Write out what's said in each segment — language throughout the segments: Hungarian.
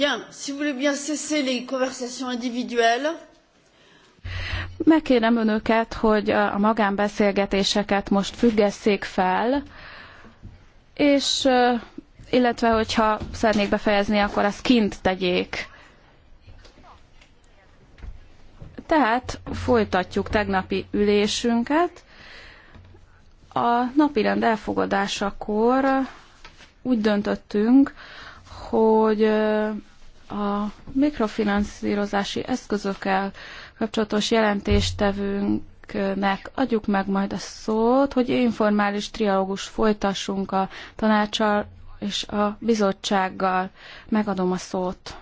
Bien, si vous voulez bien cesser les conversations individuelles. Megkérem önöket, hogy a magánbeszélgetéseket most függesszék fel, és illetve hogyha szeretnék befejezni, akkor ezt kint tegyék. Tehát folytatjuk tegnapi ülésünket. A napirend elfogadásakor úgy döntöttünk, hogy a mikrofinanszírozási eszközökkel kapcsolatos jelentéstevőnknek adjuk meg majd a szót, hogy informális trialógus folytassunk a tanácsal és a bizottsággal. Megadom a szót.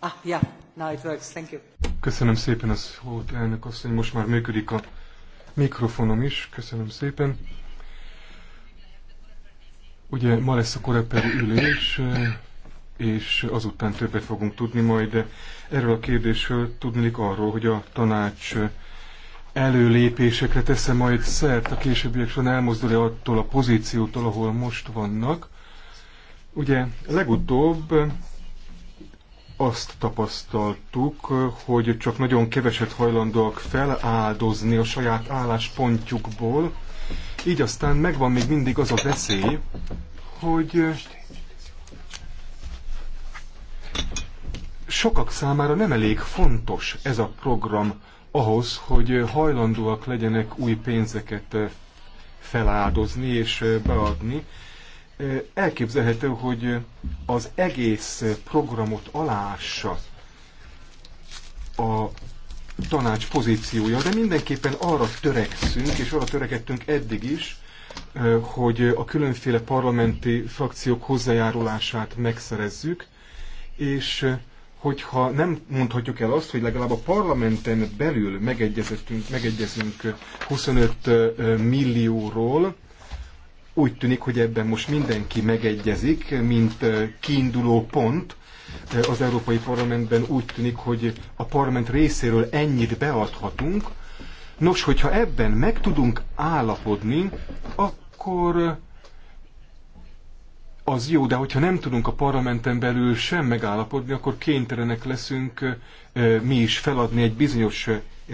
Ah, ja. Now it works. Thank you. Köszönöm szépen a szót, elnök asszony. Most már működik a mikrofonom is. Köszönöm szépen. Ugye ma lesz a koreperi ülés, és azután többet fogunk tudni majd erről a kérdésről, tudnék arról, hogy a tanács előlépésekre tesz majd szert a későbbiek során elmozdul attól a pozíciótól, ahol most vannak. Ugye legutóbb azt tapasztaltuk, hogy csak nagyon keveset hajlandóak feláldozni a saját álláspontjukból, így aztán megvan még mindig az a veszély, hogy sokak számára nem elég fontos ez a program ahhoz, hogy hajlandóak legyenek új pénzeket feláldozni és beadni, elképzelhető, hogy az egész programot aláássa a tanács pozíciója, de mindenképpen arra törekszünk, és arra törekedtünk eddig is, hogy a különféle parlamenti frakciók hozzájárulását megszerezzük, és hogyha nem mondhatjuk el azt, hogy legalább a parlamenten belül megegyezünk 25 millióról, úgy tűnik, hogy ebben most mindenki megegyezik, mint kiinduló pont. Az Európai Parlamentben úgy tűnik, hogy a parlament részéről ennyit beadhatunk. Nos, hogyha ebben meg tudunk állapodni, akkor az jó, de hogyha nem tudunk a parlamenten belül sem megállapodni, akkor kénytelenek leszünk mi is feladni egy bizonyos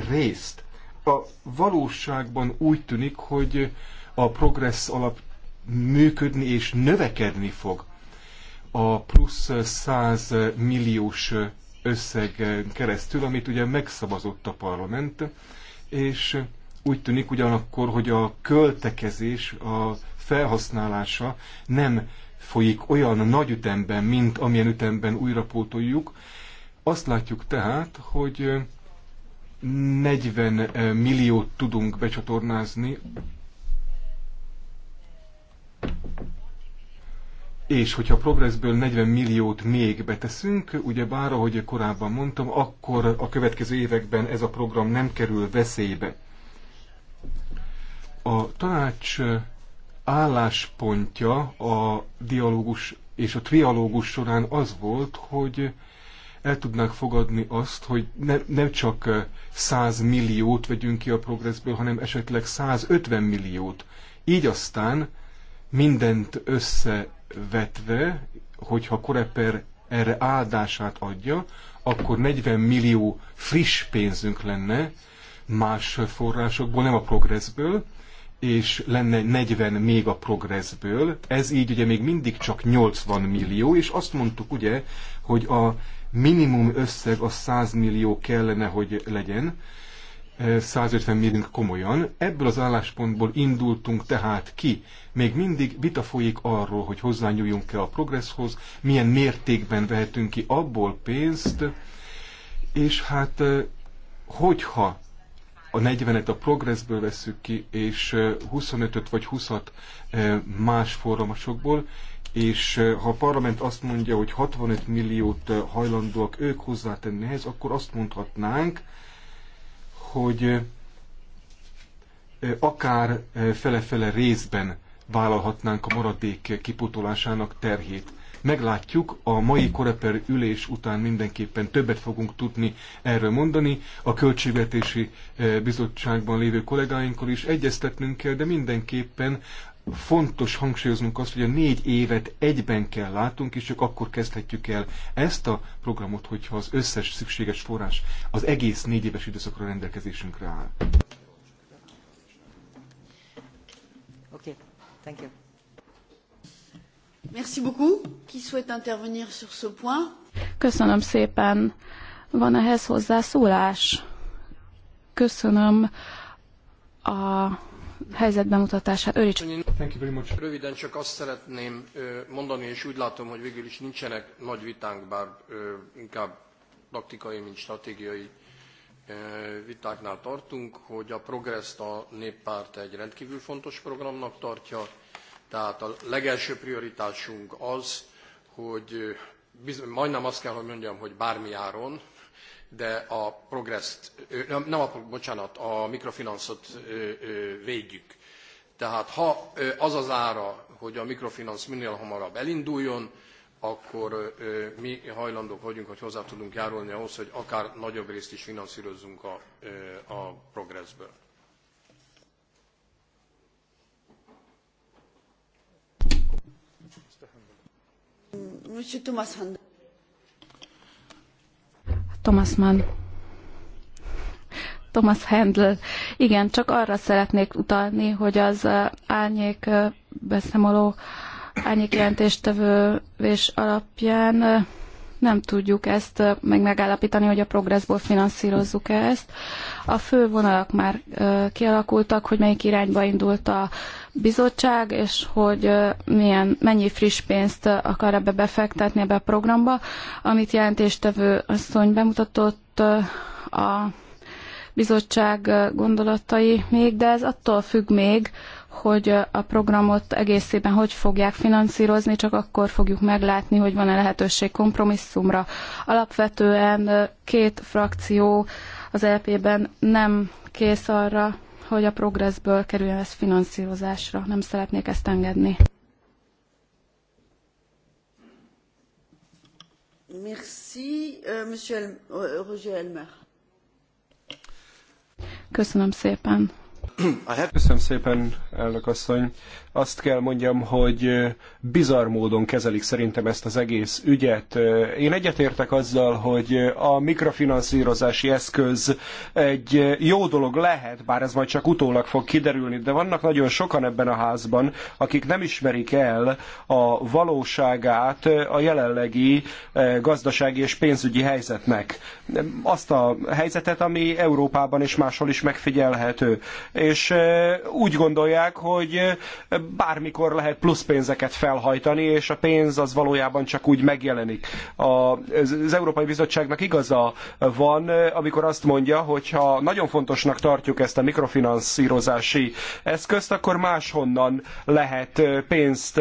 részt. A valóságban úgy tűnik, hogy a progress alap működni és növekedni fog a plusz 100 milliós összeg keresztül, amit ugye megszavazott a parlament, és úgy tűnik ugyanakkor, hogy a költekezés, a felhasználása nem folyik olyan nagy ütemben, mint amilyen ütemben újrapótoljuk. Azt látjuk tehát, hogy 40 milliót tudunk becsatornázni és hogyha a progressből 40 milliót még beteszünk, ugye bár ahogy korábban mondtam, akkor a következő években ez a program nem kerül veszélybe. A tanács álláspontja a dialógus és a trialógus során az volt, hogy el tudnák fogadni azt, hogy ne, nem csak 100 milliót vegyünk ki a progresszből, hanem esetleg 150 milliót. Így aztán mindent összevetve, hogyha Koreper erre áldását adja, akkor 40 millió friss pénzünk lenne más forrásokból, nem a progresszből, és lenne 40 még a progresszből. Ez így ugye még mindig csak 80 millió, és azt mondtuk ugye, hogy a minimum összeg a 100 millió kellene, hogy legyen, 150 mérünk komolyan. Ebből az álláspontból indultunk tehát ki. Még mindig vita folyik arról, hogy hozzányúljunk-e a progresszhoz, milyen mértékben vehetünk ki abból pénzt, és hát hogyha a 40-et a progresszből veszük ki, és 25-öt vagy 20-at más forrásokból, és ha a parlament azt mondja, hogy 65 milliót hajlandóak ők hozzátenni ehhez, akkor azt mondhatnánk, hogy akár fele-fele részben vállalhatnánk a maradék kipotolásának terhét. Meglátjuk, a mai koreper ülés után mindenképpen többet fogunk tudni erről mondani. A Költségvetési Bizottságban lévő kollégáinkkal is egyeztetnünk kell, de mindenképpen fontos hangsúlyoznunk azt, hogy a négy évet egyben kell látunk, és csak akkor kezdhetjük el ezt a programot, hogyha az összes szükséges forrás az egész négy éves időszakra rendelkezésünkre áll. Oké, okay. thank you. Merci beaucoup. Qui souhaite intervenir sur ce point? Köszönöm szépen. Van ehhez hozzászólás? Köszönöm a helyzet bemutatását. Röviden csak azt szeretném mondani, és úgy látom, hogy végül is nincsenek nagy vitánk, bár inkább taktikai, mint stratégiai vitáknál tartunk, hogy a progress a néppárt egy rendkívül fontos programnak tartja, tehát a legelső prioritásunk az, hogy bizony, majdnem azt kell, hogy mondjam, hogy bármi áron, de a progresszt, nem a, bocsánat, a mikrofinanszot védjük. Tehát ha az az ára, hogy a mikrofinansz minél hamarabb elinduljon, akkor mi hajlandók vagyunk, hogy hozzá tudunk járulni ahhoz, hogy akár nagyobb részt is finanszírozzunk a, a progresszből. Mr. Thomas Thomas Mann. Thomas Handel. Igen, csak arra szeretnék utalni, hogy az álnyék beszámoló álnyék jelentéstevő és alapján nem tudjuk ezt meg megállapítani, hogy a progresszból finanszírozzuk ezt. A fő vonalak már kialakultak, hogy melyik irányba indult a bizottság, és hogy milyen, mennyi friss pénzt akar ebbe befektetni ebbe a programba, amit jelentéstevő asszony bemutatott a bizottság gondolatai még, de ez attól függ még, hogy a programot egészében hogy fogják finanszírozni, csak akkor fogjuk meglátni, hogy van-e lehetőség kompromisszumra. Alapvetően két frakció az LP-ben e nem kész arra, hogy a progressből kerüljön ez finanszírozásra. Nem szeretnék ezt engedni. Merci, euh, Monsieur Roger Elmer. Köszönöm szépen. Köszönöm szépen, elnök asszony. Azt kell mondjam, hogy bizarr módon kezelik szerintem ezt az egész ügyet. Én egyetértek azzal, hogy a mikrofinanszírozási eszköz egy jó dolog lehet, bár ez majd csak utólag fog kiderülni, de vannak nagyon sokan ebben a házban, akik nem ismerik el a valóságát a jelenlegi gazdasági és pénzügyi helyzetnek. Azt a helyzetet, ami Európában és máshol is megfigyelhető és úgy gondolják, hogy bármikor lehet plusz pénzeket felhajtani, és a pénz az valójában csak úgy megjelenik. Az Európai Bizottságnak igaza van, amikor azt mondja, hogy ha nagyon fontosnak tartjuk ezt a mikrofinanszírozási eszközt, akkor máshonnan lehet pénzt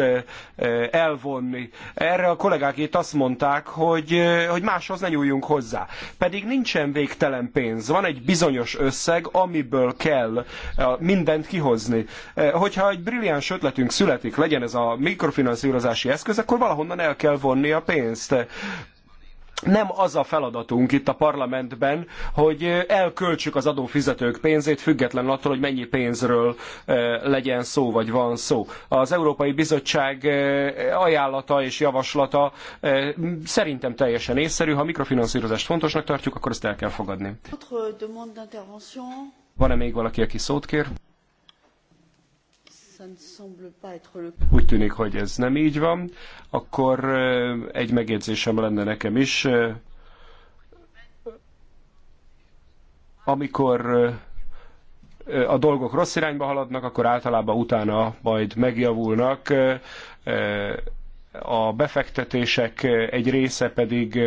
elvonni. Erre a kollégák itt azt mondták, hogy, hogy máshoz ne nyúljunk hozzá. Pedig nincsen végtelen pénz, van egy bizonyos összeg, amiből kell mindent kihozni. E, hogyha egy brilliáns ötletünk születik, legyen ez a mikrofinanszírozási eszköz, akkor valahonnan el kell vonni a pénzt nem az a feladatunk itt a parlamentben, hogy elköltsük az adófizetők pénzét, független attól, hogy mennyi pénzről e, legyen szó, vagy van szó. Az Európai Bizottság e, ajánlata és javaslata szerintem teljesen észszerű. Ha a mikrofinanszírozást fontosnak tartjuk, akkor ezt el kell fogadni. Van-e még valaki, aki szót kér? Úgy tűnik, hogy ez nem így van. Akkor egy megjegyzésem lenne nekem is. Amikor a dolgok rossz irányba haladnak, akkor általában utána majd megjavulnak a befektetések egy része pedig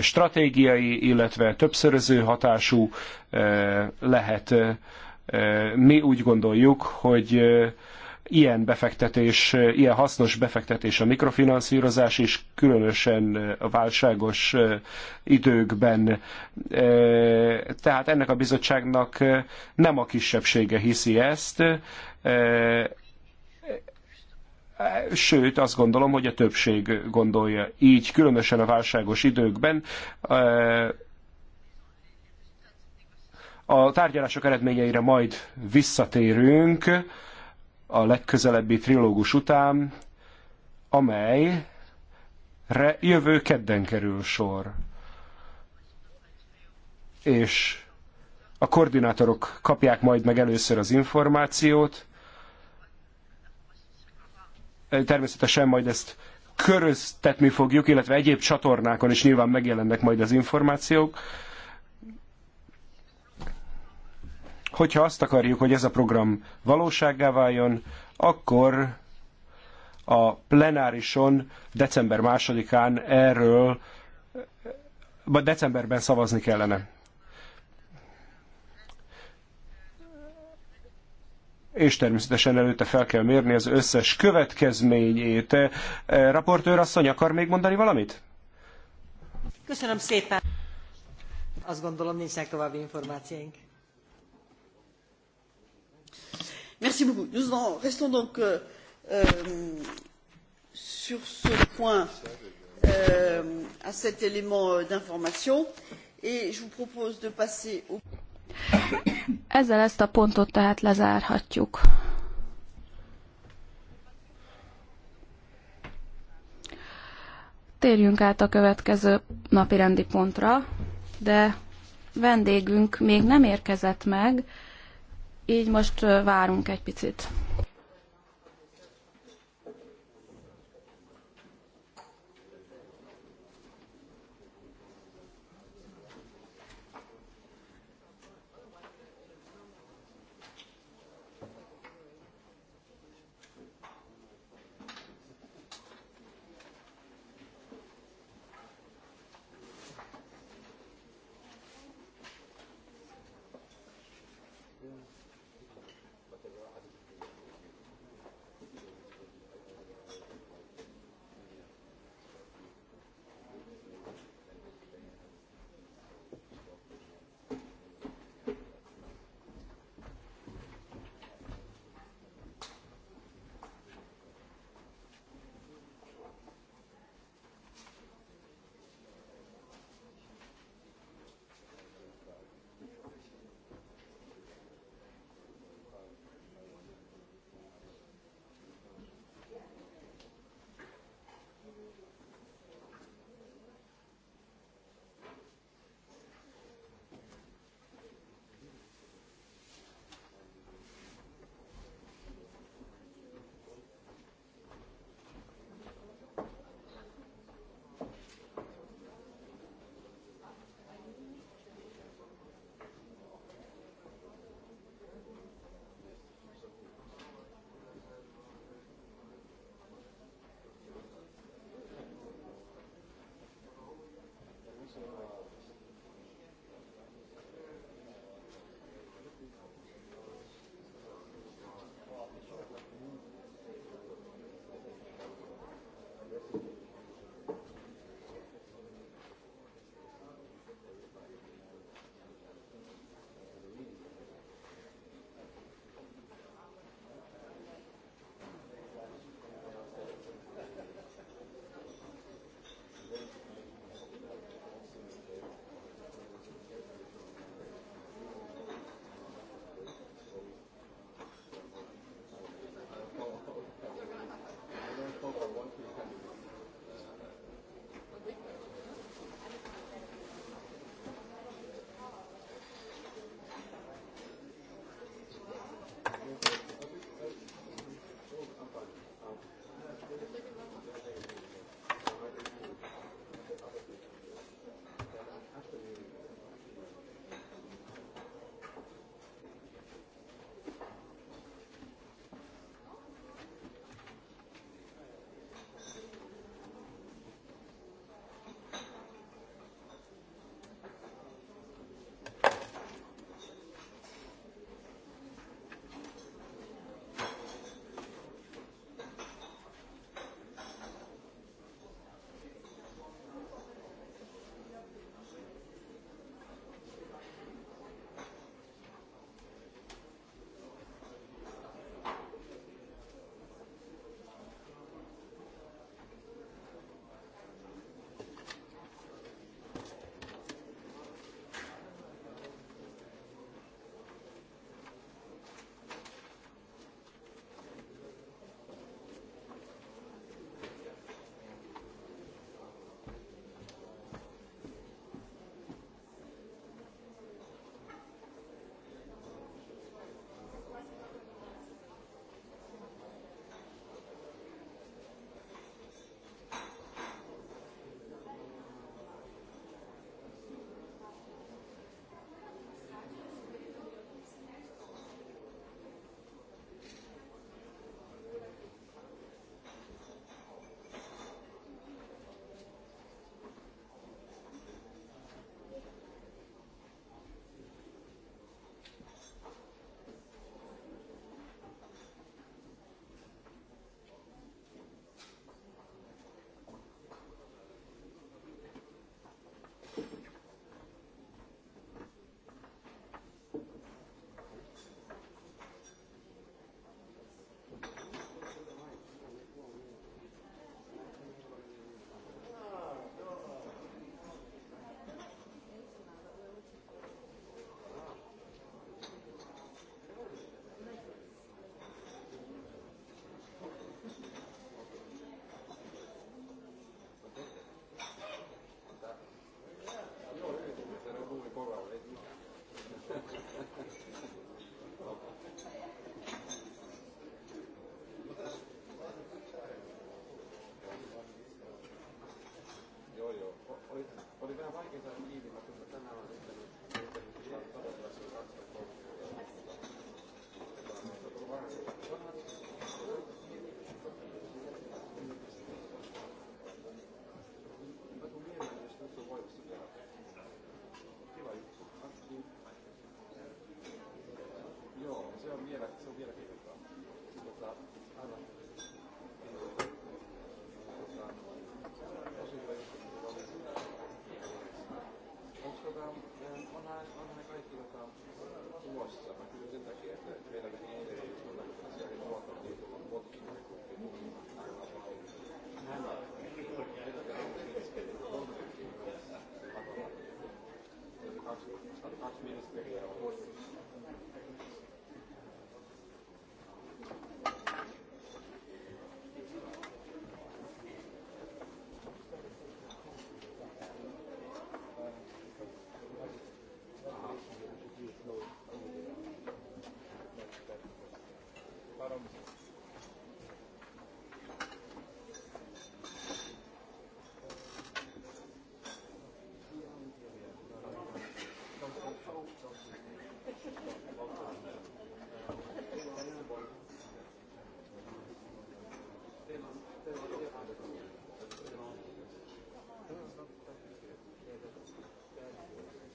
stratégiai, illetve többszöröző hatású lehet. Mi úgy gondoljuk, hogy ilyen befektetés, ilyen hasznos befektetés a mikrofinanszírozás is különösen a válságos időkben. Tehát ennek a bizottságnak nem a kisebbsége hiszi ezt, Sőt, azt gondolom, hogy a többség gondolja így, különösen a válságos időkben. A tárgyalások eredményeire majd visszatérünk a legközelebbi trilógus után, amelyre jövő kedden kerül sor. És a koordinátorok kapják majd meg először az információt, Természetesen majd ezt köröztetni fogjuk, illetve egyéb csatornákon is nyilván megjelennek majd az információk. Hogyha azt akarjuk, hogy ez a program valósággá váljon, akkor a plenárison december másodikán erről, vagy decemberben szavazni kellene. és természetesen előtte fel kell mérni az összes következményét. Eh, raportőr asszony, akar még mondani valamit? Köszönöm szépen. Azt gondolom, nincsenek további információink. Merci beaucoup. Nous en restons donc euh, euh sur ce point, euh, à cet élément euh, d'information, et je vous propose de passer au. Ezzel ezt a pontot tehát lezárhatjuk. Térjünk át a következő napi rendi pontra, de vendégünk még nem érkezett meg, így most várunk egy picit. minister here.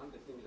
antes de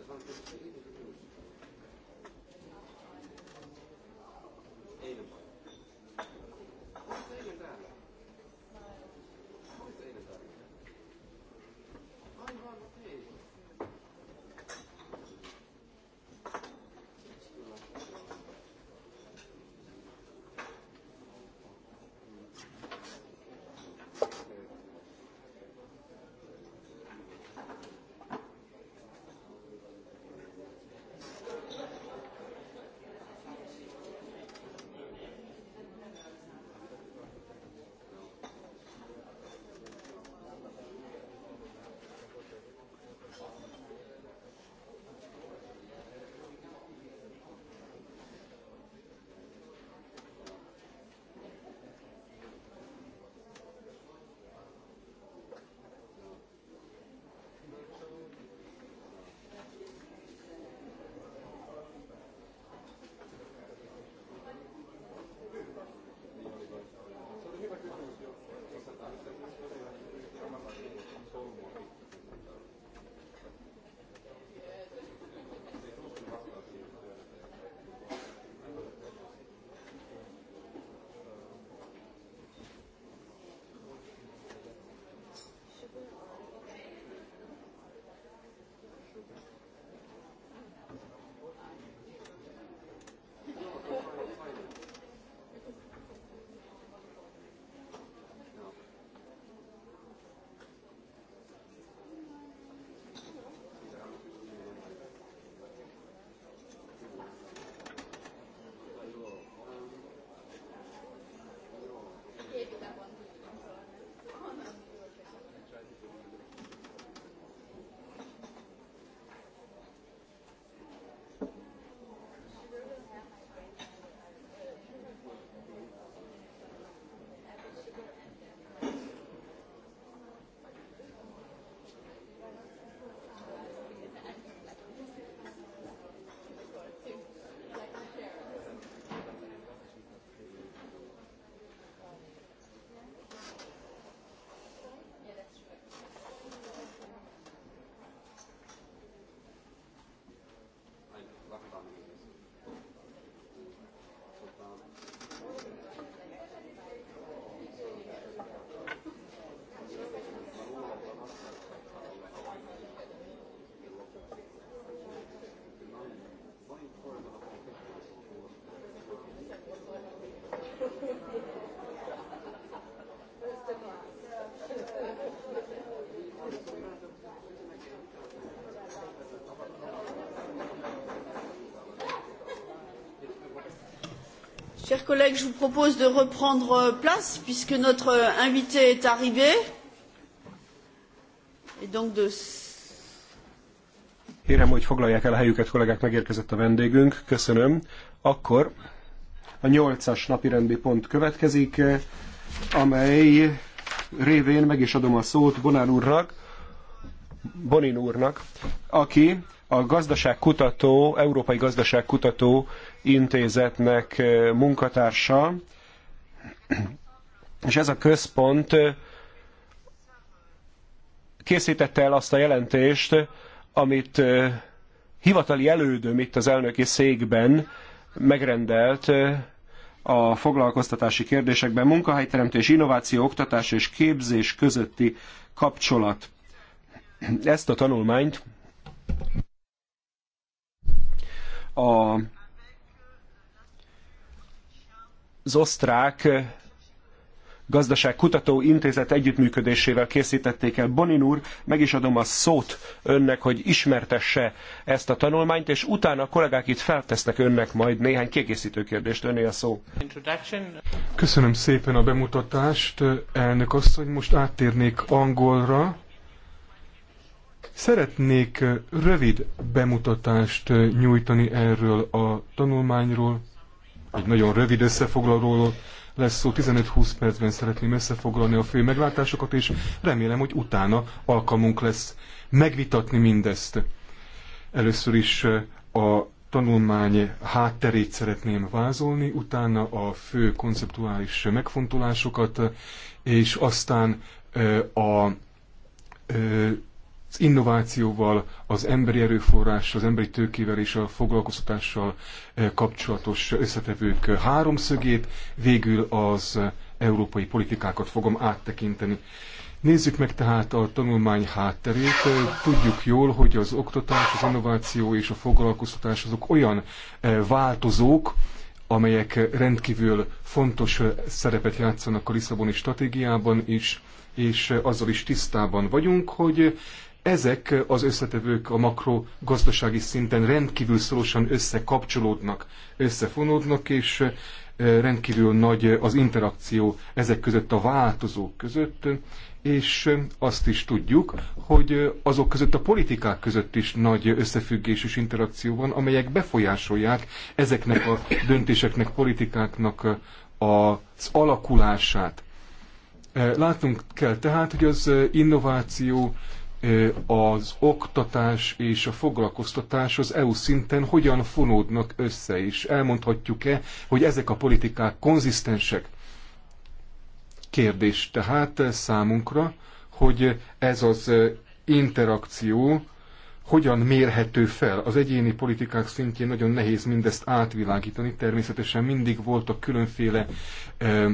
chers collègues je vous propose de reprendre euh, place puisque notre euh, invité est arrivé et donc de Kérem, hogy foglalják el a helyüket, kollégák, megérkezett a vendégünk. Köszönöm. Akkor a nyolcas napirendi pont következik, eh, amely révén meg is adom a szót Bonán úrnak, Bonin úrnak, aki a gazdaságkutató, európai gazdaságkutató Intézetnek munkatársa, és ez a központ készítette el azt a jelentést, amit hivatali elődöm itt az elnöki székben megrendelt a foglalkoztatási kérdésekben munkahelyteremtés, innováció, oktatás és képzés közötti kapcsolat. Ezt a tanulmányt a az osztrák gazdaságkutató intézet együttműködésével készítették el. Bonin úr, meg is adom a szót önnek, hogy ismertesse ezt a tanulmányt, és utána a kollégák itt feltesznek önnek majd néhány kiegészítő kérdést. Önné a szó. Köszönöm szépen a bemutatást, elnök asszony. Most áttérnék angolra. Szeretnék rövid bemutatást nyújtani erről a tanulmányról, egy nagyon rövid összefoglalóról lesz szó, 15-20 percben szeretném összefoglalni a fő meglátásokat, és remélem, hogy utána alkalmunk lesz megvitatni mindezt. Először is eh, a tanulmány hátterét szeretném vázolni, utána a fő konceptuális megfontolásokat, eh, és aztán eh, a az innovációval, az emberi erőforrás, az emberi tőkével és a foglalkoztatással eh, kapcsolatos összetevők háromszögét, végül az eh, európai politikákat fogom áttekinteni. Nézzük meg tehát a tanulmány hátterét. Eh, tudjuk jól, hogy az oktatás, az innováció és a foglalkoztatás azok olyan változók, amelyek rendkívül fontos szerepet játszanak a Lisszaboni stratégiában is, és azzal is tisztában vagyunk, hogy ezek az összetevők a makrogazdasági szinten rendkívül szorosan összekapcsolódnak, összefonódnak, és eh, rendkívül nagy az interakció ezek között a változók között, és eh, azt is tudjuk, hogy azok között a politikák között is nagy összefüggés és interakció van, amelyek befolyásolják ezeknek a döntéseknek, politikáknak eh, az alakulását. Látunk kell tehát, hogy az innováció az oktatás és a foglalkoztatás az EU szinten hogyan fonódnak össze, és elmondhatjuk-e, hogy ezek a politikák konzisztensek? Kérdés tehát számunkra, hogy ez az interakció hogyan mérhető fel. Az egyéni politikák szintjén nagyon nehéz mindezt átvilágítani, természetesen mindig voltak különféle ö,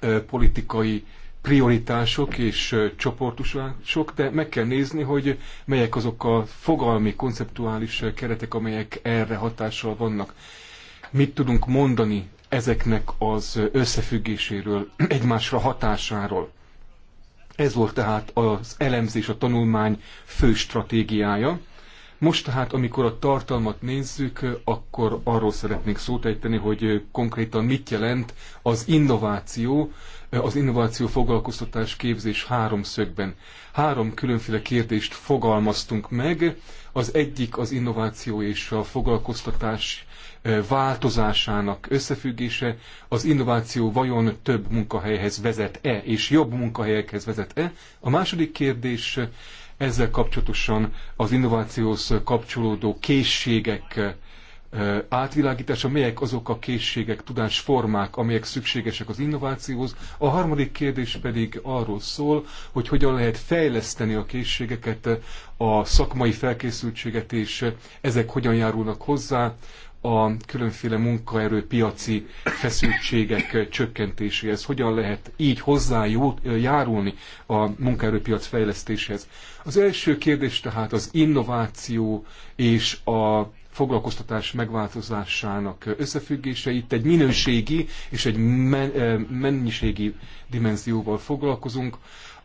ö, politikai prioritások és csoportosulások, de meg kell nézni, hogy melyek azok a fogalmi, konceptuális keretek, amelyek erre hatással vannak. Mit tudunk mondani ezeknek az összefüggéséről, egymásra hatásáról? Ez volt tehát az elemzés, a tanulmány fő stratégiája most tehát, amikor a tartalmat nézzük, akkor arról szeretnék szót ejteni, hogy konkrétan mit jelent az innováció, az innováció foglalkoztatás képzés háromszögben. Három különféle kérdést fogalmaztunk meg. Az egyik az innováció és a foglalkoztatás eh, változásának összefüggése, az innováció vajon több munkahelyhez vezet-e, és jobb munkahelyekhez vezet-e. A második kérdés ezzel kapcsolatosan az innovációhoz kapcsolódó készségek átvilágítása, melyek azok a készségek, tudásformák, amelyek szükségesek az innovációhoz. A harmadik kérdés pedig arról szól, hogy hogyan lehet fejleszteni a készségeket, a szakmai felkészültséget, és ezek hogyan járulnak hozzá a különféle piaci feszültségek csökkentéséhez? Hogyan lehet így hozzájárulni a munkaerőpiac fejlesztéséhez? Az első kérdés tehát az innováció és a foglalkoztatás megváltozásának összefüggése. Itt egy minőségi és egy mennyiségi dimenzióval foglalkozunk.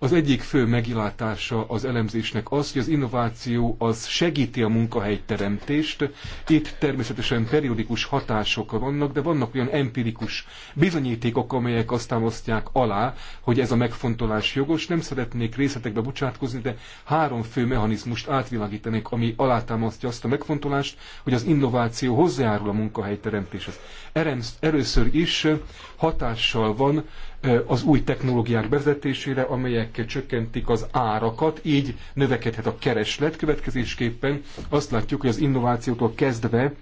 Az egyik fő megilátása az elemzésnek az, hogy az innováció az segíti a munkahelyteremtést. Itt természetesen periodikus hatások vannak, de vannak olyan empirikus bizonyítékok, amelyek azt támasztják alá, hogy ez a megfontolás jogos. Nem szeretnék részletekbe bocsátkozni, de három fő mechanizmust átvilágítanék, ami alátámasztja azt a megfontolást, hogy az innováció hozzájárul a munkahelyteremtéshez. Először is hatással van az új technológiák bevezetésére, amelyek csökkentik az árakat, így növekedhet a kereslet. Következésképpen azt látjuk, hogy az innovációtól kezdve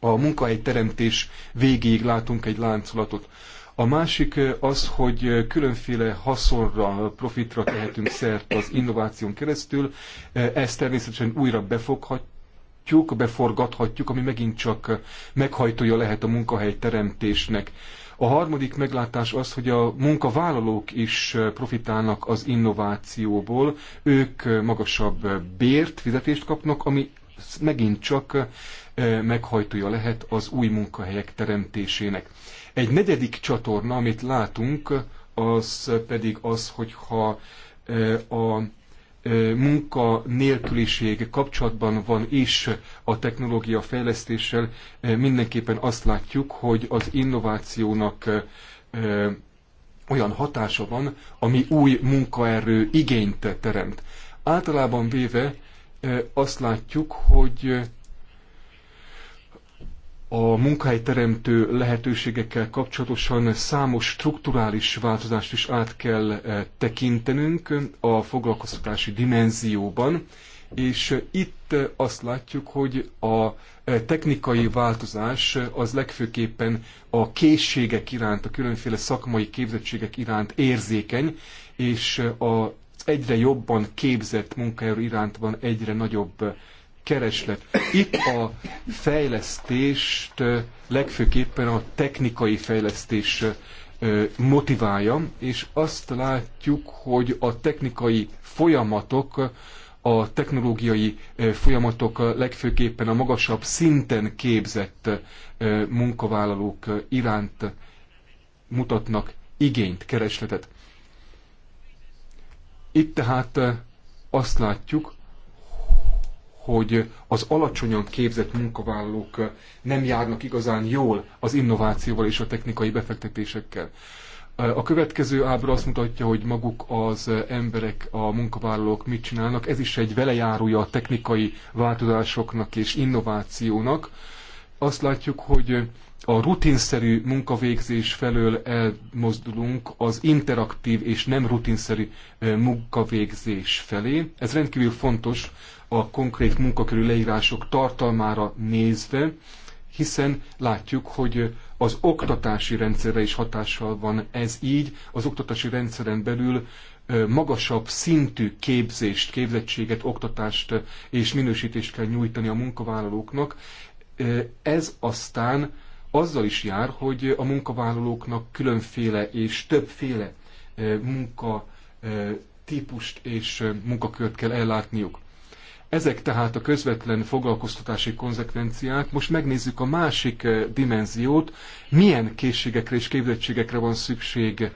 a munkahelyteremtés végéig látunk egy láncolatot. A másik az, hogy különféle haszonra, profitra tehetünk szert az innováción keresztül. Ezt természetesen újra befoghatjuk, beforgathatjuk, ami megint csak meghajtója lehet a munkahelyteremtésnek. teremtésnek. A harmadik meglátás az, hogy a munkavállalók is profitálnak az innovációból, ők magasabb bért, fizetést kapnak, ami megint csak meghajtója lehet az új munkahelyek teremtésének. Egy negyedik csatorna, amit látunk, az pedig az, hogyha a munka kapcsolatban van is a technológia fejlesztéssel, mindenképpen azt látjuk, hogy az innovációnak olyan hatása van, ami új munkaerő igényt teremt. Általában véve azt látjuk, hogy a munkahelyteremtő lehetőségekkel kapcsolatosan számos strukturális változást is át kell eh, tekintenünk a foglalkoztatási dimenzióban, és eh, itt eh, azt látjuk, hogy a technikai változás az legfőképpen a készségek iránt, a különféle szakmai képzettségek iránt érzékeny, és a egyre jobban képzett munkaerő iránt van egyre nagyobb kereslet. Itt a fejlesztést legfőképpen a technikai fejlesztés motiválja, és azt látjuk, hogy a technikai folyamatok, a technológiai folyamatok legfőképpen a magasabb szinten képzett munkavállalók iránt mutatnak igényt, keresletet. Itt tehát azt látjuk, hogy az alacsonyan képzett munkavállalók nem járnak igazán jól az innovációval és a technikai befektetésekkel. A következő ábra azt mutatja, hogy maguk az emberek, a munkavállalók mit csinálnak. Ez is egy velejárója a technikai változásoknak és innovációnak. Azt látjuk, hogy a rutinszerű munkavégzés felől elmozdulunk az interaktív és nem rutinszerű munkavégzés felé. Ez rendkívül fontos a konkrét munkakörű leírások tartalmára nézve, hiszen látjuk, hogy az oktatási rendszerre is hatással van ez így, az oktatási rendszeren belül magasabb szintű képzést, képzettséget, oktatást és minősítést kell nyújtani a munkavállalóknak. Ez aztán azzal is jár, hogy a munkavállalóknak különféle és többféle munka típust és munkakört kell ellátniuk. Ezek tehát a közvetlen foglalkoztatási konzekvenciák. Most megnézzük a másik eh, dimenziót, milyen készségekre és képzettségekre van szükség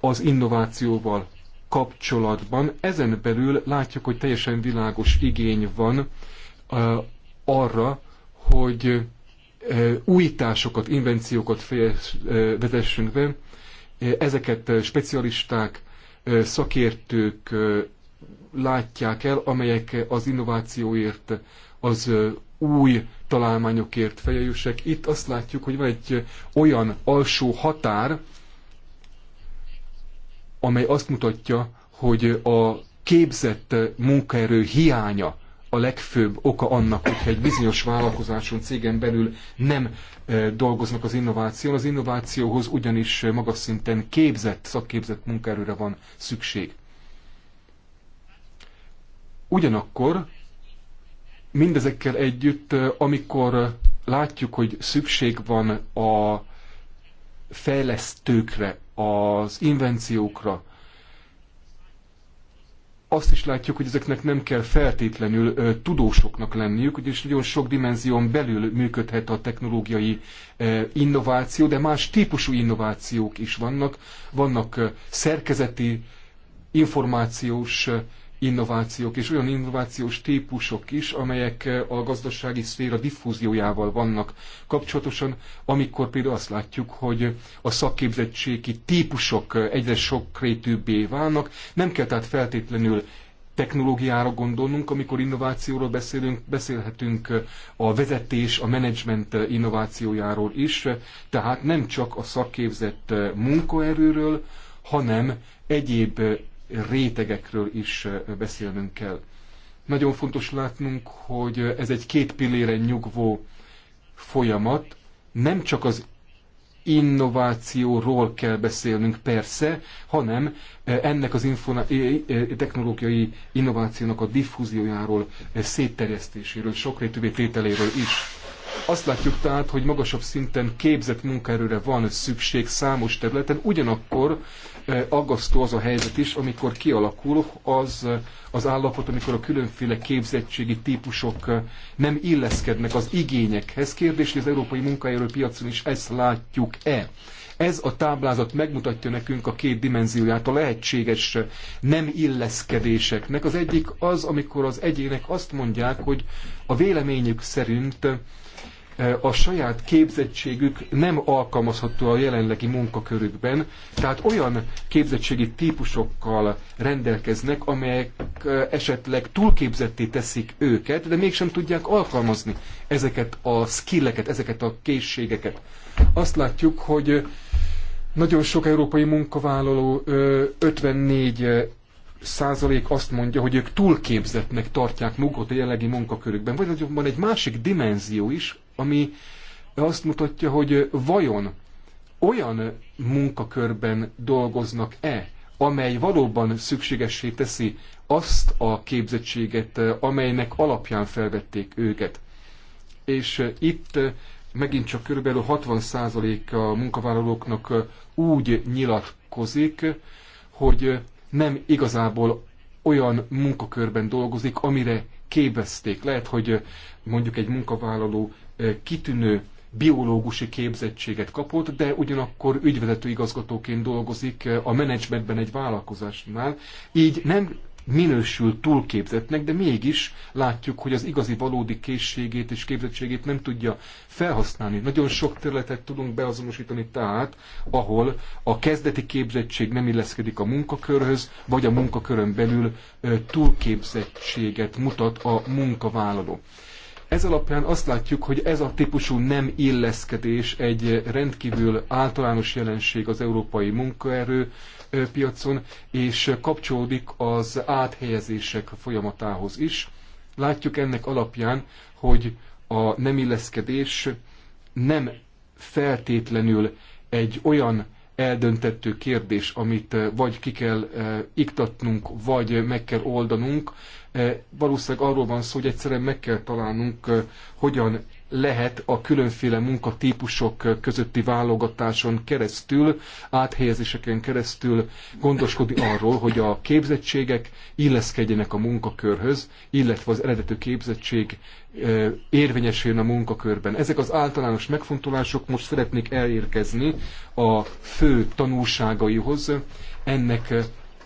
az innovációval kapcsolatban. Ezen belül látjuk, hogy teljesen világos igény van eh, arra, hogy eh, újításokat, invenciókat vezessünk be, ezeket specialisták, szakértők látják el, amelyek az innovációért, az új találmányokért felelősek. Itt azt látjuk, hogy van egy olyan alsó határ, amely azt mutatja, hogy a képzett munkaerő hiánya a legfőbb oka annak, hogyha egy bizonyos vállalkozáson, cégen belül nem dolgoznak az innováción. Az innovációhoz ugyanis magas szinten képzett, szakképzett munkaerőre van szükség. Ugyanakkor mindezekkel együtt, amikor látjuk, hogy szükség van a fejlesztőkre, az invenciókra, azt is látjuk, hogy ezeknek nem kell feltétlenül ö, tudósoknak lenniük, ugyanis nagyon sok dimenzión belül működhet a technológiai ö, innováció, de más típusú innovációk is vannak. Vannak ö, szerkezeti, információs, innovációk, és olyan innovációs típusok is, amelyek eh, a gazdasági szféra diffúziójával vannak kapcsolatosan, amikor például azt látjuk, hogy a szakképzettségi típusok eh, egyre sokrétűbbé válnak, nem kell tehát feltétlenül technológiára gondolnunk, amikor innovációról beszélünk, beszélhetünk eh, a vezetés, a menedzsment innovációjáról is, tehát nem csak a szakképzett munkaerőről, hanem egyéb rétegekről is beszélnünk kell. Nagyon fontos látnunk, hogy ez egy két pillére nyugvó folyamat, nem csak az innovációról kell beszélnünk persze, hanem ennek az technológiai innovációnak a diffúziójáról, szétterjesztéséről, sokrétűvé tételéről is. Azt látjuk tehát, hogy magasabb szinten képzett munkaerőre van szükség számos területen, ugyanakkor aggasztó az a helyzet is, amikor kialakul az, az állapot, amikor a különféle képzettségi típusok nem illeszkednek az igényekhez. Kérdés, hogy az európai munkaerőpiacon is ezt látjuk-e? Ez a táblázat megmutatja nekünk a két dimenzióját a lehetséges nem illeszkedéseknek. Az egyik az, amikor az egyének azt mondják, hogy a véleményük szerint a saját képzettségük nem alkalmazható a jelenlegi munkakörükben, tehát olyan képzettségi típusokkal rendelkeznek, amelyek esetleg túlképzetté teszik őket, de mégsem tudják alkalmazni ezeket a skilleket, ezeket a készségeket. Azt látjuk, hogy nagyon sok európai munkavállaló 54 százalék azt mondja, hogy ők túlképzettnek tartják magukat a jelenlegi munkakörükben. Vagy van egy másik dimenzió is, ami azt mutatja, hogy vajon olyan munkakörben dolgoznak-e, amely valóban szükségessé teszi azt a képzettséget, amelynek alapján felvették őket. És itt megint csak kb. 60% a munkavállalóknak úgy nyilatkozik, hogy nem igazából olyan munkakörben dolgozik, amire képezték. Lehet, hogy mondjuk egy munkavállaló kitűnő biológusi képzettséget kapott, de ugyanakkor ügyvezető igazgatóként dolgozik a menedzsmentben egy vállalkozásnál, így nem minősül túlképzetnek, de mégis látjuk, hogy az igazi valódi készségét és képzettségét nem tudja felhasználni. Nagyon sok területet tudunk beazonosítani tehát, ahol a kezdeti képzettség nem illeszkedik a munkakörhöz, vagy a munkakörön belül túlképzettséget mutat a munkavállaló. Ez alapján azt látjuk, hogy ez a típusú nem illeszkedés egy rendkívül általános jelenség az európai munkaerő piacon, és kapcsolódik az áthelyezések folyamatához is. Látjuk ennek alapján, hogy a nem illeszkedés nem feltétlenül egy olyan eldöntető kérdés, amit vagy ki kell iktatnunk, vagy meg kell oldanunk, Eh, valószínűleg arról van szó, hogy egyszerűen meg kell találnunk, eh, hogyan lehet a különféle munkatípusok eh, közötti válogatáson keresztül, áthelyezéseken keresztül gondoskodni arról, hogy a képzettségek illeszkedjenek a munkakörhöz, illetve az eredetű képzettség érvényesüljön a munkakörben. Ezek az általános megfontolások most szeretnék elérkezni a fő tanulságaihoz ennek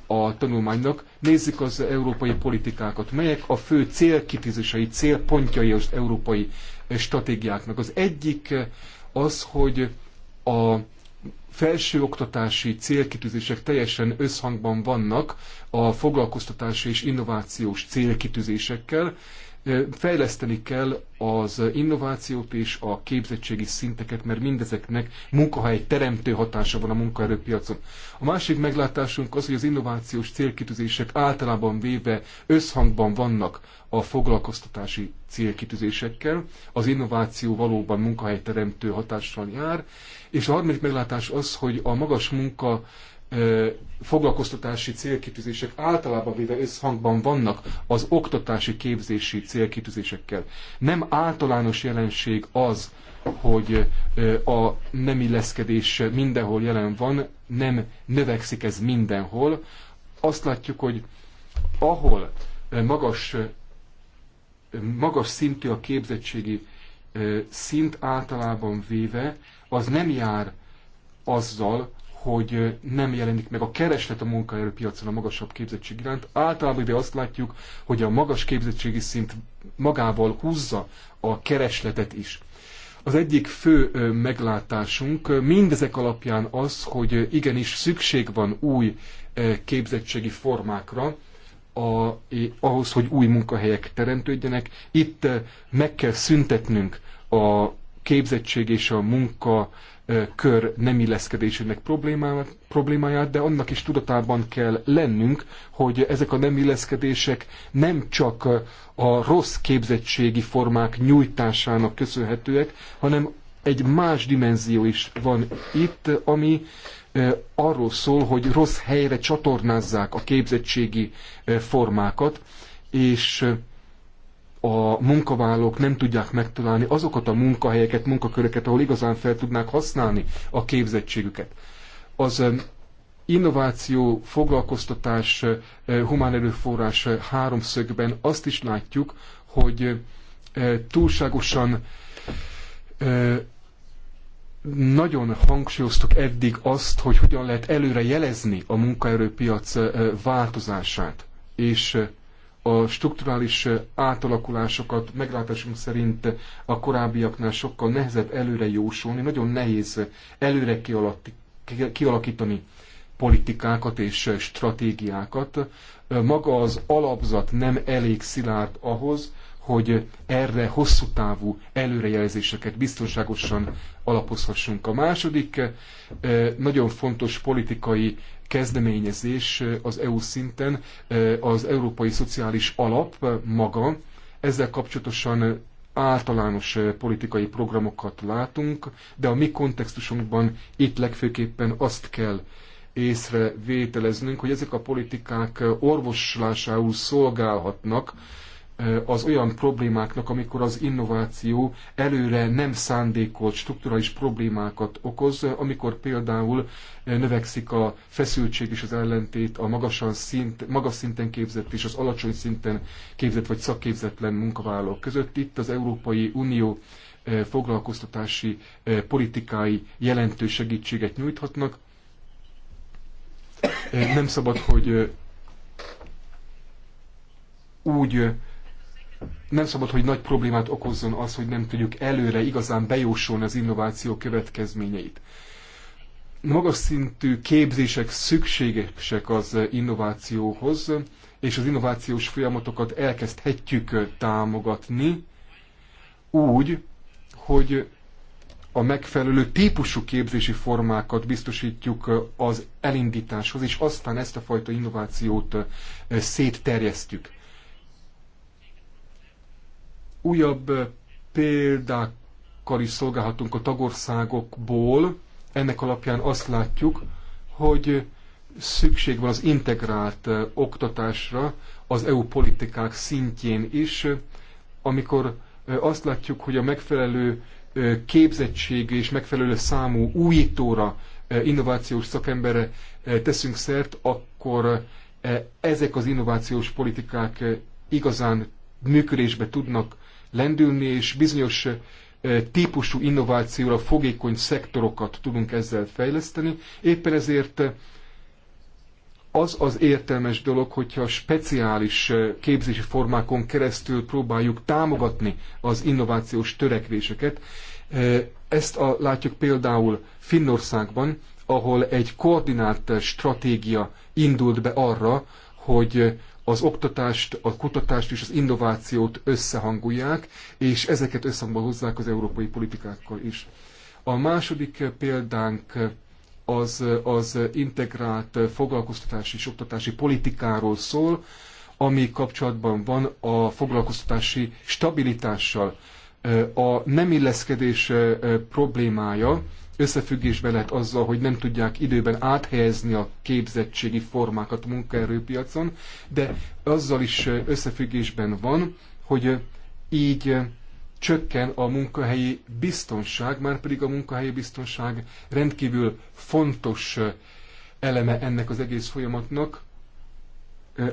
a tanulmánynak, nézzük az európai politikákat, melyek a fő célkitűzései, célpontjai az európai eh, stratégiáknak. Az egyik eh, az, hogy a felsőoktatási célkitűzések teljesen összhangban vannak a foglalkoztatási és innovációs célkitűzésekkel, Fejleszteni kell az innovációt és a képzettségi szinteket, mert mindezeknek munkahely teremtő hatása van a munkaerőpiacon. A másik meglátásunk az, hogy az innovációs célkitűzések általában véve összhangban vannak a foglalkoztatási célkitűzésekkel, az innováció valóban munkahelyteremtő hatással jár, és a harmadik meglátás az, hogy a magas munka foglalkoztatási célkitűzések általában véve összhangban vannak az oktatási képzési célkitűzésekkel. Nem általános jelenség az, hogy a nem illeszkedés mindenhol jelen van, nem növekszik ez mindenhol. Azt látjuk, hogy ahol magas magas szintű a képzettségi szint általában véve, az nem jár azzal, hogy nem jelenik meg a kereslet a munkaerőpiacon a magasabb képzettség iránt. Általában ide azt látjuk, hogy a magas képzettségi szint magával húzza a keresletet is. Az egyik fő meglátásunk mindezek alapján az, hogy igenis szükség van új képzettségi formákra, a, ahhoz, hogy új munkahelyek teremtődjenek. Itt e, meg kell szüntetnünk a képzettség és a munka e, kör nem illeszkedésének problémáját, de annak is tudatában kell lennünk, hogy ezek a nem illeszkedések nem csak a rossz képzettségi formák nyújtásának köszönhetőek, hanem egy más dimenzió is van itt, ami arról szól, hogy rossz helyre csatornázzák a képzettségi formákat, és a munkavállalók nem tudják megtalálni azokat a munkahelyeket, munkaköröket, ahol igazán fel tudnák használni a képzettségüket. Az innováció, foglalkoztatás, humán erőforrás háromszögben azt is látjuk, hogy túlságosan nagyon hangsúlyoztuk eddig azt, hogy hogyan lehet előre jelezni a munkaerőpiac változását, és a strukturális átalakulásokat meglátásunk szerint a korábbiaknál sokkal nehezebb előre jósolni, nagyon nehéz előre kialakítani politikákat és stratégiákat. Maga az alapzat nem elég szilárd ahhoz, hogy erre hosszú távú előrejelzéseket biztonságosan alapozhassunk. A második eh, nagyon fontos politikai kezdeményezés eh, az EU szinten eh, az Európai Szociális Alap maga. Ezzel kapcsolatosan általános politikai programokat látunk, de a mi kontextusunkban itt legfőképpen azt kell észrevételeznünk, hogy ezek a politikák orvoslásául szolgálhatnak, az olyan problémáknak, amikor az innováció előre nem szándékolt strukturális problémákat okoz, amikor például növekszik a feszültség és az ellentét a magasan szint, magas szinten képzett és az alacsony szinten képzett vagy szakképzetlen munkavállalók között. Itt az Európai Unió foglalkoztatási politikái jelentős segítséget nyújthatnak. Nem szabad, hogy úgy nem szabad, hogy nagy problémát okozzon az, hogy nem tudjuk előre igazán bejósolni az innováció következményeit. Magas szintű képzések szükségesek az innovációhoz, és az innovációs folyamatokat elkezdhetjük támogatni úgy, hogy a megfelelő típusú képzési formákat biztosítjuk az elindításhoz, és aztán ezt a fajta innovációt szétterjesztjük. Újabb példákkal is szolgálhatunk a tagországokból. Ennek alapján azt látjuk, hogy szükség van az integrált oktatásra az EU politikák szintjén is, amikor azt látjuk, hogy a megfelelő képzettség és megfelelő számú újítóra, innovációs szakembere teszünk szert, akkor ezek az innovációs politikák igazán működésbe tudnak lendülni, és bizonyos típusú innovációra fogékony szektorokat tudunk ezzel fejleszteni. Éppen ezért az az értelmes dolog, hogyha speciális képzési formákon keresztül próbáljuk támogatni az innovációs törekvéseket. Ezt a, látjuk például Finnországban, ahol egy koordinált stratégia indult be arra, hogy az oktatást, a kutatást és az innovációt összehangolják, és ezeket összhangba hozzák az európai politikákkal is. A második példánk az, az integrált foglalkoztatási és oktatási politikáról szól, ami kapcsolatban van a foglalkoztatási stabilitással. A nem illeszkedés eh, problémája összefüggésben lehet azzal, hogy nem tudják időben áthelyezni a képzettségi formákat a munkaerőpiacon, de azzal is összefüggésben van, hogy így csökken a munkahelyi biztonság, már pedig a munkahelyi biztonság rendkívül fontos eleme ennek az egész folyamatnak,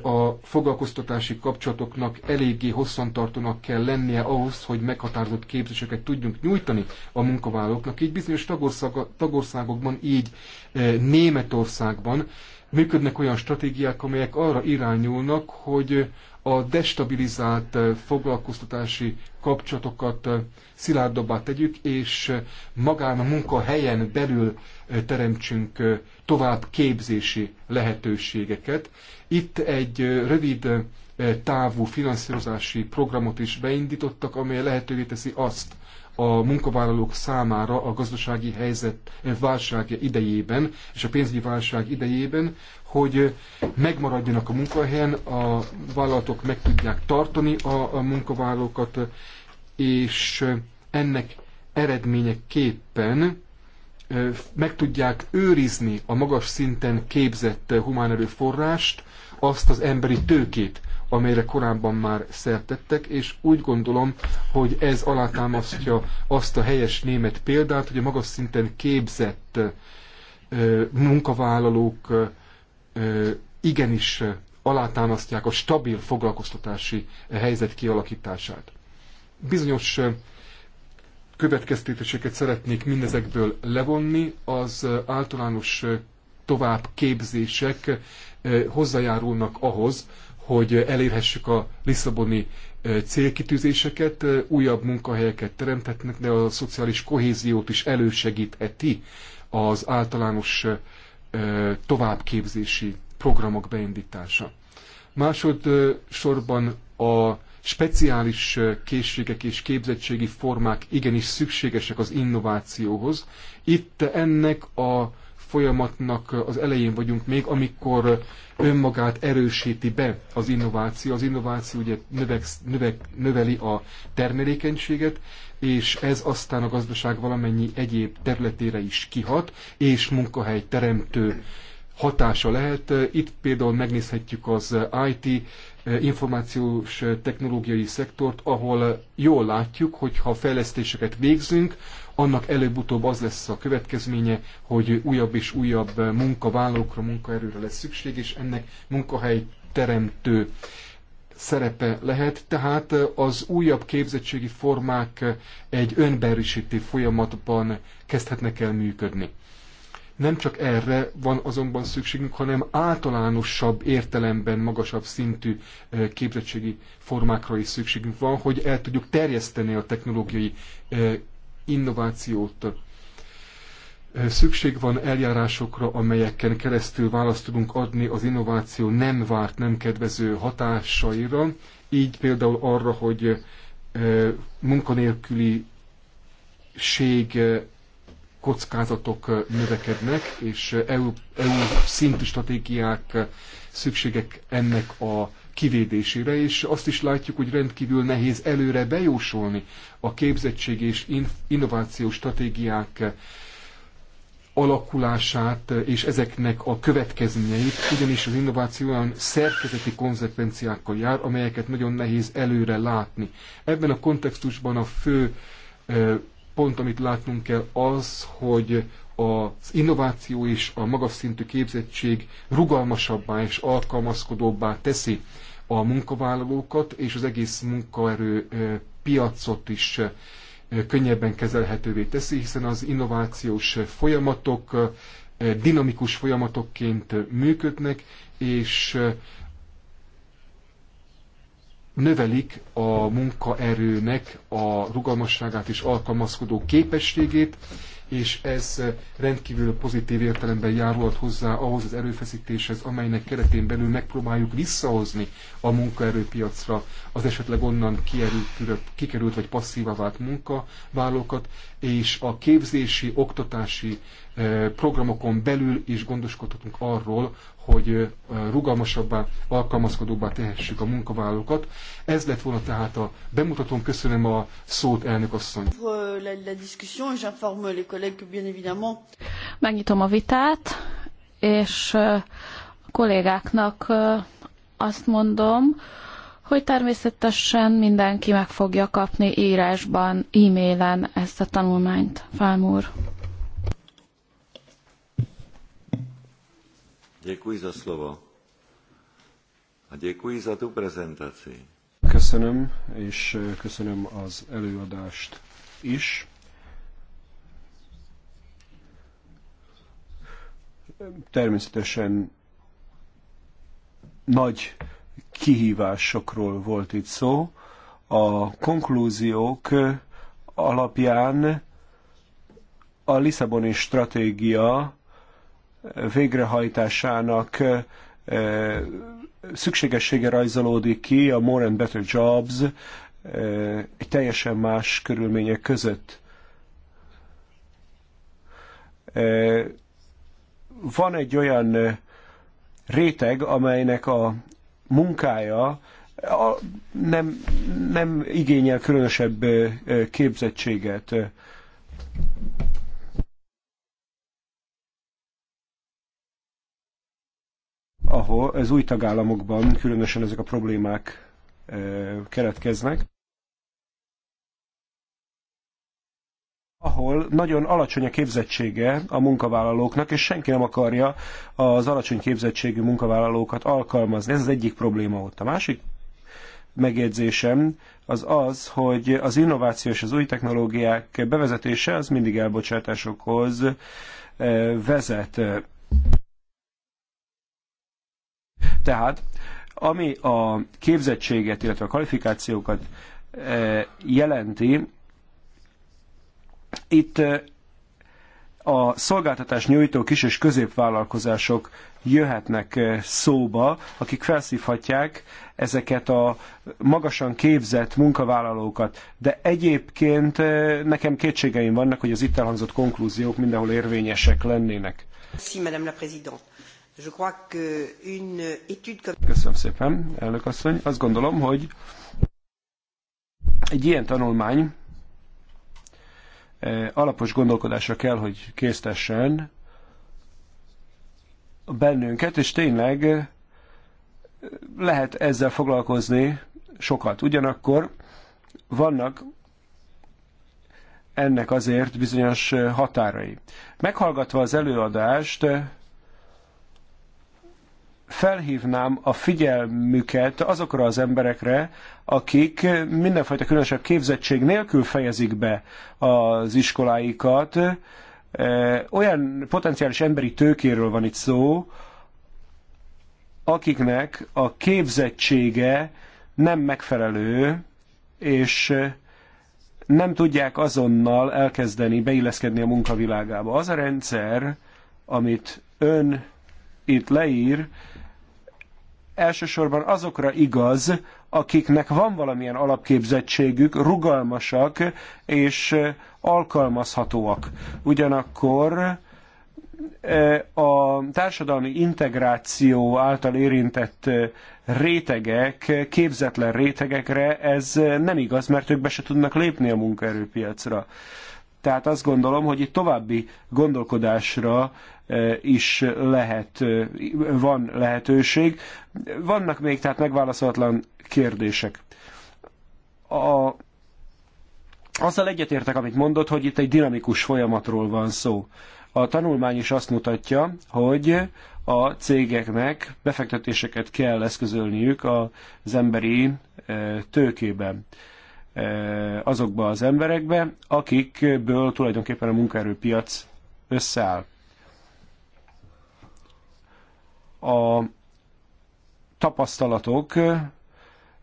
a foglalkoztatási kapcsolatoknak eléggé hosszantartónak kell lennie ahhoz, hogy meghatározott képzéseket tudjunk nyújtani a munkavállalóknak. Így bizonyos tagországokban, így e, Németországban működnek olyan stratégiák, amelyek arra irányulnak, hogy a destabilizált eh, foglalkoztatási kapcsolatokat eh, szilárdabbá tegyük, és eh, magán a munkahelyen belül teremtsünk tovább képzési lehetőségeket. Itt egy rövid távú finanszírozási programot is beindítottak, amely lehetővé teszi azt, a munkavállalók számára a gazdasági helyzet válság idejében és a pénzügyi válság idejében, hogy megmaradjanak a munkahelyen, a vállalatok meg tudják tartani a, a munkavállalókat, és ennek eredményeképpen meg tudják őrizni a magas szinten képzett humánerőforrást, azt az emberi tőkét, amelyre korábban már szertettek, és úgy gondolom, hogy ez alátámasztja azt a helyes német példát, hogy a magas szinten képzett munkavállalók igenis alátámasztják a stabil foglalkoztatási helyzet kialakítását. Bizonyos következtetéseket szeretnék mindezekből levonni, az általános továbbképzések hozzájárulnak ahhoz, hogy elérhessük a Lisszaboni célkitűzéseket, újabb munkahelyeket teremthetnek, de a szociális kohéziót is elősegítheti az általános továbbképzési programok beindítása. Másodszorban a speciális készségek és képzettségi formák igenis szükségesek az innovációhoz. Itt ennek a folyamatnak az elején vagyunk még, amikor önmagát erősíti be az innováció. Az innováció ugye növeksz, növek, növeli a termelékenységet, és ez aztán a gazdaság valamennyi egyéb területére is kihat, és munkahely teremtő hatása lehet. Itt például megnézhetjük az IT eh, információs eh, technológiai szektort, ahol jól látjuk, hogy ha fejlesztéseket végzünk, annak előbb-utóbb az lesz a következménye, hogy újabb és újabb munkavállalókra, munkaerőre lesz szükség, és ennek munkahely teremtő szerepe lehet, tehát az újabb képzettségi formák egy önberűsítő folyamatban kezdhetnek el működni. Nem csak erre van azonban szükségünk, hanem általánosabb értelemben magasabb szintű képzettségi formákra is szükségünk van, hogy el tudjuk terjeszteni a technológiai innovációt. Szükség van eljárásokra, amelyeken keresztül választ tudunk adni az innováció nem várt, nem kedvező hatásaira, így például arra, hogy munkanélküliség kockázatok növekednek, és EU, EU szintű stratégiák szükségek ennek a kivédésére, és azt is látjuk, hogy rendkívül nehéz előre bejósolni a képzettség és innovációs stratégiák alakulását és ezeknek a következményeit, ugyanis az innováció olyan szerkezeti konzekvenciákkal jár, amelyeket nagyon nehéz előre látni. Ebben a kontextusban a fő pont, amit látnunk kell, az, hogy az innováció és a magas szintű képzettség rugalmasabbá és alkalmazkodóbbá teszi a munkavállalókat, és az egész munkaerő piacot is könnyebben kezelhetővé teszi, hiszen az innovációs folyamatok dinamikus folyamatokként működnek, és növelik a munkaerőnek a rugalmasságát és alkalmazkodó képességét, és ez rendkívül pozitív értelemben járult hozzá ahhoz az erőfeszítéshez, amelynek keretén belül megpróbáljuk visszahozni a munkaerőpiacra az esetleg onnan kikerült, kikerült vagy passzívá vált munkavállókat, és a képzési, oktatási eh, programokon belül is gondoskodhatunk arról, hogy eh, rugalmasabbá, alkalmazkodóbbá tehessük a munkavállalókat. Ez lett volna tehát a bemutatón. Köszönöm a szót, elnök asszony. Megnyitom a vitát, és eh, a kollégáknak azt mondom, hogy természetesen mindenki meg fogja kapni írásban, e-mailen ezt a tanulmányt, Fálmúr. Děkuji za slovo. A děkuji za tu prezentaci. Köszönöm, és köszönöm az előadást is. Természetesen nagy kihívásokról volt itt szó. A konklúziók alapján a Lisszaboni stratégia végrehajtásának eh, szükségessége rajzolódik ki a More and Better Jobs eh, egy teljesen más körülmények között. Eh, van egy olyan réteg, amelynek a munkája nem, nem igényel különösebb képzettséget. Ahol az új tagállamokban különösen ezek a problémák keletkeznek. ahol nagyon alacsony a képzettsége a munkavállalóknak, és senki nem akarja az alacsony képzettségű munkavállalókat alkalmazni. Ez az egyik probléma ott. A másik megjegyzésem az az, hogy az innováció és az új technológiák bevezetése az mindig elbocsátásokhoz eh, vezet. Tehát, ami a képzettséget, illetve a kvalifikációkat eh, jelenti, itt a szolgáltatás nyújtó kis és középvállalkozások jöhetnek szóba, akik felszívhatják ezeket a magasan képzett munkavállalókat. De egyébként nekem kétségeim vannak, hogy az itt elhangzott konklúziók mindenhol érvényesek lennének. Köszönöm szépen, elnök asszony. Azt gondolom, hogy egy ilyen tanulmány Eh, alapos gondolkodásra kell, hogy késztessen bennünket, és tényleg eh, lehet ezzel foglalkozni sokat. Ugyanakkor vannak ennek azért bizonyos eh, határai. Meghallgatva az előadást, felhívnám a figyelmüket azokra az emberekre, akik mindenfajta különösebb képzettség nélkül fejezik be az iskoláikat. E, olyan potenciális emberi tőkéről van itt szó, akiknek a képzettsége nem megfelelő, és nem tudják azonnal elkezdeni beilleszkedni a munkavilágába. Az a rendszer, amit ön itt leír, elsősorban azokra igaz, akiknek van valamilyen alapképzettségük, rugalmasak és alkalmazhatóak. Ugyanakkor a társadalmi integráció által érintett rétegek, képzetlen rétegekre ez nem igaz, mert ők be se tudnak lépni a munkaerőpiacra. Tehát azt gondolom, hogy itt további gondolkodásra Eh, is lehet, eh, van lehetőség. Vannak még tehát megválaszolatlan kérdések. A, azzal egyetértek, amit mondott, hogy itt egy dinamikus folyamatról van szó. A tanulmány is azt mutatja, hogy a cégeknek befektetéseket kell eszközölniük az emberi eh, tőkében azokba az emberekbe, akikből tulajdonképpen a munkaerőpiac összeáll. a tapasztalatok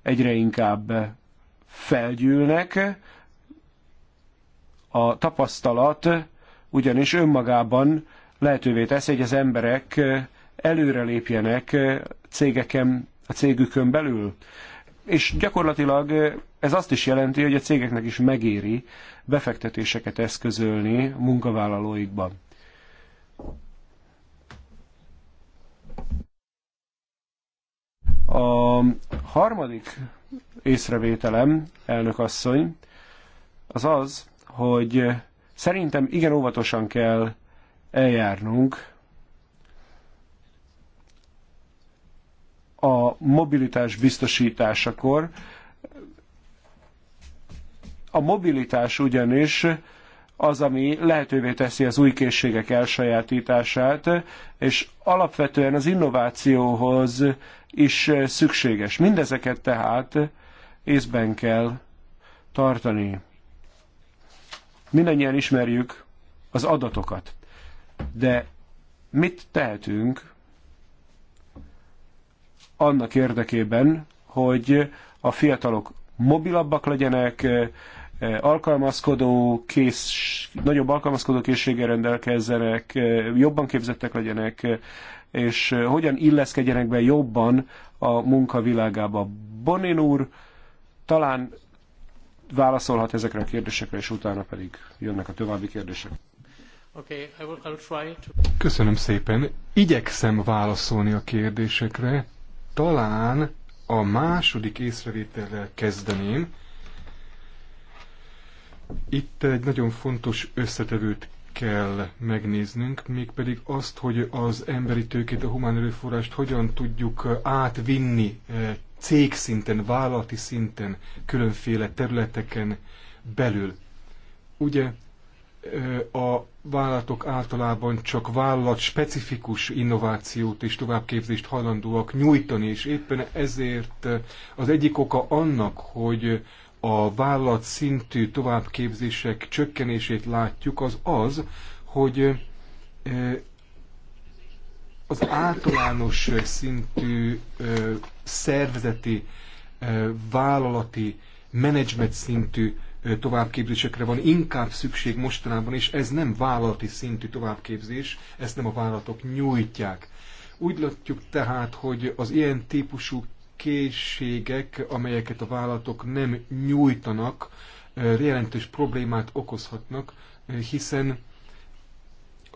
egyre inkább felgyűlnek. A tapasztalat ugyanis önmagában lehetővé tesz hogy az emberek előrelépjenek cégeken, a cégükön belül. És gyakorlatilag ez azt is jelenti, hogy a cégeknek is megéri befektetéseket eszközölni munkavállalóikban. A harmadik észrevételem, elnök asszony, az az, hogy szerintem igen óvatosan kell eljárnunk a mobilitás biztosításakor. A mobilitás ugyanis az, ami lehetővé teszi az új készségek elsajátítását, és alapvetően az innovációhoz is szükséges. Mindezeket tehát észben kell tartani. Mindannyian ismerjük az adatokat, de mit tehetünk annak érdekében, hogy a fiatalok mobilabbak legyenek, alkalmazkodó kész, nagyobb alkalmazkodó készséggel rendelkezzenek, jobban képzettek legyenek, és hogyan illeszkedjenek be jobban a munka világába. Bonin úr talán válaszolhat ezekre a kérdésekre, és utána pedig jönnek a további kérdések. Köszönöm szépen. Igyekszem válaszolni a kérdésekre. Talán a második észrevétellel kezdeném, itt egy nagyon fontos összetevőt kell megnéznünk, mégpedig azt, hogy az emberi tőkét, a humán erőforrást hogyan tudjuk átvinni eh, cégszinten, vállalati szinten, különféle területeken belül. Ugye eh, a vállalatok általában csak vállalat specifikus innovációt és továbbképzést hajlandóak nyújtani, és éppen ezért eh, az egyik oka annak, hogy a vállalat szintű továbbképzések csökkenését látjuk, az az, hogy az általános szintű szervezeti, vállalati, menedzsment szintű továbbképzésekre van inkább szükség mostanában, és ez nem vállalati szintű továbbképzés, ezt nem a vállalatok nyújtják. Úgy látjuk tehát, hogy az ilyen típusú készségek, amelyeket a vállalatok nem nyújtanak, jelentős problémát okozhatnak, hiszen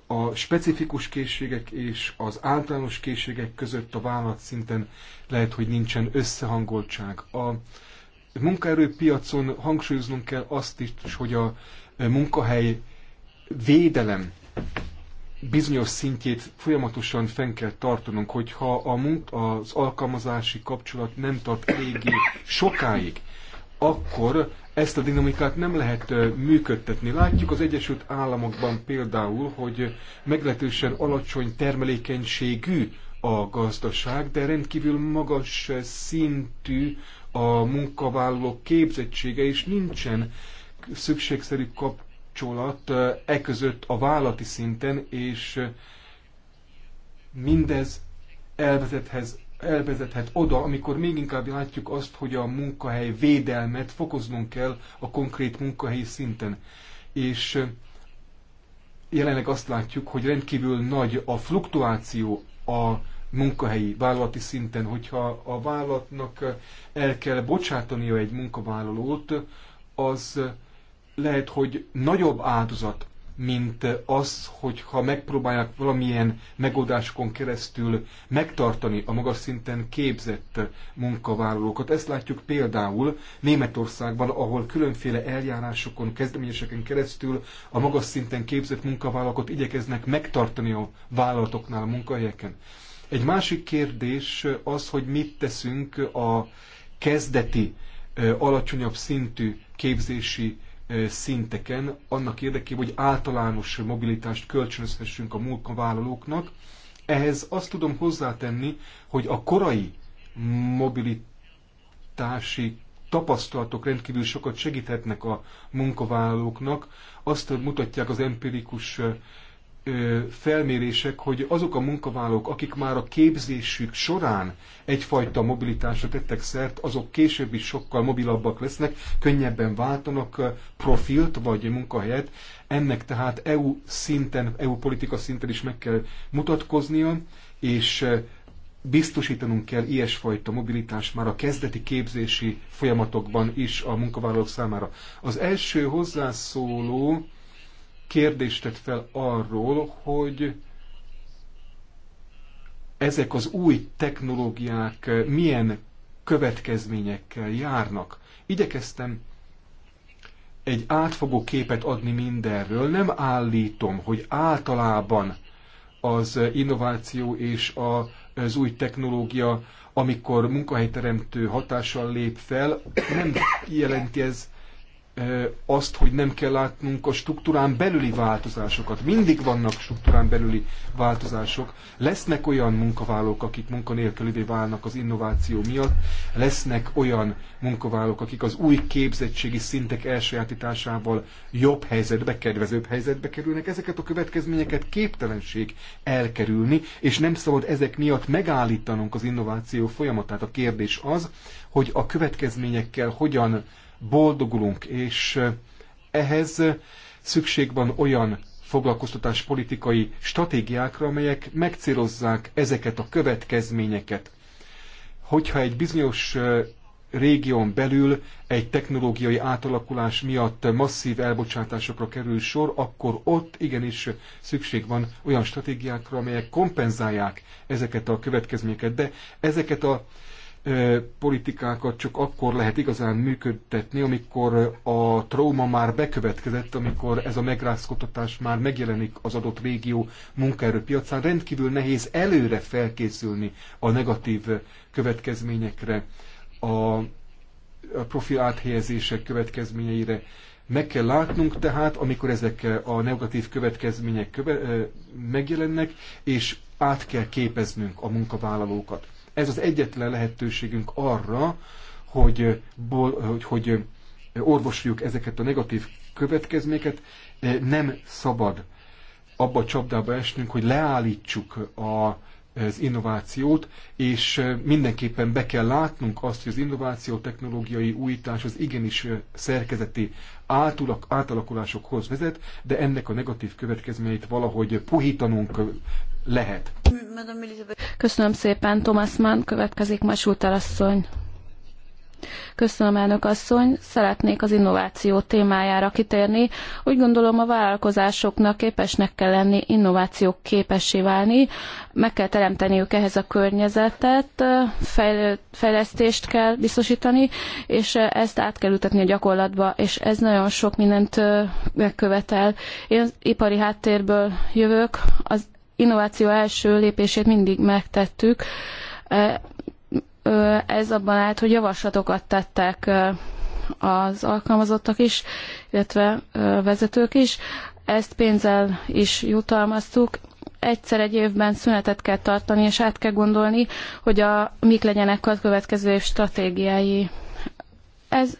a specifikus készségek és az általános készségek között a vállalat szinten lehet, hogy nincsen összehangoltság. A munkaerőpiacon hangsúlyoznunk kell azt is, hogy a munkahely védelem bizonyos szintjét folyamatosan fenn kell tartanunk, hogyha a munk, az alkalmazási kapcsolat nem tart eléggé sokáig, akkor ezt a dinamikát nem lehet működtetni. Látjuk az Egyesült Államokban például, hogy meglehetősen alacsony termelékenységű a gazdaság, de rendkívül magas szintű a munkavállalók képzettsége, és nincsen szükségszerű kap kapcsolat e között a vállati szinten, és mindez elvezethez, elvezethet oda, amikor még inkább látjuk azt, hogy a munkahely védelmet fokoznunk kell a konkrét munkahelyi szinten. És jelenleg azt látjuk, hogy rendkívül nagy a fluktuáció a munkahelyi, vállalati szinten, hogyha a vállalatnak el kell bocsátania egy munkavállalót, az lehet, hogy nagyobb áldozat, mint az, hogyha megpróbálják valamilyen megoldásokon keresztül megtartani a magas szinten képzett munkavállalókat. Ezt látjuk például Németországban, ahol különféle eljárásokon, kezdeményeseken keresztül a magas szinten képzett munkavállalókat igyekeznek megtartani a vállalatoknál, a munkahelyeken. Egy másik kérdés az, hogy mit teszünk a kezdeti, alacsonyabb szintű képzési szinteken, annak érdekében, hogy általános mobilitást kölcsönözhessünk a munkavállalóknak. Ehhez azt tudom hozzátenni, hogy a korai mobilitási tapasztalatok rendkívül sokat segíthetnek a munkavállalóknak. Azt mutatják az empirikus felmérések, hogy azok a munkavállalók, akik már a képzésük során egyfajta mobilitásra tettek szert, azok később is sokkal mobilabbak lesznek, könnyebben váltanak profilt vagy munkahelyet. Ennek tehát EU szinten, EU politika szinten is meg kell mutatkoznia, és biztosítanunk kell ilyesfajta mobilitás már a kezdeti képzési folyamatokban is a munkavállalók számára. Az első hozzászóló kérdést tett fel arról, hogy ezek az új technológiák milyen következményekkel járnak. Igyekeztem egy átfogó képet adni mindenről. Nem állítom, hogy általában az innováció és az új technológia, amikor munkahelyteremtő hatással lép fel, nem jelenti ez azt, hogy nem kell látnunk a struktúrán belüli változásokat. Mindig vannak struktúrán belüli változások. Lesznek olyan munkavállalók, akik munkanélkülivé válnak az innováció miatt, lesznek olyan munkavállalók, akik az új képzettségi szintek elsajátításával jobb helyzetbe, kedvezőbb helyzetbe kerülnek. Ezeket a következményeket képtelenség elkerülni, és nem szabad ezek miatt megállítanunk az innováció folyamatát. A kérdés az, hogy a következményekkel hogyan boldogulunk, és ehhez szükség van olyan foglalkoztatáspolitikai stratégiákra, amelyek megcélozzák ezeket a következményeket. Hogyha egy bizonyos régión belül egy technológiai átalakulás miatt masszív elbocsátásokra kerül sor, akkor ott igenis szükség van olyan stratégiákra, amelyek kompenzálják ezeket a következményeket. De ezeket a politikákat csak akkor lehet igazán működtetni, amikor a trauma már bekövetkezett, amikor ez a megrázkodtatás már megjelenik az adott régió munkaerőpiacán. Rendkívül nehéz előre felkészülni a negatív következményekre, a profil áthelyezések következményeire. Meg kell látnunk tehát, amikor ezek a negatív következmények köve- megjelennek, és át kell képeznünk a munkavállalókat ez az egyetlen lehetőségünk arra, hogy, hogy, hogy orvosoljuk ezeket a negatív következményeket. E, nem szabad abba a csapdába esnünk, hogy leállítsuk a, az innovációt, és mindenképpen be kell látnunk azt, hogy az innováció, technológiai újítás az igenis szerkezeti átulak, átalakulásokhoz vezet, de ennek a negatív következményeit valahogy puhítanunk, lehet. Köszönöm szépen, Thomas Mann, következik Masúter asszony. Köszönöm, elnök asszony. Szeretnék az innováció témájára kitérni. Úgy gondolom, a vállalkozásoknak képesnek kell lenni innovációk képessé válni. Meg kell teremteniük ehhez a környezetet, fejlesztést kell biztosítani, és ezt át kell ütetni a gyakorlatba, és ez nagyon sok mindent megkövetel. Én ipari háttérből jövök, az innováció első lépését mindig megtettük. E, ez abban állt, hogy javaslatokat tettek e, az alkalmazottak is, illetve e, vezetők is. Ezt pénzzel is jutalmaztuk. Egyszer egy évben szünetet kell tartani, és át kell gondolni, hogy a, mik legyenek a következő év stratégiái ez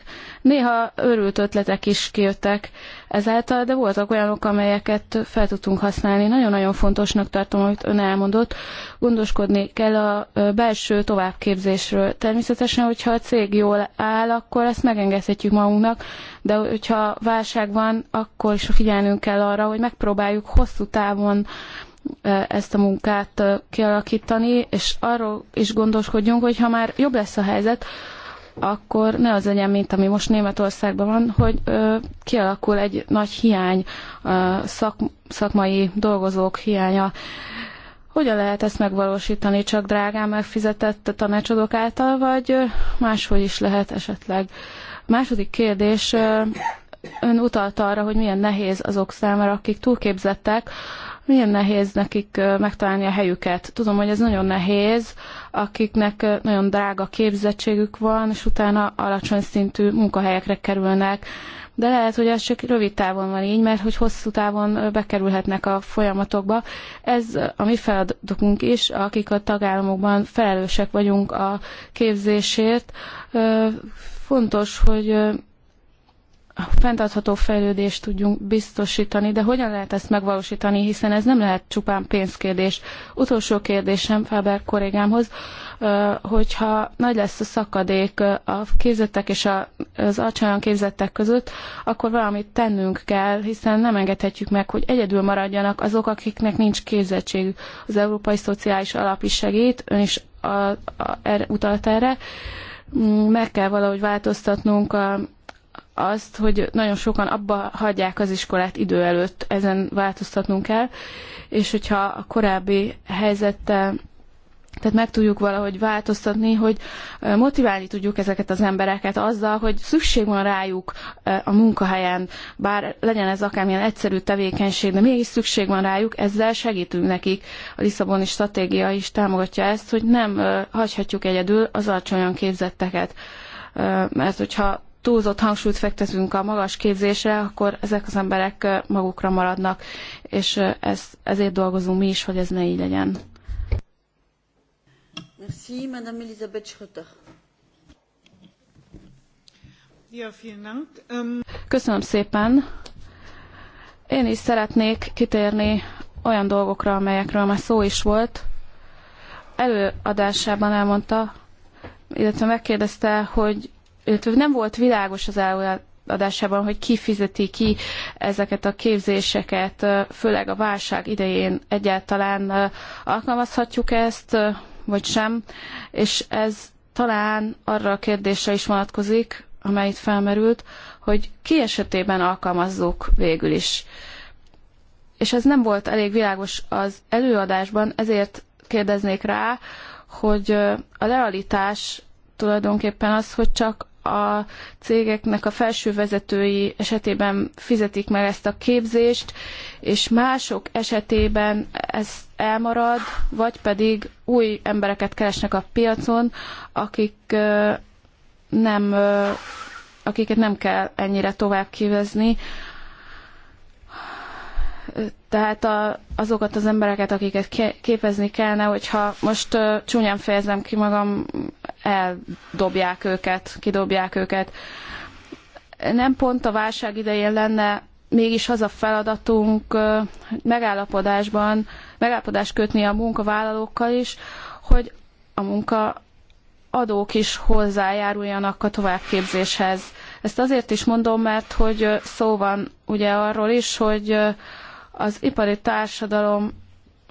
néha örült ötletek is kijöttek ezáltal, de voltak olyanok, amelyeket fel tudtunk használni. Nagyon-nagyon fontosnak tartom, amit ön elmondott, gondoskodni kell a belső továbbképzésről. Természetesen, hogyha a cég jól áll, akkor ezt megengedhetjük magunknak, de hogyha válság van, akkor is figyelnünk kell arra, hogy megpróbáljuk hosszú távon ezt a munkát kialakítani, és arról is gondoskodjunk, hogy ha már jobb lesz a helyzet, akkor ne az legyen, mint ami most Németországban van, hogy ö, kialakul egy nagy hiány, ö, szak, szakmai dolgozók hiánya. Hogyan lehet ezt megvalósítani, csak drágán megfizetett tanácsadók által, vagy ö, máshogy is lehet esetleg? A második kérdés, ö, ön utalta arra, hogy milyen nehéz azok számára, akik túlképzettek, milyen nehéz nekik megtalálni a helyüket. Tudom, hogy ez nagyon nehéz, akiknek nagyon drága képzettségük van, és utána alacsony szintű munkahelyekre kerülnek. De lehet, hogy ez csak rövid távon van így, mert hogy hosszú távon bekerülhetnek a folyamatokba. Ez a mi feladatunk is, akik a tagállamokban felelősek vagyunk a képzésért. Fontos, hogy fenntartható fejlődést tudjunk biztosítani, de hogyan lehet ezt megvalósítani, hiszen ez nem lehet csupán pénzkérdés. Utolsó kérdésem Fáber kollégámhoz, hogyha nagy lesz a szakadék a képzettek és az alacsonyan képzettek között, akkor valamit tennünk kell, hiszen nem engedhetjük meg, hogy egyedül maradjanak azok, akiknek nincs képzettségük. Az Európai Szociális Alap is segít, ön is a, a, utalt erre, mm, meg kell valahogy változtatnunk a azt, hogy nagyon sokan abba hagyják az iskolát idő előtt, ezen változtatnunk kell, és hogyha a korábbi helyzettel tehát meg tudjuk valahogy változtatni, hogy motiválni tudjuk ezeket az embereket azzal, hogy szükség van rájuk a munkahelyen, bár legyen ez akármilyen egyszerű tevékenység, de mégis szükség van rájuk, ezzel segítünk nekik. A Lisszaboni stratégia is támogatja ezt, hogy nem hagyhatjuk egyedül az alacsonyan képzetteket. Mert hogyha túlzott hangsúlyt fektetünk a magas képzésre, akkor ezek az emberek magukra maradnak, és ez, ezért dolgozunk mi is, hogy ez ne így legyen. Merci, Madame Elisabeth Schröter. Ja, vielen Dank. Ähm, Köszönöm szépen. Én is szeretnék kitérni olyan dolgokra, amelyekről már szó is volt. Előadásában elmondta, illetve megkérdezte, hogy nem volt világos az adásában, hogy ki fizeti ki ezeket a képzéseket, főleg a válság idején egyáltalán alkalmazhatjuk ezt, vagy sem, és ez talán arra a kérdésre is vonatkozik, amely itt felmerült, hogy ki esetében alkalmazzuk végül is. És ez nem volt elég világos az előadásban, ezért kérdeznék rá, hogy a realitás tulajdonképpen az, hogy csak a cégeknek a felső vezetői esetében fizetik meg ezt a képzést, és mások esetében ez elmarad, vagy pedig új embereket keresnek a piacon, akik nem, akiket nem kell ennyire tovább kivezni, tehát a, azokat az embereket, akiket képezni kellene, hogyha most uh, csúnyán fejezem ki magam, eldobják őket, kidobják őket. Nem pont a válság idején lenne mégis az a feladatunk uh, megállapodásban, megállapodást kötni a munkavállalókkal is, hogy a munka adók is hozzájáruljanak a továbbképzéshez. Ezt azért is mondom, mert hogy szó van ugye arról is, hogy uh, az ipari társadalom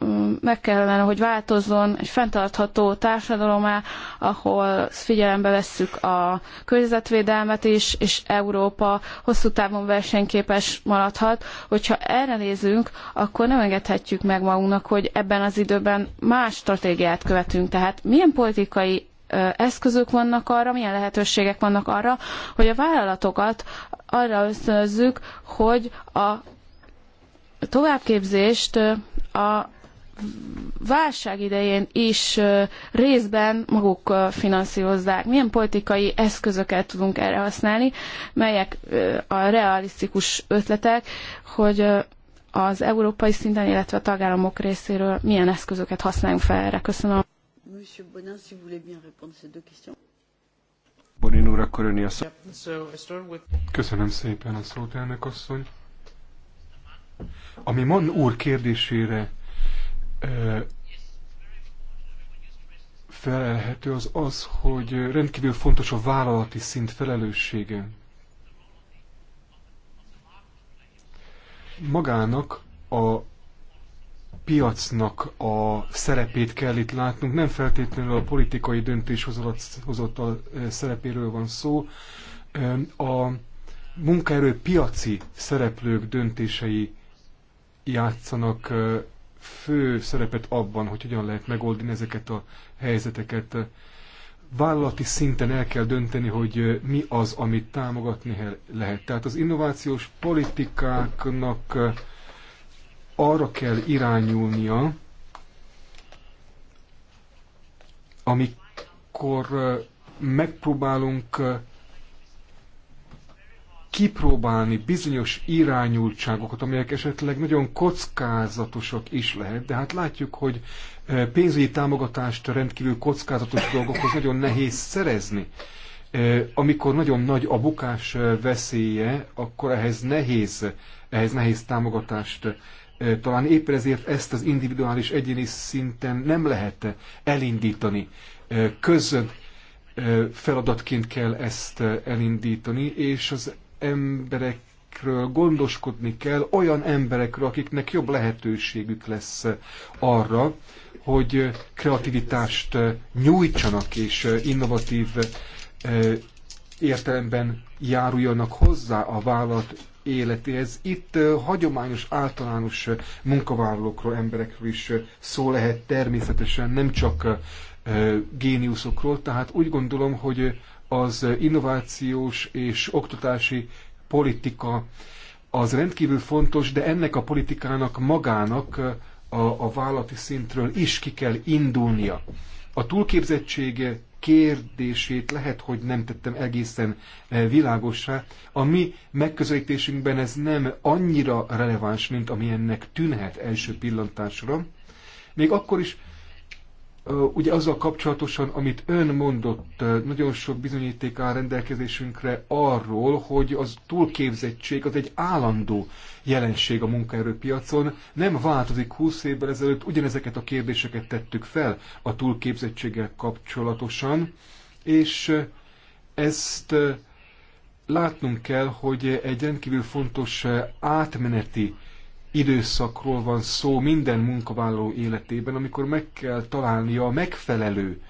mm, meg kellene, hogy változzon egy fenntartható társadalomá, ahol figyelembe vesszük a környezetvédelmet is, és Európa hosszú távon versenyképes maradhat. Hogyha erre nézünk, akkor nem engedhetjük meg magunknak, hogy ebben az időben más stratégiát követünk. Tehát milyen politikai eszközök vannak arra, milyen lehetőségek vannak arra, hogy a vállalatokat arra ösztönözzük, hogy a továbbképzést a válság idején is részben maguk finanszírozzák. Milyen politikai eszközöket tudunk erre használni, melyek a realisztikus ötletek, hogy az európai szinten, illetve a tagállamok részéről milyen eszközöket használjunk fel erre. Köszönöm. Monsieur Bonin, a Köszönöm szépen a szót, elnök asszony. Ami Mann úr kérdésére felelhető az az, hogy rendkívül fontos a vállalati szint felelőssége. Magának a piacnak a szerepét kell itt látnunk, nem feltétlenül a politikai döntéshozatal szerepéről van szó. A munkaerő piaci szereplők döntései játszanak fő szerepet abban, hogy hogyan lehet megoldani ezeket a helyzeteket. Vállalati szinten el kell dönteni, hogy mi az, amit támogatni lehet. Tehát az innovációs politikáknak arra kell irányulnia, amikor megpróbálunk kipróbálni bizonyos irányultságokat, amelyek esetleg nagyon kockázatosak is lehet, de hát látjuk, hogy e, pénzügyi támogatást rendkívül kockázatos dolgokhoz nagyon nehéz szerezni. E, amikor nagyon nagy a bukás veszélye, akkor ehhez nehéz, ehhez nehéz támogatást e, talán éppen ezért ezt az individuális egyéni szinten nem lehet elindítani. Közön feladatként kell ezt elindítani, és az emberekről gondoskodni kell, olyan emberekről, akiknek jobb lehetőségük lesz arra, hogy kreativitást nyújtsanak és innovatív eh, értelemben járuljanak hozzá a vállalat életéhez. Itt eh, hagyományos, általános munkavállalókról, emberekről is szó lehet természetesen, nem csak eh, géniuszokról, tehát úgy gondolom, hogy az innovációs és oktatási politika az rendkívül fontos, de ennek a politikának magának a, a vállalati szintről is ki kell indulnia. A túlképzettség kérdését lehet, hogy nem tettem egészen e, világosra. A mi megközelítésünkben ez nem annyira releváns, mint ami ennek tűnhet első pillantásra. Még akkor is ugye azzal kapcsolatosan, amit ön mondott, nagyon sok bizonyíték áll rendelkezésünkre arról, hogy az túlképzettség az egy állandó jelenség a munkaerőpiacon. Nem változik 20 évvel ezelőtt, ugyanezeket a kérdéseket tettük fel a túlképzettséggel kapcsolatosan, és ezt látnunk kell, hogy egy rendkívül fontos átmeneti időszakról van szó minden munkavállaló életében, amikor meg kell találnia a megfelelő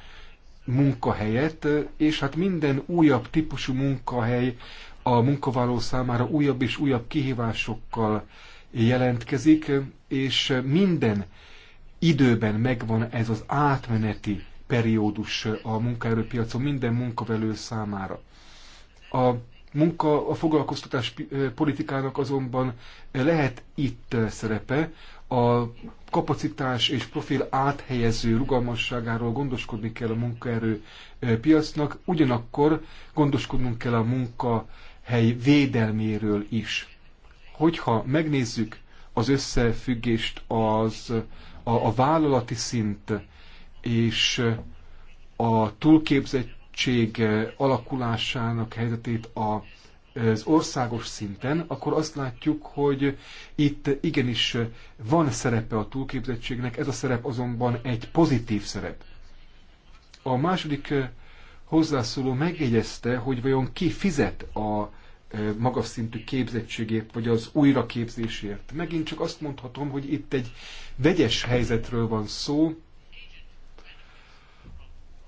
munkahelyet, és hát minden újabb típusú munkahely a munkavállaló számára újabb és újabb kihívásokkal jelentkezik, és minden időben megvan ez az átmeneti periódus a munkaerőpiacon minden munkavelő számára. A munka, a foglalkoztatás eh, politikának azonban lehet itt eh, szerepe, a kapacitás és profil áthelyező rugalmasságáról gondoskodni kell a munkaerő eh, piacnak, ugyanakkor gondoskodnunk kell a munkahely védelméről is. Hogyha megnézzük az összefüggést az, a, a vállalati szint és a túlképzett érettség eh, alakulásának helyzetét a az országos szinten, akkor azt látjuk, hogy itt igenis van szerepe a túlképzettségnek, ez a szerep azonban egy pozitív szerep. A második eh, hozzászóló megjegyezte, hogy vajon ki fizet a eh, magas szintű képzettségért, vagy az újraképzésért. Megint csak azt mondhatom, hogy itt egy vegyes helyzetről van szó,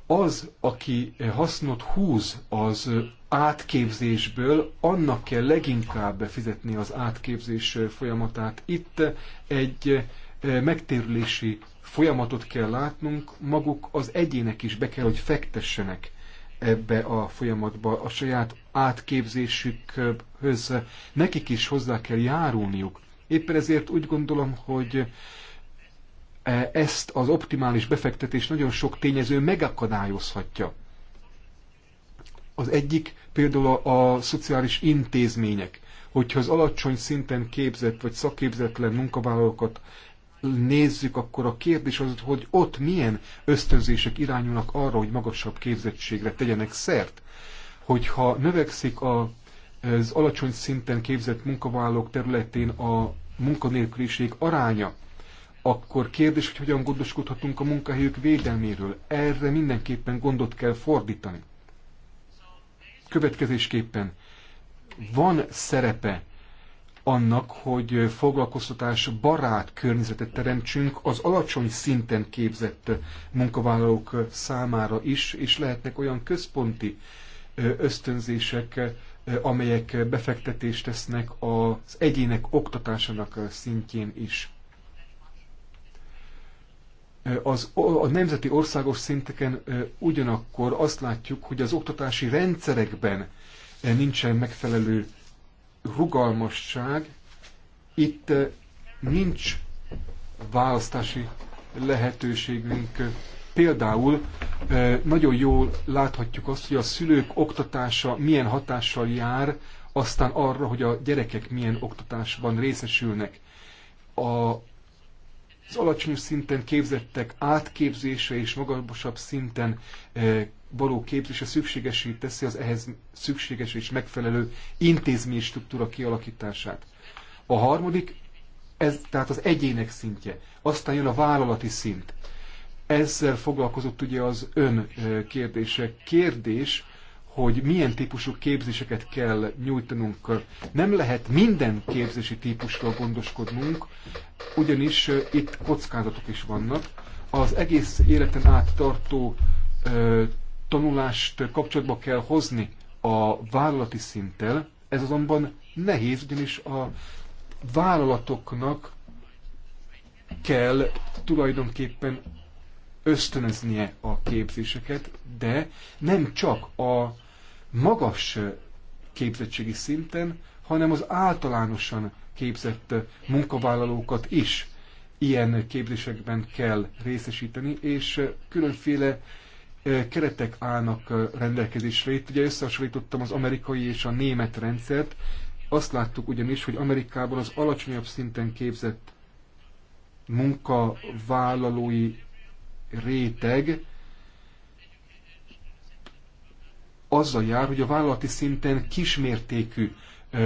az, aki hasznot húz az átképzésből, annak kell leginkább befizetni az átképzés folyamatát. Itt egy e, megtérülési folyamatot kell látnunk, maguk az egyének is be kell, hogy fektessenek ebbe a folyamatba, a saját átképzésükhöz nekik is hozzá kell járulniuk. Éppen ezért úgy gondolom, hogy E, ezt az optimális befektetés nagyon sok tényező megakadályozhatja. Az egyik például a, a szociális intézmények. Hogyha az alacsony szinten képzett vagy szakképzetlen munkavállalókat nézzük, akkor a kérdés az, hogy ott milyen ösztönzések irányulnak arra, hogy magasabb képzettségre tegyenek szert. Hogyha növekszik a, az alacsony szinten képzett munkavállalók területén a munkanélküliség aránya, akkor kérdés, hogy hogyan gondoskodhatunk a munkahelyük védelméről. Erre mindenképpen gondot kell fordítani. Következésképpen van szerepe annak, hogy foglalkoztatás barát környezetet teremtsünk az alacsony szinten képzett munkavállalók számára is, és lehetnek olyan központi ösztönzések, amelyek befektetést tesznek az egyének oktatásának szintjén is az, a nemzeti országos szinteken ugyanakkor azt látjuk, hogy az oktatási rendszerekben nincsen megfelelő rugalmasság, itt nincs választási lehetőségünk. Például nagyon jól láthatjuk azt, hogy a szülők oktatása milyen hatással jár, aztán arra, hogy a gyerekek milyen oktatásban részesülnek. A az alacsony szinten képzettek átképzése és magasabb szinten e, való képzése szükségesé teszi az ehhez szükséges és megfelelő intézményi struktúra kialakítását. A harmadik, ez tehát az egyének szintje. Aztán jön a vállalati szint. Ezzel foglalkozott ugye az ön e, kérdése. Kérdés, hogy milyen típusú képzéseket kell nyújtanunk. Nem lehet minden képzési típusról gondoskodnunk, ugyanis itt kockázatok is vannak. Az egész életen át tartó tanulást kapcsolatba kell hozni a vállalati szinttel. Ez azonban nehéz, ugyanis a vállalatoknak kell tulajdonképpen ösztönöznie a képzéseket, de nem csak a magas képzettségi szinten, hanem az általánosan képzett munkavállalókat is ilyen képzésekben kell részesíteni, és különféle keretek állnak rendelkezésre. Itt ugye összehasonlítottam az amerikai és a német rendszert. Azt láttuk ugyanis, hogy Amerikában az alacsonyabb szinten képzett munkavállalói réteg azzal jár, hogy a vállalati szinten kismértékű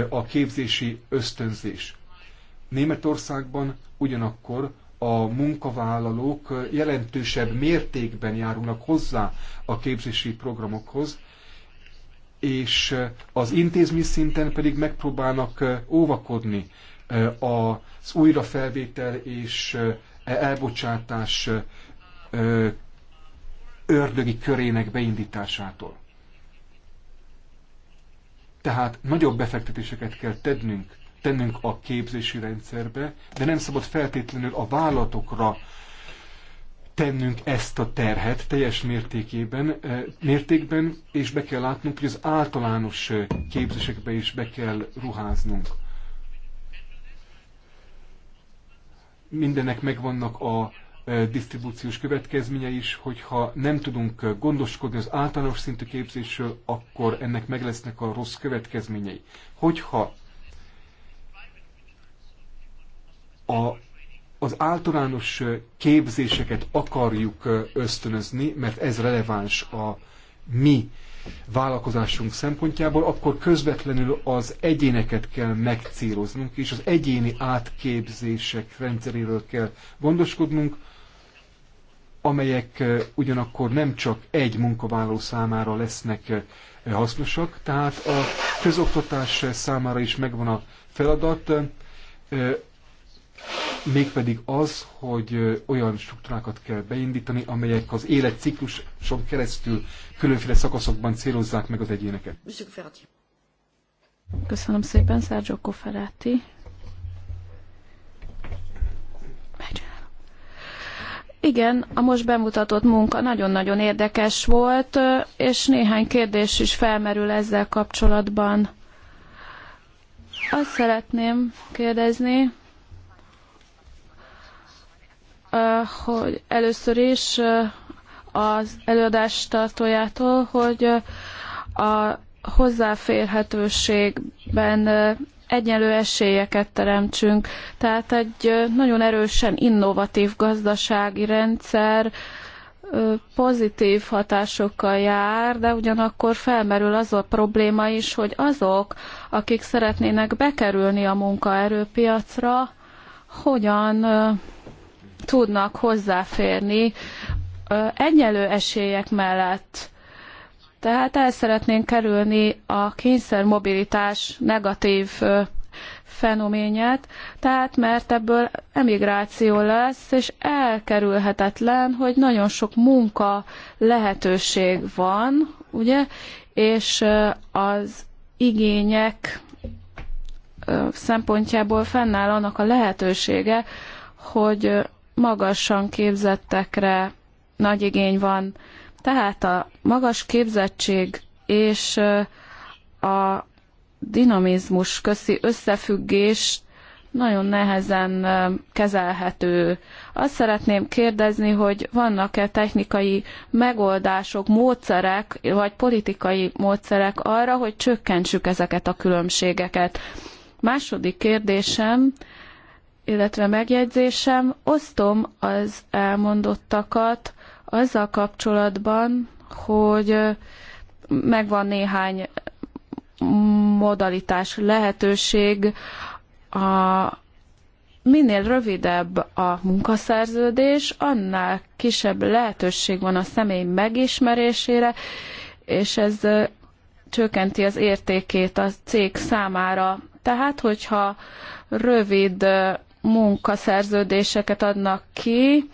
a képzési ösztönzés. Németországban ugyanakkor a munkavállalók jelentősebb mértékben járulnak hozzá a képzési programokhoz, és az intézmény szinten pedig megpróbálnak óvakodni az újrafelvétel és e, elbocsátás ördögi körének beindításától. Tehát nagyobb befektetéseket kell tennünk, tennünk a képzési rendszerbe, de nem szabad feltétlenül a vállalatokra tennünk ezt a terhet teljes mértékében, eh, mértékben, és be kell látnunk, hogy az általános eh, képzésekbe is be kell ruháznunk. Mindennek megvannak a disztribúciós következménye is, hogyha nem tudunk gondoskodni az általános szintű képzésről, akkor ennek meg lesznek a rossz következményei. Hogyha a, az általános képzéseket akarjuk ösztönözni, mert ez releváns a mi vállalkozásunk szempontjából, akkor közvetlenül az egyéneket kell megcéloznunk, és az egyéni átképzések rendszeréről kell gondoskodnunk, amelyek ugyanakkor nem csak egy munkavállaló számára lesznek hasznosak, tehát a közoktatás számára is megvan a feladat, mégpedig az, hogy olyan struktúrákat kell beindítani, amelyek az életcikluson keresztül különféle szakaszokban célozzák meg az egyéneket. Köszönöm szépen, Sergio Koferáti. Igen, a most bemutatott munka nagyon-nagyon érdekes volt, és néhány kérdés is felmerül ezzel kapcsolatban. Azt szeretném kérdezni, hogy először is az előadás tartójától, hogy a hozzáférhetőségben egyenlő esélyeket teremtsünk. Tehát egy nagyon erősen innovatív gazdasági rendszer pozitív hatásokkal jár, de ugyanakkor felmerül az a probléma is, hogy azok, akik szeretnének bekerülni a munkaerőpiacra, hogyan tudnak hozzáférni egyenlő esélyek mellett tehát el szeretnénk kerülni a kényszermobilitás negatív fenoménját, tehát mert ebből emigráció lesz, és elkerülhetetlen, hogy nagyon sok munka lehetőség van, ugye, és az igények szempontjából fennáll annak a lehetősége, hogy magasan képzettekre nagy igény van tehát a magas képzettség és a dinamizmus közti összefüggés nagyon nehezen kezelhető. Azt szeretném kérdezni, hogy vannak-e technikai megoldások, módszerek, vagy politikai módszerek arra, hogy csökkentsük ezeket a különbségeket. Második kérdésem, illetve megjegyzésem, osztom az elmondottakat azzal kapcsolatban, hogy megvan néhány modalitás lehetőség, a, minél rövidebb a munkaszerződés, annál kisebb lehetőség van a személy megismerésére, és ez csökkenti az értékét a cég számára. Tehát, hogyha rövid munkaszerződéseket adnak ki,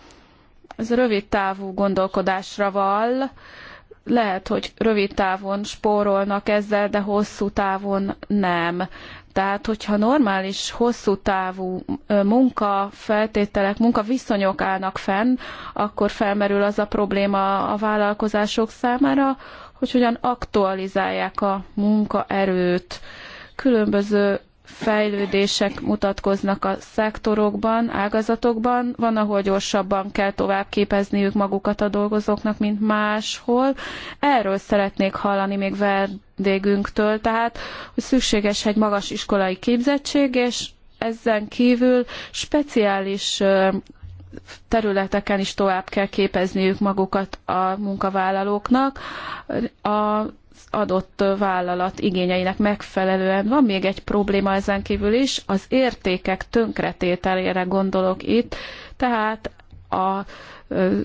ez rövid távú gondolkodásra vall. Lehet, hogy rövid távon spórolnak ezzel, de hosszú távon nem. Tehát, hogyha normális, hosszú távú munkafeltételek, munkaviszonyok állnak fenn, akkor felmerül az a probléma a vállalkozások számára, hogy hogyan aktualizálják a munkaerőt. Különböző fejlődések mutatkoznak a szektorokban, ágazatokban. Van, ahol gyorsabban kell tovább képezniük magukat a dolgozóknak, mint máshol. Erről szeretnék hallani még vendégünktől, tehát hogy szükséges egy magas iskolai képzettség, és ezen kívül speciális területeken is tovább kell képezniük magukat a munkavállalóknak. A adott vállalat igényeinek megfelelően. Van még egy probléma ezen kívül is, az értékek tönkretételére gondolok itt, tehát a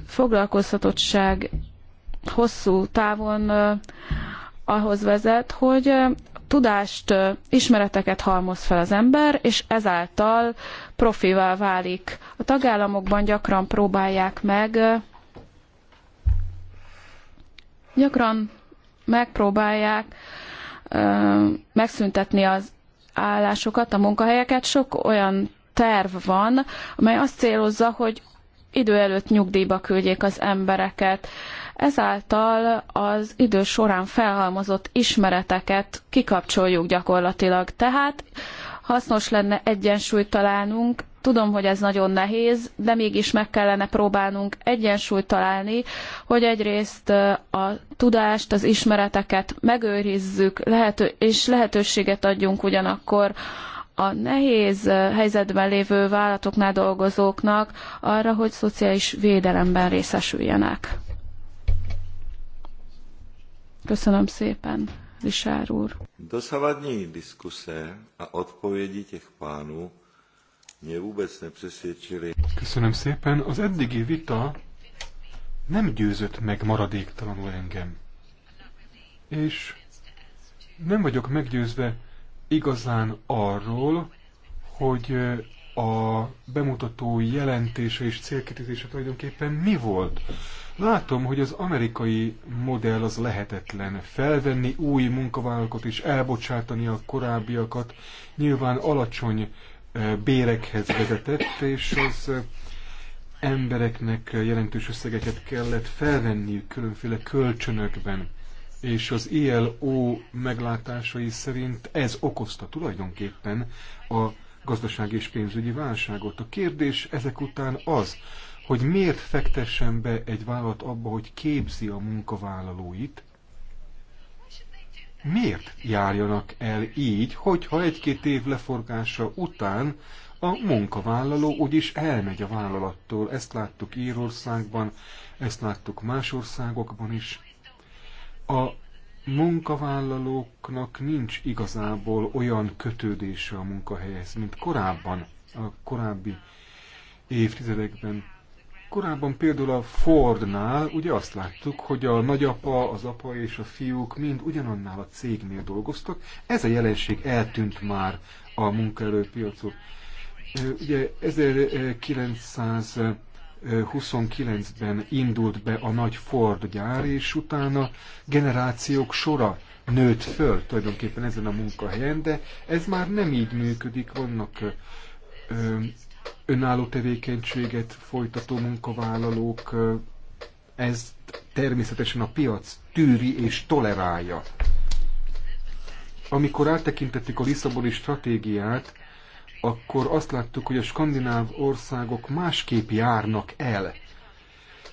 foglalkoztatottság hosszú távon ahhoz vezet, hogy tudást, ismereteket halmoz fel az ember, és ezáltal profivá válik. A tagállamokban gyakran próbálják meg, gyakran megpróbálják megszüntetni az állásokat, a munkahelyeket. Sok olyan terv van, amely azt célozza, hogy idő előtt nyugdíjba küldjék az embereket. Ezáltal az idő során felhalmozott ismereteket kikapcsoljuk gyakorlatilag. Tehát hasznos lenne egyensúlyt találnunk Tudom, hogy ez nagyon nehéz, de mégis meg kellene próbálnunk egyensúlyt találni, hogy egyrészt a tudást, az ismereteket megőrizzük, lehető, és lehetőséget adjunk ugyanakkor a nehéz helyzetben lévő vállalatoknál dolgozóknak arra, hogy szociális védelemben részesüljenek. Köszönöm szépen, Lisár úr. Dosavadní diskuse a odpovědi těch pánů Köszönöm szépen. Az eddigi vita nem győzött meg maradéktalanul engem. És nem vagyok meggyőzve igazán arról, hogy a bemutató jelentése és célkitűzése tulajdonképpen mi volt. Látom, hogy az amerikai modell az lehetetlen. Felvenni új munkavállalkot és elbocsátani a korábbiakat nyilván alacsony bérekhez vezetett, és az embereknek jelentős összegeket kellett felvenniük különféle kölcsönökben. És az ILO meglátásai szerint ez okozta tulajdonképpen a gazdasági és pénzügyi válságot. A kérdés ezek után az, hogy miért fektessen be egy vállalat abba, hogy képzi a munkavállalóit, miért járjanak el így, hogyha egy-két év leforgása után a munkavállaló úgyis elmegy a vállalattól. Ezt láttuk Írországban, ezt láttuk más országokban is. A munkavállalóknak nincs igazából olyan kötődése a munkahelyhez, mint korábban, a korábbi évtizedekben. Korábban például a Fordnál ugye azt láttuk, hogy a nagyapa, az apa és a fiúk mind ugyanannál a cégnél dolgoztak. Ez a jelenség eltűnt már a munkaerőpiacon. Ugye 1929-ben indult be a nagy Ford gyár, és utána generációk sora nőtt föl tulajdonképpen ezen a munkahelyen, de ez már nem így működik, vannak önálló tevékenységet folytató munkavállalók, ez természetesen a piac tűri és tolerálja. Amikor áttekintettük a Lisszaboni stratégiát, akkor azt láttuk, hogy a skandináv országok másképp járnak el.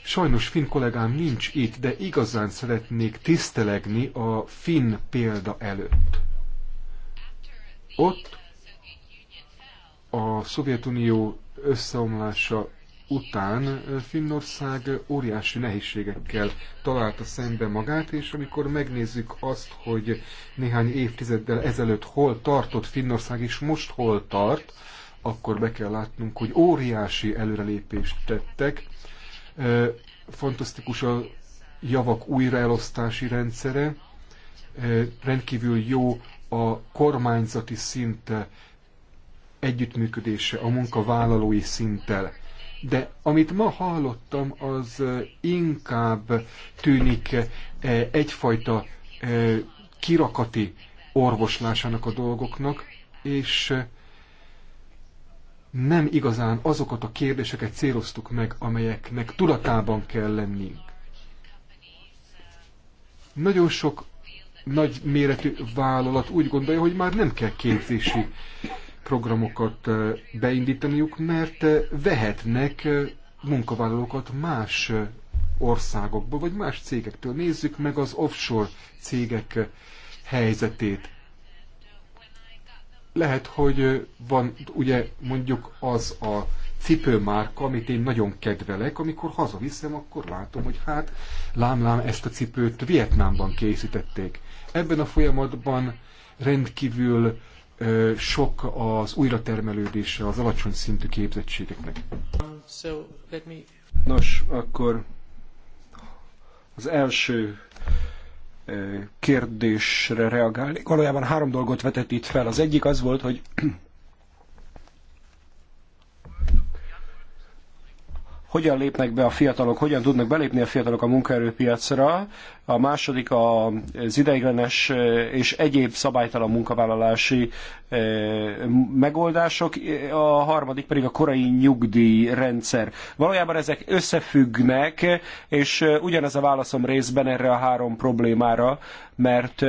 Sajnos finn kollégám nincs itt, de igazán szeretnék tisztelegni a finn példa előtt. Ott, a Szovjetunió összeomlása után Finnország óriási nehézségekkel találta szembe magát, és amikor megnézzük azt, hogy néhány évtizeddel ezelőtt hol tartott Finnország, és most hol tart, akkor be kell látnunk, hogy óriási előrelépést tettek. Fantasztikus a javak újraelosztási rendszere, rendkívül jó a kormányzati szint együttműködése a munkavállalói szinttel. De amit ma hallottam, az inkább tűnik egyfajta kirakati orvoslásának a dolgoknak, és nem igazán azokat a kérdéseket céloztuk meg, amelyeknek tudatában kell lennünk. Nagyon sok nagy méretű vállalat úgy gondolja, hogy már nem kell képzési programokat beindítaniuk, mert vehetnek munkavállalókat más országokból, vagy más cégektől. Nézzük meg az offshore cégek helyzetét. Lehet, hogy van ugye mondjuk az a cipőmárka, amit én nagyon kedvelek, amikor hazaviszem, akkor látom, hogy hát lámlám ezt a cipőt Vietnámban készítették. Ebben a folyamatban rendkívül sok az újratermelődése az alacsony szintű képzettségeknek. Nos, akkor az első kérdésre reagálni. Valójában három dolgot vetett itt fel. Az egyik az volt, hogy hogyan lépnek be a fiatalok, hogyan tudnak belépni a fiatalok a munkaerőpiacra, a második az ideiglenes és egyéb szabálytalan munkavállalási megoldások, a harmadik pedig a korai nyugdíjrendszer. Valójában ezek összefüggnek, és ugyanez a válaszom részben erre a három problémára, mert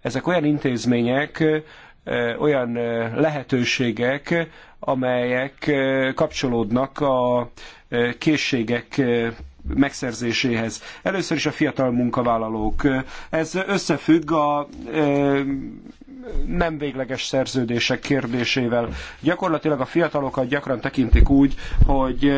ezek olyan intézmények, olyan lehetőségek, amelyek kapcsolódnak a készségek megszerzéséhez. Először is a fiatal munkavállalók. Ez összefügg a nem végleges szerződések kérdésével. Gyakorlatilag a fiatalokat gyakran tekintik úgy, hogy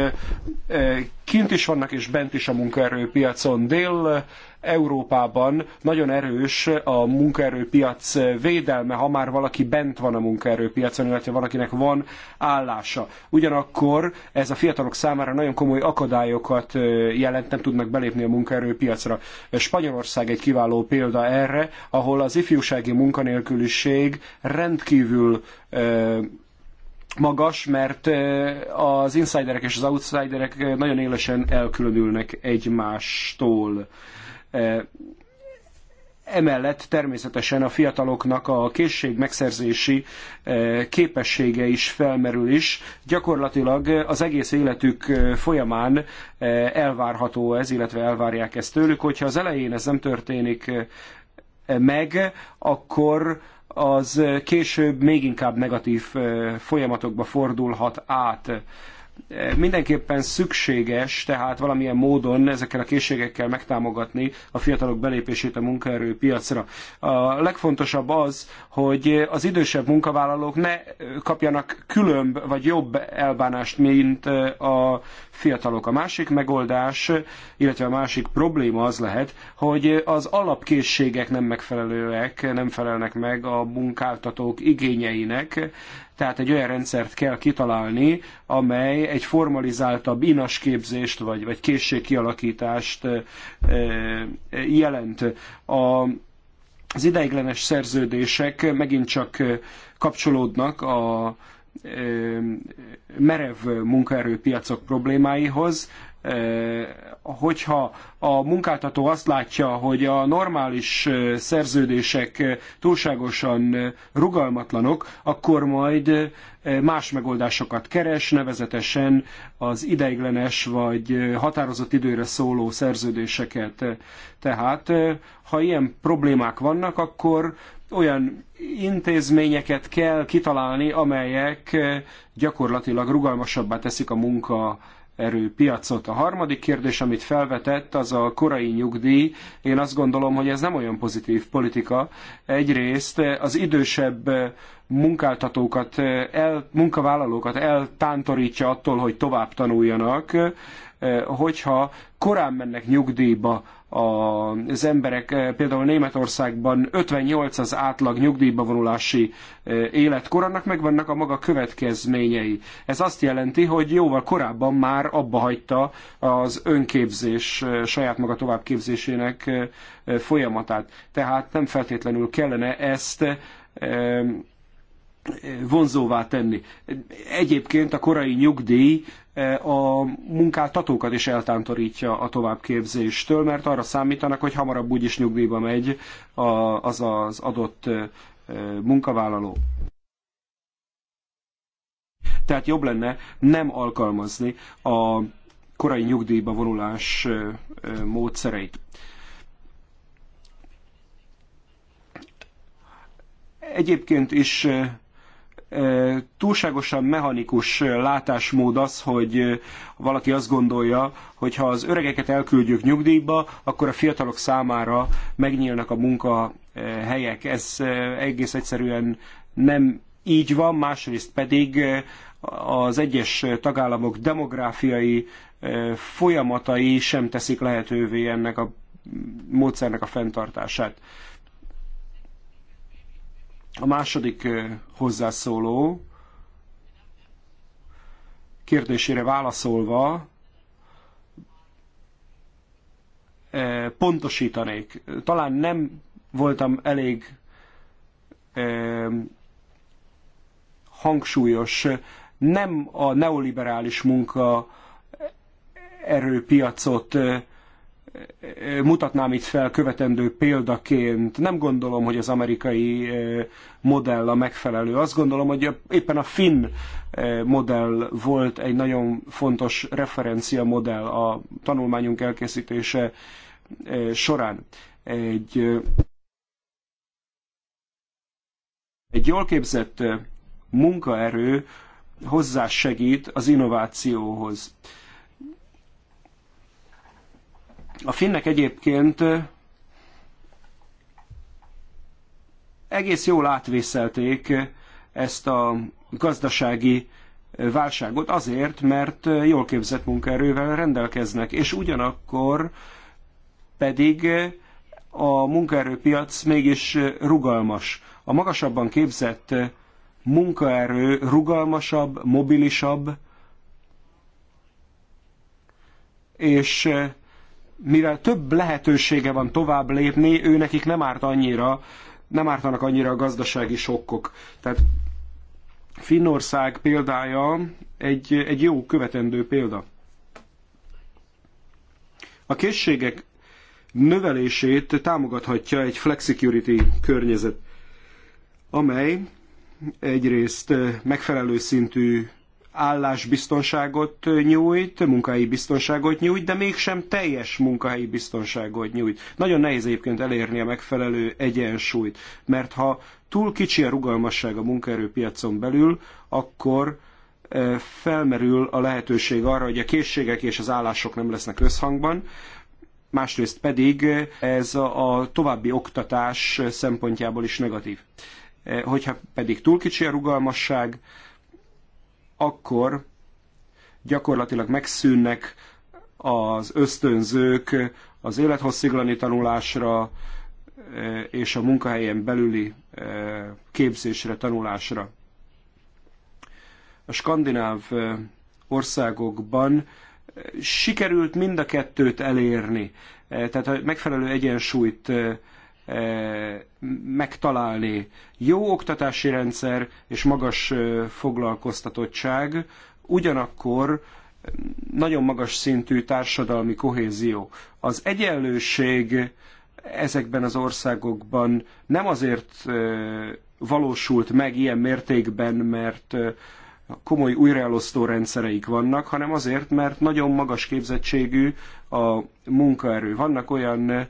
kint is vannak és bent is a munkaerőpiacon. Dél Európában nagyon erős a munkaerőpiac védelme, ha már valaki bent van a munkaerőpiacon, illetve valakinek van állása. Ugyanakkor ez a fiatalok számára nagyon komoly akadályokat jelent, nem tudnak belépni a munkaerőpiacra. Spanyolország egy kiváló példa erre, ahol az ifjúsági munkanélküliség rendkívül magas, mert az insiderek és az outsiderek nagyon élesen elkülönülnek egymástól. Emellett természetesen a fiataloknak a készség megszerzési képessége is felmerül is. Gyakorlatilag az egész életük folyamán elvárható ez, illetve elvárják ezt tőlük. Hogyha az elején ez nem történik meg, akkor az később még inkább negatív folyamatokba fordulhat át mindenképpen szükséges tehát valamilyen módon ezekkel a készségekkel megtámogatni a fiatalok belépését a munkaerőpiacra. A legfontosabb az, hogy az idősebb munkavállalók ne kapjanak különb vagy jobb elbánást, mint a fiatalok. A másik megoldás, illetve a másik probléma az lehet, hogy az alapkészségek nem megfelelőek, nem felelnek meg a munkáltatók igényeinek, tehát egy olyan rendszert kell kitalálni, amely egy formalizáltabb inasképzést vagy, vagy készségkialakítást jelent. A, az ideiglenes szerződések megint csak kapcsolódnak a merev munkaerőpiacok problémáihoz. Eh, hogyha a munkáltató azt látja, hogy a normális eh, szerződések eh, túlságosan rugalmatlanok, akkor majd más megoldásokat keres, nevezetesen az ideiglenes vagy határozott időre szóló szerződéseket. Tehát, ha ilyen problémák vannak, akkor olyan intézményeket kell kitalálni, amelyek gyakorlatilag rugalmasabbá teszik a munka munkaerőpiacot. A harmadik kérdés, amit felvetett, az a korai nyugdíj. Én azt gondolom, hogy ez nem olyan pozitív politika. Egyrészt az idősebb munkáltatókat, el, munkavállalókat eltántorítja attól, hogy tovább tanuljanak, hogyha korán mennek nyugdíjba az emberek, eh, például Németországban 58 az átlag nyugdíjba vonulási eh, életkor, annak megvannak a maga következményei. Ez azt jelenti, hogy jóval korábban már abba hagyta az önképzés, eh, saját maga továbbképzésének folyamatát. Tehát nem feltétlenül kellene ezt vonzóvá tenni. Egyébként a korai nyugdíj a munkáltatókat is eltántorítja a továbbképzéstől, mert arra számítanak, hogy hamarabb úgyis nyugdíjba megy az az adott munkavállaló. Tehát jobb lenne nem alkalmazni a korai nyugdíjba vonulás módszereit. Egyébként is túlságosan mechanikus látásmód az, hogy valaki azt gondolja, hogy ha az öregeket elküldjük nyugdíjba, akkor a fiatalok számára megnyílnak a munkahelyek. Ez egész egyszerűen nem így van, másrészt pedig az egyes tagállamok demográfiai folyamatai sem teszik lehetővé ennek a módszernek a fenntartását. A második hozzászóló kérdésére válaszolva pontosítanék. Talán nem voltam elég hangsúlyos. Nem a neoliberális munka erőpiacot mutatnám itt fel követendő példaként. Nem gondolom, hogy az amerikai modell a megfelelő. Azt gondolom, hogy éppen a finn modell volt egy nagyon fontos referencia modell a tanulmányunk elkészítése során. Egy, egy jól képzett munkaerő hozzásegít az innovációhoz. A finnek egyébként egész jól átvészelték ezt a gazdasági válságot azért, mert jól képzett munkaerővel rendelkeznek, és ugyanakkor pedig a munkaerőpiac mégis rugalmas. A magasabban képzett munkaerő rugalmasabb, mobilisabb, és mivel több lehetősége van tovább lépni, ő nekik nem árt annyira, nem ártanak annyira a gazdasági sokkok. Tehát Finnország példája egy, egy jó követendő példa. A készségek növelését támogathatja egy flexicurity környezet, amely egyrészt megfelelő szintű állásbiztonságot nyújt, munkahelyi biztonságot nyújt, de mégsem teljes munkahelyi biztonságot nyújt. Nagyon nehéz egyébként elérni a megfelelő egyensúlyt, mert ha túl kicsi a rugalmasság a munkaerőpiacon belül, akkor e, felmerül a lehetőség arra, hogy a készségek és az állások nem lesznek összhangban, másrészt pedig ez a további oktatás szempontjából is negatív. E, hogyha pedig túl kicsi a rugalmasság, akkor gyakorlatilag megszűnnek az ösztönzők az élethosszíglani tanulásra eh, és a munkahelyen belüli eh, képzésre, tanulásra. A skandináv eh, országokban sikerült mind a kettőt elérni, tehát a megfelelő egyensúlyt E, megtalálni. Jó oktatási rendszer és magas e, foglalkoztatottság, ugyanakkor nagyon magas szintű társadalmi kohézió. Az egyenlőség ezekben az országokban nem azért e, valósult meg ilyen mértékben, mert komoly újraelosztó rendszereik vannak, hanem azért, mert nagyon magas képzettségű a munkaerő. Vannak olyan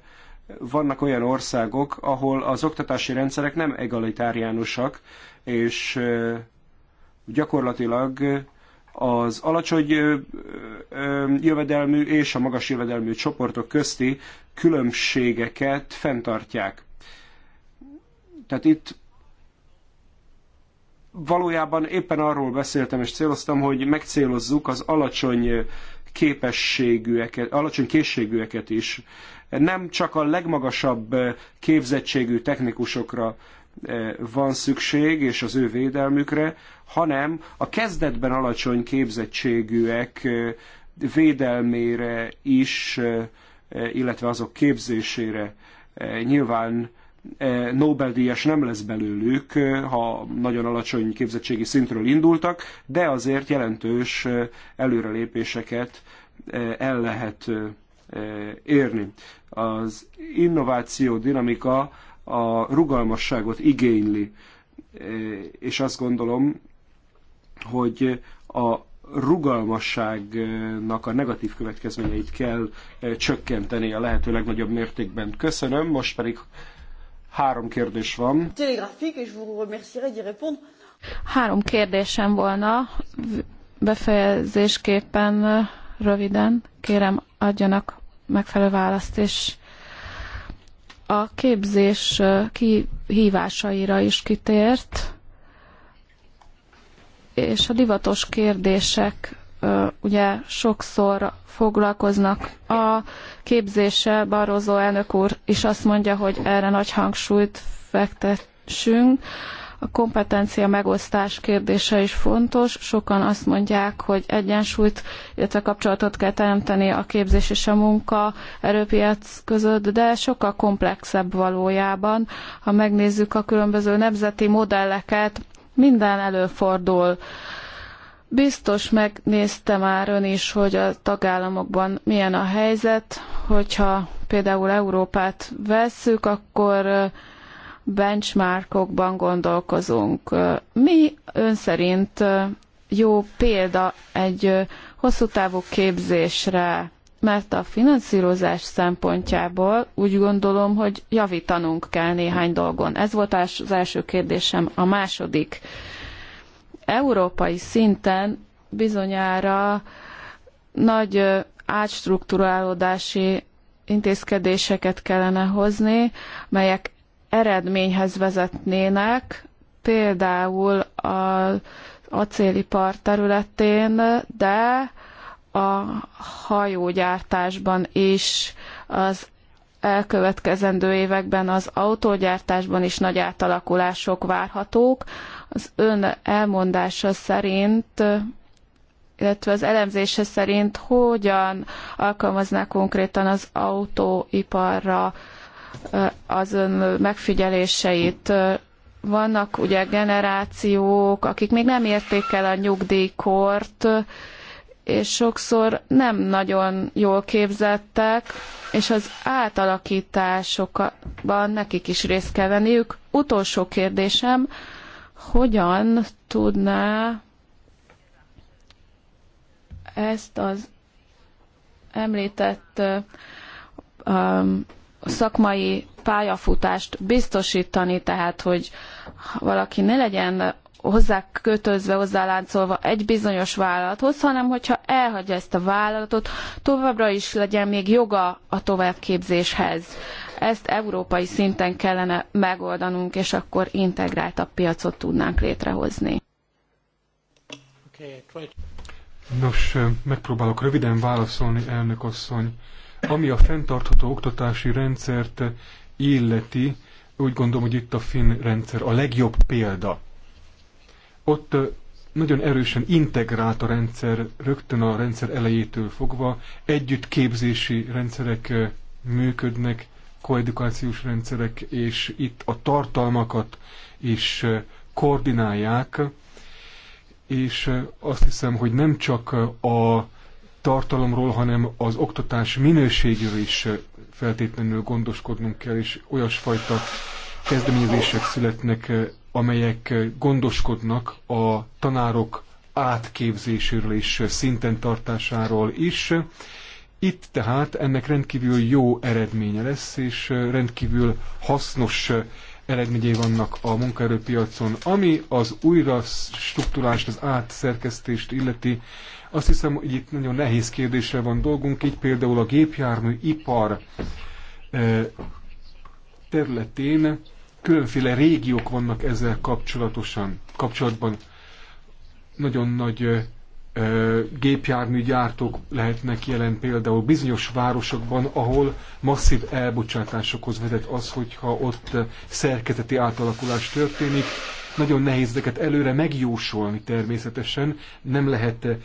vannak olyan országok, ahol az oktatási rendszerek nem egalitáriánusak, és gyakorlatilag az alacsony jövedelmű és a magas jövedelmű csoportok közti különbségeket fenntartják. Tehát itt valójában éppen arról beszéltem és céloztam, hogy megcélozzuk az alacsony képességűeket, alacsony készségűeket is nem csak a legmagasabb eh, képzettségű technikusokra eh, van szükség, és az ő védelmükre, hanem a kezdetben alacsony képzettségűek eh, védelmére is, illetve azok képzésére nyilván Nobel-díjas nem lesz belőlük, ha nagyon alacsony képzettségi szintről indultak, de azért jelentős előrelépéseket el lehet érni. Az innováció dinamika a rugalmasságot igényli, és azt gondolom, hogy a rugalmasságnak a negatív következményeit kell csökkenteni a lehető legnagyobb mértékben. Köszönöm, most pedig három kérdés van. Három kérdésem volna, befejezésképpen röviden kérem adjanak megfelelő választ, és a képzés kihívásaira is kitért, és a divatos kérdések ugye sokszor foglalkoznak a képzése Barroso elnök úr is azt mondja, hogy erre nagy hangsúlyt fektessünk. A kompetencia megosztás kérdése is fontos. Sokan azt mondják, hogy egyensúlyt, illetve kapcsolatot kell teremteni a képzés és a munka erőpiac között, de sokkal komplexebb valójában. Ha megnézzük a különböző nemzeti modelleket, minden előfordul. Biztos megnézte már ön is, hogy a tagállamokban milyen a helyzet, hogyha például Európát vesszük, akkor benchmarkokban gondolkozunk. Mi ön szerint jó példa egy hosszú távú képzésre, mert a finanszírozás szempontjából úgy gondolom, hogy javítanunk kell néhány dolgon. Ez volt az első kérdésem. A második. Európai szinten bizonyára nagy átstruktúrálódási intézkedéseket kellene hozni, melyek eredményhez vezetnének, például az part területén, de a hajógyártásban is, az elkövetkezendő években az autógyártásban is nagy átalakulások várhatók. Az ön elmondása szerint illetve az elemzése szerint hogyan alkalmazná konkrétan az autóiparra az ön megfigyeléseit. Vannak ugye generációk, akik még nem érték el a nyugdíjkort, és sokszor nem nagyon jól képzettek, és az átalakításokban nekik is részt kell venniük. Utolsó kérdésem, hogyan tudná ezt az említett um, szakmai pályafutást biztosítani, tehát hogy valaki ne legyen hozzá kötözve, hozzá egy bizonyos vállalathoz, hanem hogyha elhagyja ezt a vállalatot, továbbra is legyen még joga a továbbképzéshez. Ezt európai szinten kellene megoldanunk, és akkor integráltabb piacot tudnánk létrehozni. Nos, megpróbálok röviden válaszolni, elnök asszony. Ami a fenntartható oktatási rendszert illeti, úgy gondolom, hogy itt a finn rendszer a legjobb példa. Ott nagyon erősen integrált a rendszer, rögtön a rendszer elejétől fogva, együtt képzési rendszerek működnek, koedukációs rendszerek, és itt a tartalmakat is koordinálják, és azt hiszem, hogy nem csak a tartalomról, hanem az oktatás minőségéről is feltétlenül gondoskodnunk kell, és olyasfajta kezdeményezések születnek, amelyek gondoskodnak a tanárok átképzéséről és szinten tartásáról is. Itt tehát ennek rendkívül jó eredménye lesz, és rendkívül hasznos eredményei vannak a munkaerőpiacon. Ami az újra struktúrást, az átszerkesztést illeti, azt hiszem, hogy itt nagyon nehéz kérdésre van dolgunk, így például a gépjármű ipar eh, területén különféle régiók vannak ezzel kapcsolatosan, kapcsolatban. Nagyon nagy eh, gépjárműgyártók lehetnek jelen például bizonyos városokban, ahol masszív elbocsátásokhoz vezet az, hogyha ott eh, szerkezeti átalakulás történik, nagyon nehéz ezeket előre megjósolni természetesen, nem lehet eh,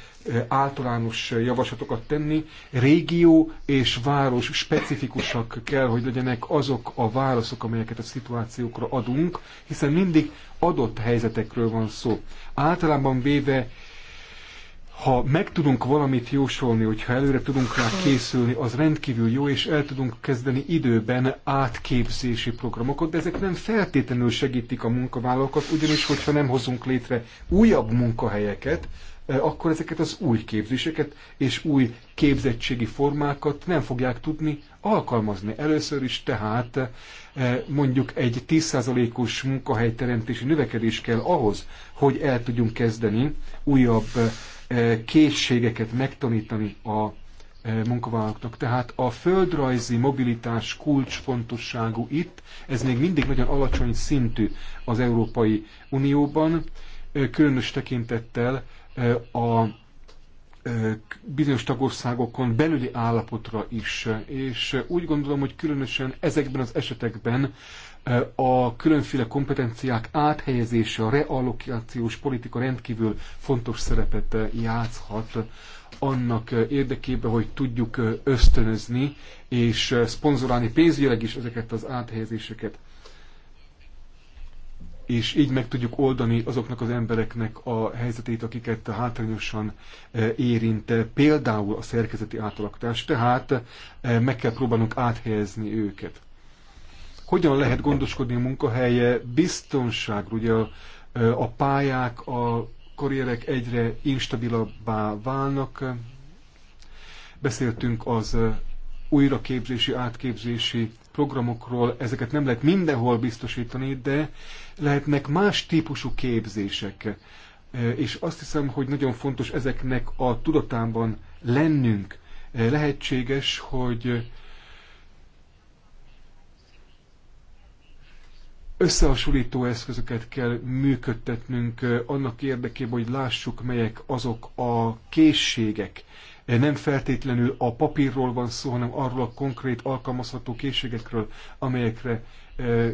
általános javaslatokat tenni. Régió és város specifikusak kell, hogy legyenek azok a válaszok, amelyeket a szituációkra adunk, hiszen mindig adott helyzetekről van szó. Általában véve ha meg tudunk valamit jósolni, hogyha előre tudunk rá készülni, az rendkívül jó, és el tudunk kezdeni időben átképzési programokat, de ezek nem feltétlenül segítik a munkavállalókat, ugyanis hogyha nem hozunk létre újabb munkahelyeket, eh, akkor ezeket az új képzéseket és új képzettségi formákat nem fogják tudni alkalmazni. Először is tehát eh, mondjuk egy 10%-os munkahelyteremtési növekedés kell ahhoz, hogy el tudjunk kezdeni újabb eh, készségeket megtanítani a munkavállalóknak. Tehát a földrajzi mobilitás kulcsfontosságú itt, ez még mindig nagyon alacsony szintű az Európai Unióban, különös tekintettel a bizonyos tagországokon belüli állapotra is. És úgy gondolom, hogy különösen ezekben az esetekben a különféle kompetenciák áthelyezése, a reallokációs politika rendkívül fontos szerepet játszhat annak érdekében, hogy tudjuk ösztönözni és szponzorálni pénzügyileg is ezeket az áthelyezéseket. És így meg tudjuk oldani azoknak az embereknek a helyzetét, akiket hátrányosan e, érint, például a szerkezeti átalakítás. Tehát e, meg kell próbálnunk áthelyezni őket hogyan lehet gondoskodni a munkahelye biztonságról. Ugye a, a pályák, a karrierek egyre instabilabbá válnak. Beszéltünk az újraképzési, átképzési programokról, ezeket nem lehet mindenhol biztosítani, de lehetnek más típusú képzések. És azt hiszem, hogy nagyon fontos ezeknek a tudatában lennünk. Lehetséges, hogy összehasonlító eszközöket kell működtetnünk annak érdekében, hogy lássuk, melyek azok a készségek, nem feltétlenül a papírról van szó, hanem arról a konkrét alkalmazható készségekről, amelyekre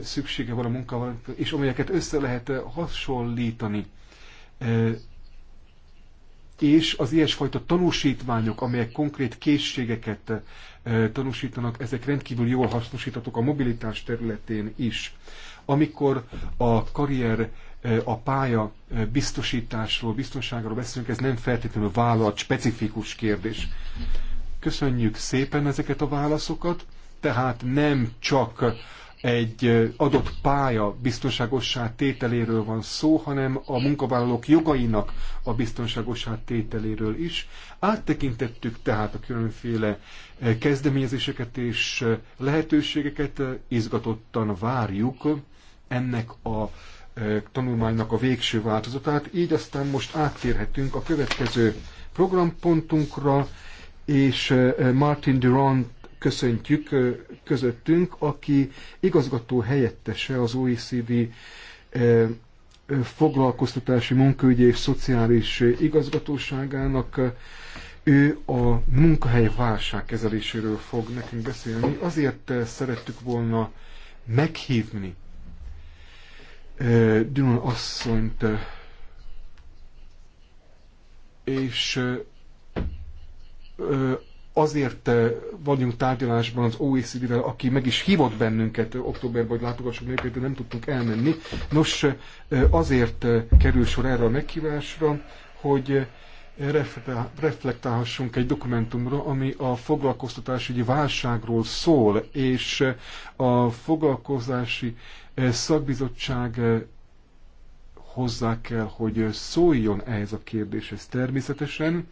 szüksége van a munkával, és amelyeket össze lehet hasonlítani. És az ilyesfajta tanúsítványok, amelyek konkrét készségeket tanúsítanak, ezek rendkívül jól hasznosíthatók a mobilitás területén is. Amikor a karrier, eh, a pálya eh, biztosításról, biztonságról beszélünk, ez nem feltétlenül vállalat specifikus kérdés. Köszönjük szépen ezeket a válaszokat, tehát nem csak egy adott pálya biztonságossá tételéről van szó, hanem a munkavállalók jogainak a biztonságossá tételéről is. Áttekintettük tehát a különféle kezdeményezéseket és lehetőségeket, izgatottan várjuk ennek a tanulmánynak a végső változatát, így aztán most áttérhetünk a következő programpontunkra, és Martin Durant köszöntjük közöttünk, aki igazgató helyettese az OECD foglalkoztatási, munkaügyi és szociális igazgatóságának. Ő a munkahely válságkezeléséről fog nekünk beszélni. Azért szerettük volna meghívni Dunon asszonyt, és azért eh, vagyunk tárgyalásban az OECD-vel, aki meg is hívott bennünket októberben, hogy látogassuk nélkül, de nem tudtunk elmenni. Nos, eh, azért eh, kerül sor erre a meghívásra, hogy reflektálhassunk egy dokumentumra, ami a foglalkoztatásügyi válságról szól, és a foglalkozási szakbizottság hozzá kell, hogy szóljon ehhez a kérdéshez természetesen.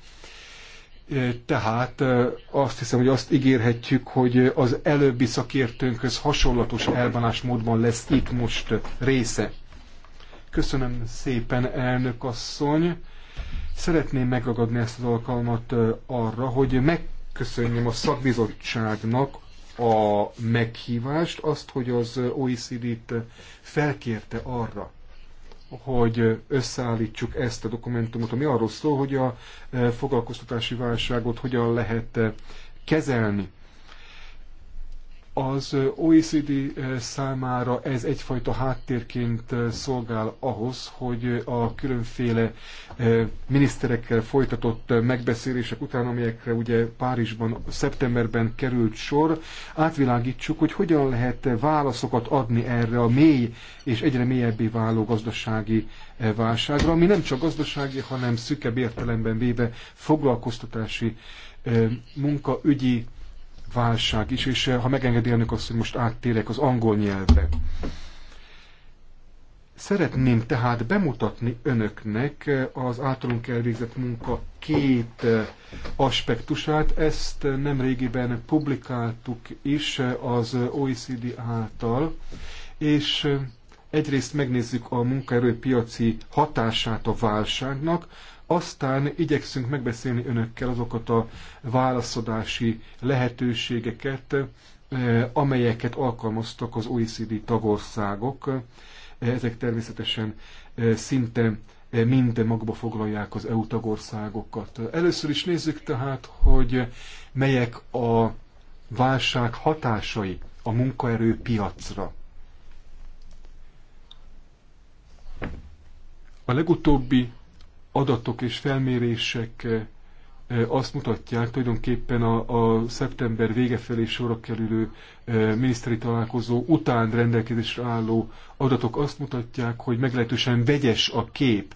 Tehát azt hiszem, hogy azt ígérhetjük, hogy az előbbi szakértőnkhöz hasonlatos elbánásmódban lesz itt most része. Köszönöm szépen, elnök asszony. Szeretném megragadni ezt az alkalmat arra, hogy megköszönjem a szakbizottságnak a meghívást, azt, hogy az OECD-t felkérte arra, hogy összeállítsuk ezt a dokumentumot, ami arról szól, hogy a eh, foglalkoztatási válságot hogyan lehet eh, kezelni. Az OECD számára ez egyfajta háttérként szolgál ahhoz, hogy a különféle miniszterekkel folytatott megbeszélések után, amelyekre ugye Párizsban szeptemberben került sor, átvilágítsuk, hogy hogyan lehet válaszokat adni erre a mély és egyre mélyebbé váló gazdasági válságra, ami nem csak gazdasági, hanem szükebb értelemben véve foglalkoztatási munkaügyi válság is, és eh, ha megengedi elnök azt, hogy most áttérek az angol nyelvre. Szeretném tehát bemutatni önöknek eh, az általunk elvégzett munka két eh, aspektusát. Ezt nem régiben publikáltuk is az OECD által, és egyrészt megnézzük a munkaerőpiaci hatását a válságnak, aztán igyekszünk megbeszélni önökkel azokat a válaszadási lehetőségeket, eh, amelyeket alkalmaztak az OECD tagországok. Eh, ezek természetesen eh, szinte mind magba foglalják az EU tagországokat. Először is nézzük tehát, hogy melyek a válság hatásai a munkaerő piacra. A legutóbbi adatok és felmérések eh, eh, azt mutatják, tulajdonképpen a, a szeptember vége felé sorra kerülő eh, miniszteri találkozó után rendelkezésre álló adatok azt mutatják, hogy meglehetősen vegyes a kép.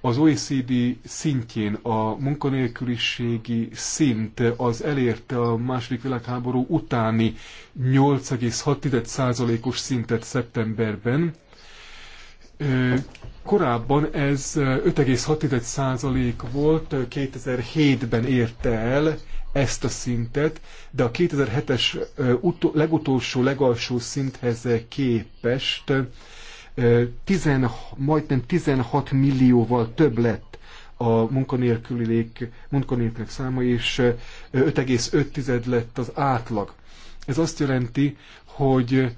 Az OECD szintjén a munkanélküliségi szint az elérte a második világháború utáni 8,6%-os szintet szeptemberben, Korábban ez 5,6% volt, 2007-ben érte el ezt a szintet, de a 2007-es legutolsó, legalsó szinthez képest 10, majdnem 16 millióval több lett a munkanélkülék száma, és 5,5 lett az átlag. Ez azt jelenti, hogy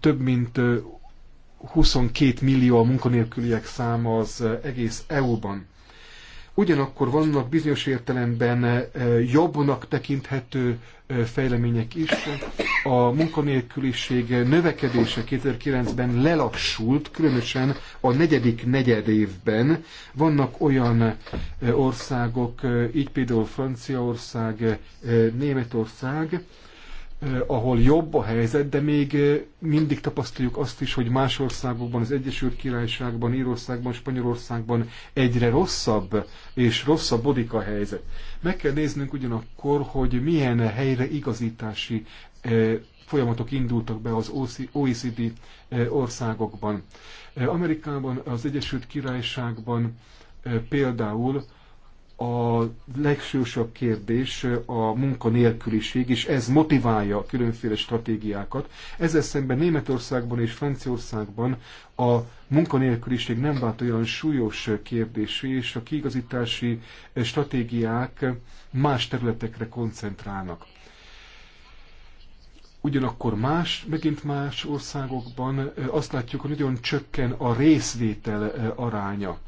több mint 22 millió a munkanélküliek száma az eh, egész EU-ban. Ugyanakkor vannak bizonyos értelemben eh, jobbnak tekinthető eh, fejlemények is. A munkanélküliség növekedése 2009-ben lelassult, különösen a negyedik negyed évben. Vannak olyan országok, így például Franciaország, Németország, ahol jobb a helyzet, de még mindig tapasztaljuk azt is, hogy más országokban, az Egyesült Királyságban, Írországban, Spanyolországban egyre rosszabb és rosszabbodik a helyzet. Meg kell néznünk ugyanakkor, hogy milyen helyre igazítási folyamatok indultak be az OECD országokban. Amerikában, az Egyesült Királyságban például a legsúlyosabb kérdés a munkanélküliség, és ez motiválja a különféle stratégiákat. Ezzel szemben Németországban és Franciaországban a munkanélküliség nem vált olyan súlyos kérdésé, és a kiigazítási stratégiák más területekre koncentrálnak. Ugyanakkor más, megint más országokban azt látjuk, hogy nagyon csökken a részvétel aránya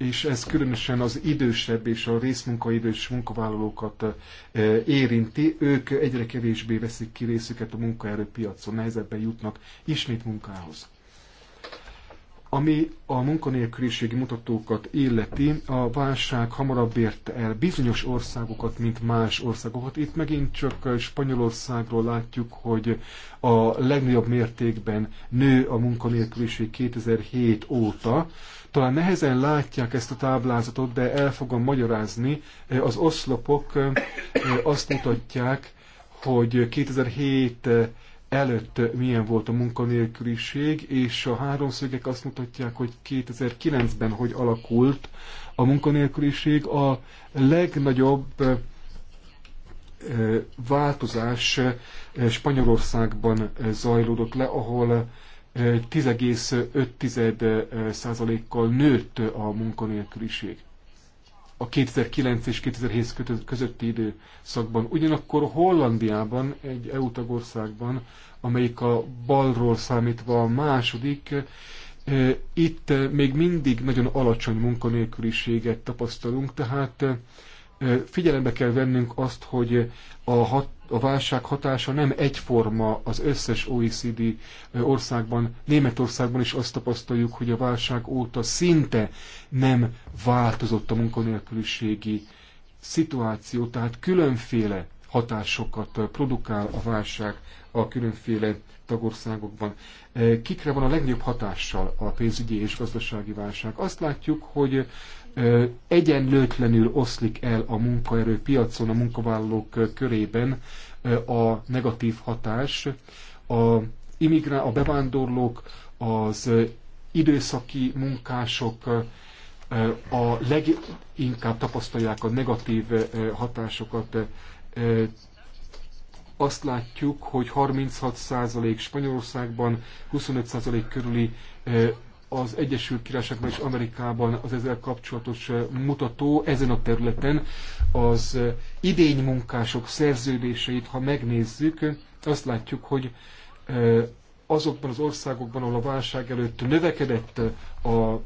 és ez különösen az idősebb és a részmunkaidős munkavállalókat eh, érinti. Ők egyre kevésbé veszik ki részüket a munkaerőpiacon, nehezebben jutnak ismét munkához. Ami a munkanélküliségi mutatókat illeti, a válság hamarabb érte el bizonyos országokat, mint más országokat. Itt megint csak Spanyolországról látjuk, hogy a legnagyobb mértékben nő a munkanélküliség 2007 óta, talán nehezen látják ezt a táblázatot, de el fogom magyarázni. Az oszlopok azt mutatják, hogy 2007 előtt milyen volt a munkanélküliség, és a háromszögek azt mutatják, hogy 2009-ben hogy alakult a munkanélküliség. A legnagyobb változás Spanyolországban zajlódott le, ahol 10,5%-kal nőtt a munkanélküliség a 2009 és 2007 közötti időszakban. Ugyanakkor Hollandiában, egy EU tagországban, amelyik a balról számítva a második, itt még mindig nagyon alacsony munkanélküliséget tapasztalunk, tehát figyelembe kell vennünk azt, hogy a hat a válság hatása nem egyforma az összes OECD országban. Németországban is azt tapasztaljuk, hogy a válság óta szinte nem változott a munkanélküliségi szituáció, tehát különféle hatásokat produkál a válság a különféle tagországokban. Kikre van a legnagyobb hatással a pénzügyi és gazdasági válság? Azt látjuk, hogy egyenlőtlenül oszlik el a munkaerő piacon a munkavállalók körében a negatív hatás. A, immigrá- a bevándorlók, az időszaki munkások a leginkább tapasztalják a negatív hatásokat. Azt látjuk, hogy 36% Spanyolországban, 25% körüli az Egyesült Királyságban és Amerikában az ezzel kapcsolatos mutató ezen a területen az idénymunkások szerződéseit, ha megnézzük, azt látjuk, hogy azokban az országokban, ahol a válság előtt növekedett a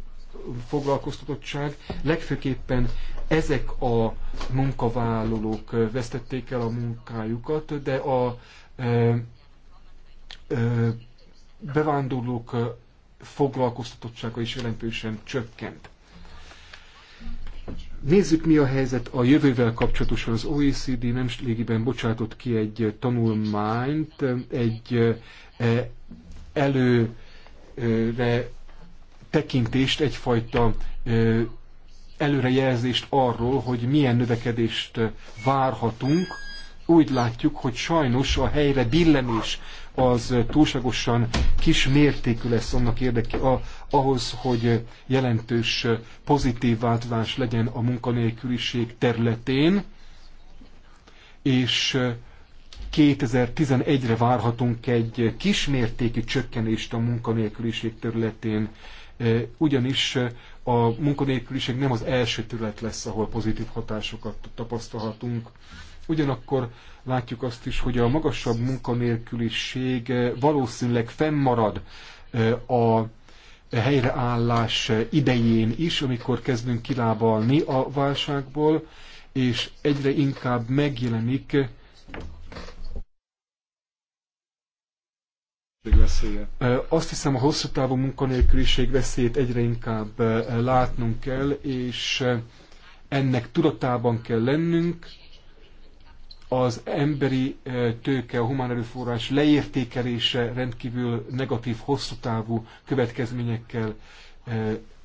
foglalkoztatottság, legfőképpen ezek a munkavállalók vesztették el a munkájukat, de a bevándorlók foglalkoztatottsága is jelentősen csökkent. Nézzük, mi a helyzet a jövővel kapcsolatosan. Az OECD nem légiben bocsátott ki egy tanulmányt, egy e, előre tekintést, egyfajta e, előrejelzést arról, hogy milyen növekedést várhatunk. Úgy látjuk, hogy sajnos a helyre billenés az túlságosan kis mértékű lesz annak érdeke a, ahhoz, hogy jelentős pozitív változás legyen a munkanélküliség területén, és 2011-re várhatunk egy kismértékű csökkenést a munkanélküliség területén, e, ugyanis a munkanélküliség nem az első terület lesz, ahol pozitív hatásokat tapasztalhatunk. Ugyanakkor látjuk azt is, hogy a magasabb munkanélküliség eh, valószínűleg fennmarad eh, a helyreállás eh, idején is, amikor kezdünk kilábalni a válságból, és egyre inkább megjelenik veszélye. Azt hiszem a hosszú távú munkanélküliség veszélyét egyre inkább látnunk kell, és ennek tudatában kell lennünk, az emberi tőke, a humán erőforrás leértékelése rendkívül negatív, hosszú távú következményekkel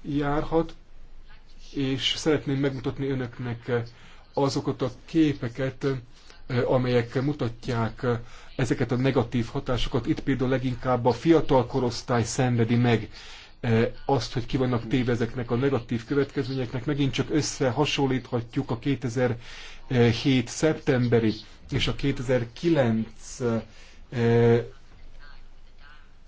járhat, és szeretném megmutatni önöknek azokat a képeket, amelyek mutatják ezeket a negatív hatásokat. Itt például leginkább a fiatal korosztály szenvedi meg azt, hogy ki vannak téve ezeknek a negatív következményeknek. Megint csak összehasonlíthatjuk a 2000 2007. szeptemberi és a 2009 eh,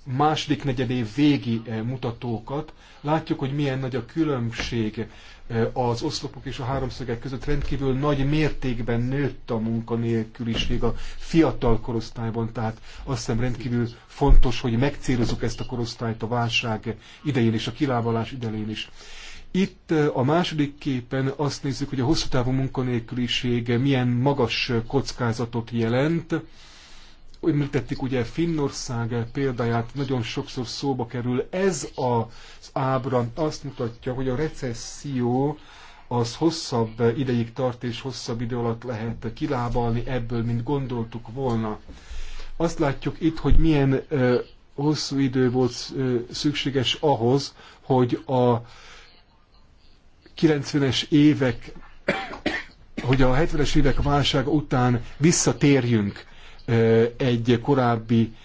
második negyedév végi eh, mutatókat, látjuk, hogy milyen nagy a különbség eh, az oszlopok és a háromszögek között. Rendkívül nagy mértékben nőtt a munkanélküliség a fiatal korosztályban, tehát azt hiszem rendkívül fontos, hogy megcélozzuk ezt a korosztályt a válság idején és a kilábalás idején is. Itt a második képen azt nézzük, hogy a hosszú távú munkanélküliség milyen magas kockázatot jelent. Említettük ugye Finnország példáját, nagyon sokszor szóba kerül. Ez az ábra azt mutatja, hogy a recesszió az hosszabb ideig tart és hosszabb idő alatt lehet kilábalni ebből, mint gondoltuk volna. Azt látjuk itt, hogy milyen hosszú idő volt szükséges ahhoz, hogy a 90-es évek, hogy a 70-es évek válság után visszatérjünk egy korábbi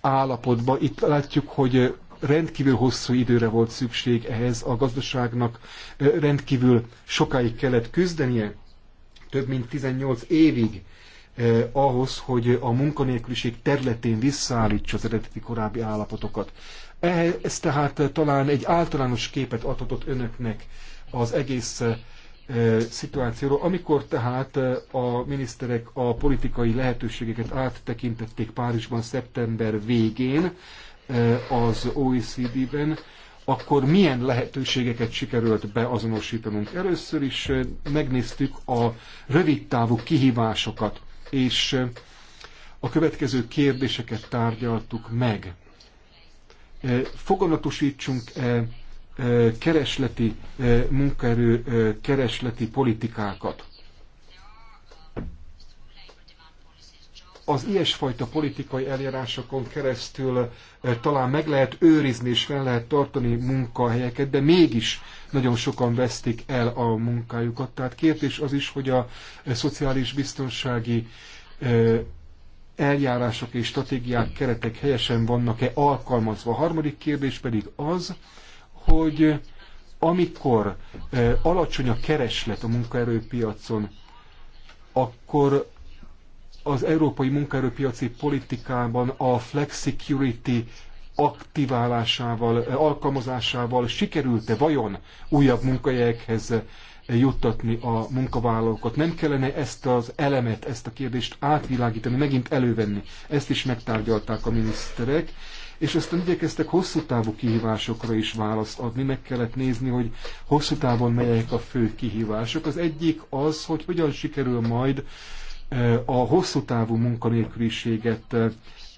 állapotba. Itt látjuk, hogy rendkívül hosszú időre volt szükség ehhez, a gazdaságnak rendkívül sokáig kellett küzdenie, több mint 18 évig eh, ahhoz, hogy a munkanélküliség területén visszaállítsa az eredeti korábbi állapotokat. Ez tehát talán egy általános képet adhatott önöknek az egész szituációról. Amikor tehát a miniszterek a politikai lehetőségeket áttekintették Párizsban szeptember végén az OECD-ben, akkor milyen lehetőségeket sikerült beazonosítanunk? Először is megnéztük a rövidtávú kihívásokat, és a következő kérdéseket tárgyaltuk meg. Foganatosítsunk-e keresleti munkaerő, keresleti politikákat. Az ilyesfajta politikai eljárásokon keresztül talán meg lehet őrizni és fel lehet tartani munkahelyeket, de mégis nagyon sokan vesztik el a munkájukat. Tehát kérdés az is, hogy a szociális biztonsági eljárások és stratégiák, keretek helyesen vannak-e alkalmazva. A harmadik kérdés pedig az, hogy eh, amikor eh, alacsony a kereslet a munkaerőpiacon, akkor az európai munkaerőpiaci politikában a flexicurity aktiválásával, eh, alkalmazásával sikerült-e vajon újabb munkahelyekhez juttatni a munkavállalókat? Nem kellene ezt az elemet, ezt a kérdést átvilágítani, megint elővenni? Ezt is megtárgyalták a miniszterek, és aztán igyekeztek hosszú távú kihívásokra is választ adni, meg kellett nézni, hogy hosszú távon melyek a fő kihívások. Az egyik az, hogy hogyan sikerül majd e, a hosszú távú munkanélküliséget e,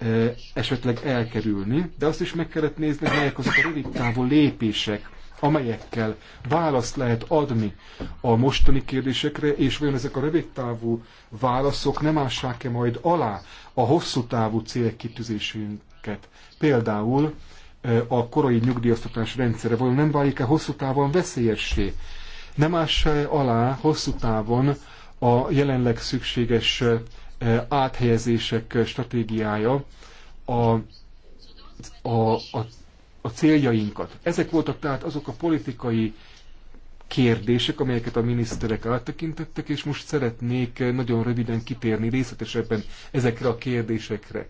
e, esetleg elkerülni, de azt is meg kellett nézni, hogy melyek azok a rövid távú lépések, amelyekkel választ lehet adni a mostani kérdésekre, és vajon ezek a rövidtávú válaszok nem ássák-e majd alá a hosszú távú célkitűzésünk termékeket. Például a korai nyugdíjasztatás rendszere vajon nem válik-e hosszú távon veszélyessé? Nem ássa e alá hosszú távon a jelenleg szükséges áthelyezések stratégiája a, a, a, a céljainkat. Ezek voltak tehát azok a politikai kérdések, amelyeket a miniszterek áttekintettek, és most szeretnék nagyon röviden kitérni részletesebben ezekre a kérdésekre.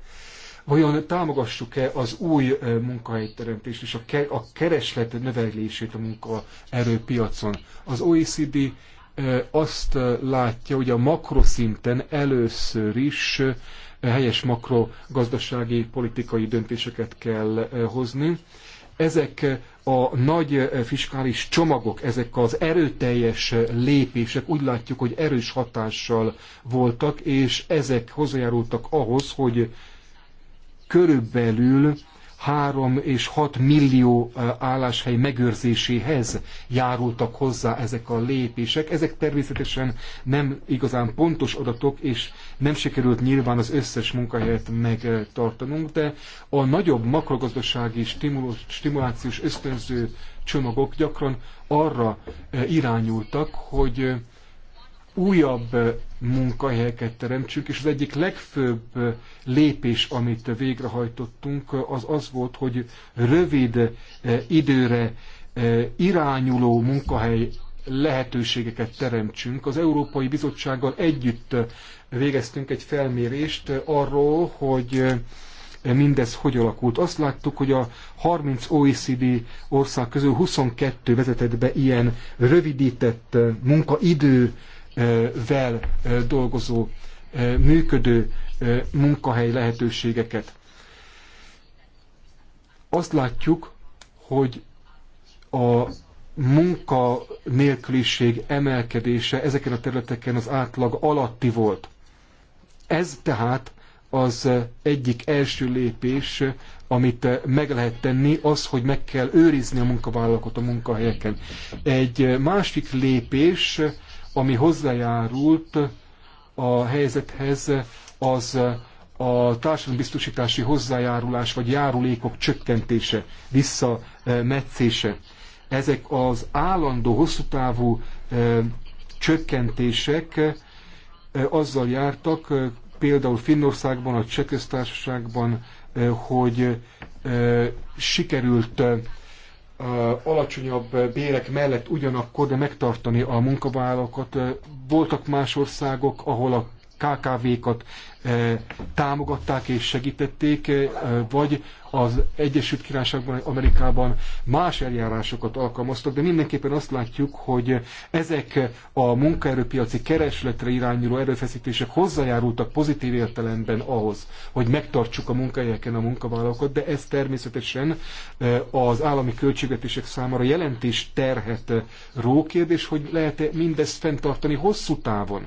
Vajon támogassuk-e az új munkahelyteremtést és a kereslet növelését a munkaerőpiacon? Az OECD azt látja, hogy a makroszinten először is helyes makrogazdasági politikai döntéseket kell hozni. Ezek a nagy fiskális csomagok, ezek az erőteljes lépések úgy látjuk, hogy erős hatással voltak, és ezek hozzájárultak ahhoz, hogy körülbelül 3 és 6 millió álláshely megőrzéséhez járultak hozzá ezek a lépések. Ezek természetesen nem igazán pontos adatok, és nem sikerült nyilván az összes munkahelyet megtartanunk, de a nagyobb makrogazdasági stimulációs ösztönző csomagok gyakran arra irányultak, hogy újabb munkahelyeket teremtsünk, és az egyik legfőbb lépés, amit végrehajtottunk, az az volt, hogy rövid időre irányuló munkahely lehetőségeket teremtsünk. Az Európai Bizottsággal együtt végeztünk egy felmérést arról, hogy mindez hogy alakult. Azt láttuk, hogy a 30 OECD ország közül 22 vezetett be ilyen rövidített munkaidő vel dolgozó, működő munkahely lehetőségeket. Azt látjuk, hogy a munka nélküliség emelkedése ezeken a területeken az átlag alatti volt. Ez tehát az egyik első lépés, amit meg lehet tenni, az, hogy meg kell őrizni a munkavállalókat a munkahelyeken. Egy másik lépés ami hozzájárult a helyzethez, az a társadalombiztosítási hozzájárulás vagy járulékok csökkentése, visszametszése. Ezek az állandó, hosszú távú csökkentések azzal jártak, például Finnországban, a Cseh hogy sikerült alacsonyabb bérek mellett ugyanakkor, de megtartani a munkavállalókat. Voltak más országok, ahol a KKV-kat támogatták és segítették, vagy az Egyesült Királyságban, Amerikában más eljárásokat alkalmaztak, de mindenképpen azt látjuk, hogy ezek a munkaerőpiaci keresletre irányuló erőfeszítések hozzájárultak pozitív értelemben ahhoz, hogy megtartsuk a munkahelyeken a munkavállalókat, de ez természetesen az állami költségvetések számára jelentés terhet rókérdés, hogy lehet-e mindezt fenntartani hosszú távon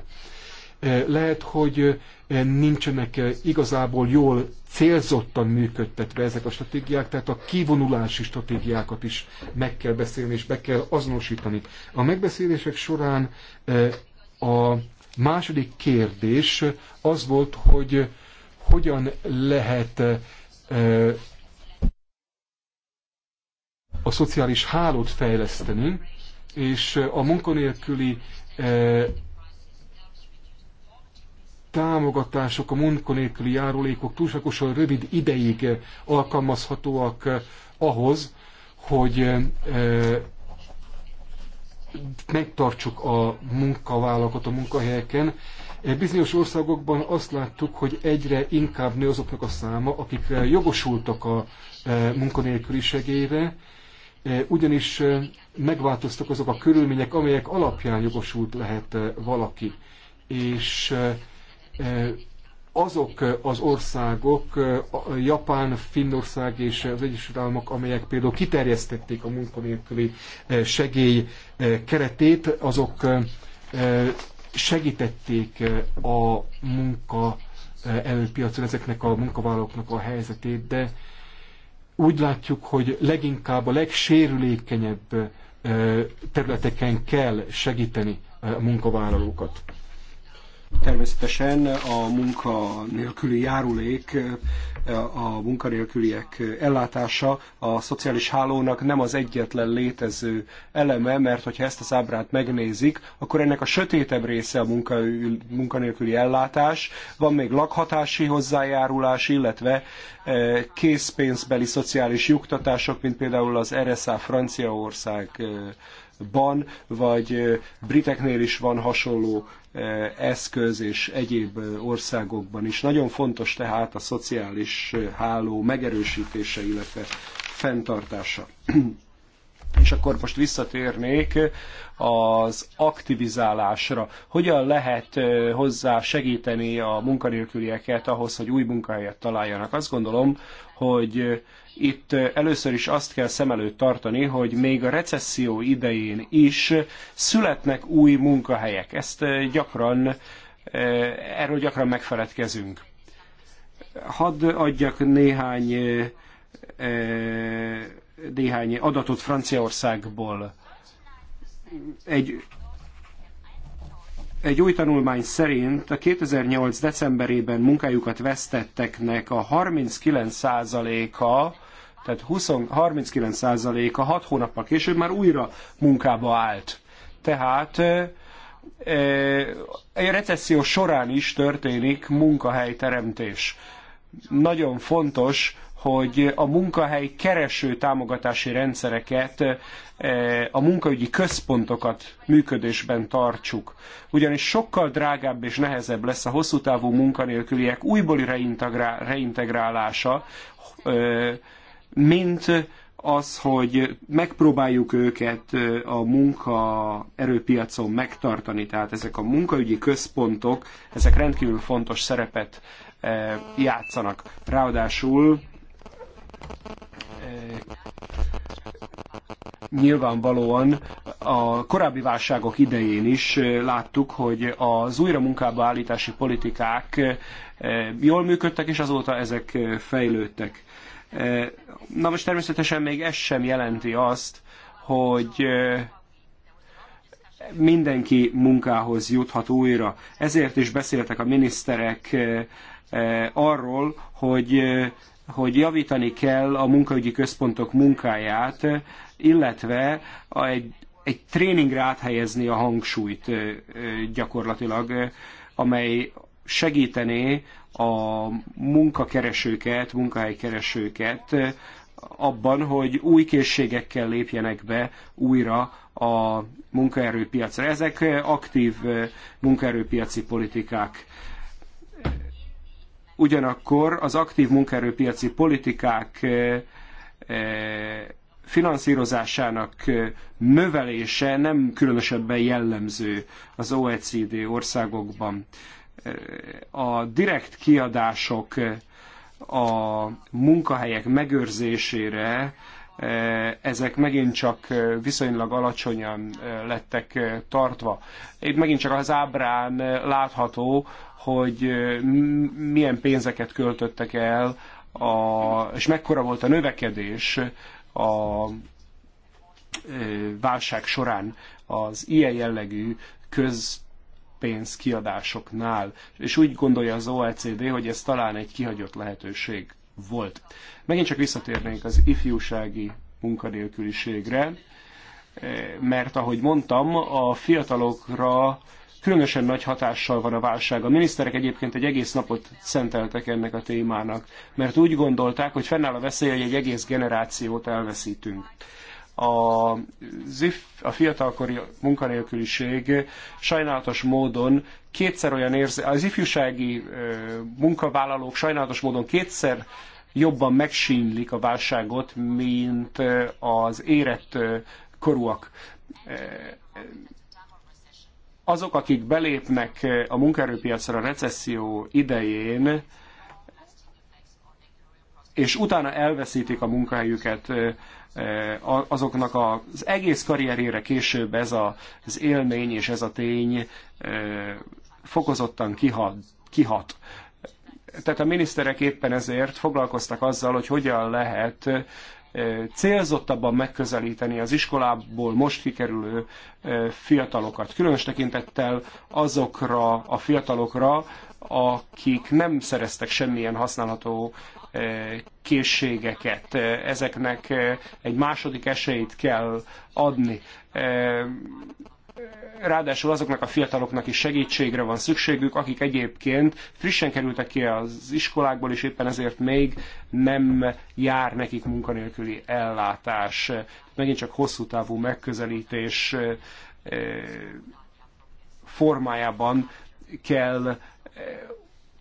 lehet, hogy nincsenek igazából jól célzottan működtetve ezek a stratégiák, tehát a kivonulási stratégiákat is meg kell beszélni és be kell azonosítani. A megbeszélések során a második kérdés az volt, hogy hogyan lehet a szociális hálót fejleszteni, és a munkanélküli támogatások a munkanélküli járulékok túlságosan rövid ideig eh, alkalmazhatóak eh, ahhoz, hogy eh, megtartsuk a munkavállalókat a munkahelyeken. Bizonyos országokban azt láttuk, hogy egyre inkább nő azoknak a száma, akik jogosultak a munkanélküli segélyre, ugyanis megváltoztak azok a körülmények, amelyek alapján jogosult lehet valaki. És azok az országok, Japán, Finnország és az Egyesült Államok, amelyek például kiterjesztették a munkanélküli segély keretét, azok segítették a munka előpiacon ezeknek a munkavállalóknak a helyzetét, de úgy látjuk, hogy leginkább a legsérülékenyebb területeken kell segíteni a munkavállalókat. Természetesen a munka nélküli járulék, a munkanélküliek ellátása a szociális hálónak nem az egyetlen létező eleme, mert hogyha ezt az ábrát megnézik, akkor ennek a sötétebb része a munka, munkanélküli ellátás, van még lakhatási hozzájárulás, illetve e, készpénzbeli szociális juttatások, mint például az RSA Franciaország e, ban, vagy briteknél is van hasonló eszköz és egyéb országokban is. Nagyon fontos tehát a szociális háló megerősítése, illetve fenntartása. És akkor most visszatérnék az aktivizálásra. Hogyan lehet hozzá segíteni a munkanélkülieket ahhoz, hogy új munkahelyet találjanak? Azt gondolom, hogy itt először is azt kell szem előtt tartani, hogy még a recesszió idején is születnek új munkahelyek. Ezt gyakran, erről gyakran megfeledkezünk. Hadd adjak néhány néhány adatot Franciaországból. Egy, egy új tanulmány szerint a 2008. decemberében munkájukat vesztetteknek a 39%-a tehát 20, 39%-a 6 hónappal később már újra munkába állt. Tehát egy recesszió során is történik munkahelyteremtés. Nagyon fontos, hogy a munkahely kereső támogatási rendszereket, eh, a munkaügyi központokat működésben tartsuk. Ugyanis sokkal drágább és nehezebb lesz a hosszú távú munkanélküliek újbóli reintegrálása, eh, mint az, hogy megpróbáljuk őket eh, a munkaerőpiacon megtartani. Tehát ezek a munkaügyi központok, ezek rendkívül fontos szerepet játszanak. Ráadásul nyilvánvalóan a korábbi válságok idején is láttuk, hogy az újra munkába állítási politikák jól működtek, és azóta ezek fejlődtek. Na most természetesen még ez sem jelenti azt, hogy mindenki munkához juthat újra. Ezért is beszéltek a miniszterek arról, hogy hogy javítani kell a munkaügyi központok munkáját, illetve egy, egy tréningre áthelyezni a hangsúlyt gyakorlatilag, amely segítené a munkakeresőket, munkahelykeresőket abban, hogy új készségekkel lépjenek be újra a munkaerőpiacra. Ezek aktív munkaerőpiaci politikák Ugyanakkor az aktív munkaerőpiaci politikák eh, eh, finanszírozásának eh, növelése nem különösebben jellemző az OECD országokban. A direkt kiadások a munkahelyek megőrzésére ezek megint csak viszonylag alacsonyan lettek tartva. Itt megint csak az ábrán látható, hogy milyen pénzeket költöttek el, a, és mekkora volt a növekedés a válság során az ilyen jellegű köz pénzkiadásoknál, és úgy gondolja az OECD, hogy ez talán egy kihagyott lehetőség volt. Megint csak visszatérnénk az ifjúsági munkanélküliségre, mert ahogy mondtam, a fiatalokra különösen nagy hatással van a válság. A miniszterek egyébként egy egész napot szenteltek ennek a témának, mert úgy gondolták, hogy fennáll a veszély, hogy egy egész generációt elveszítünk a, zif a fiatalkori munkanélküliség sajnálatos módon kétszer olyan érzi, az ifjúsági munkavállalók sajnálatos módon kétszer jobban megsínylik a válságot, mint az érett korúak azok, akik belépnek eh, a munkaerőpiacra a recesszió idején, és utána elveszítik a munkahelyüket, eh, eh, azoknak az egész karrierére később ez az élmény és ez a tény fokozottan kihat. kihat. Tehát a miniszterek éppen ezért foglalkoztak azzal, hogy hogyan lehet célzottabban megközelíteni az iskolából most kikerülő fiatalokat, különös tekintettel azokra a fiatalokra, akik nem szereztek semmilyen használható készségeket. Ezeknek egy második esélyt kell adni ráadásul azoknak a fiataloknak is segítségre van szükségük, akik egyébként frissen kerültek ki az iskolákból, és éppen ezért még nem jár nekik munkanélküli ellátás. Megint csak hosszú távú megközelítés eh, formájában kell eh,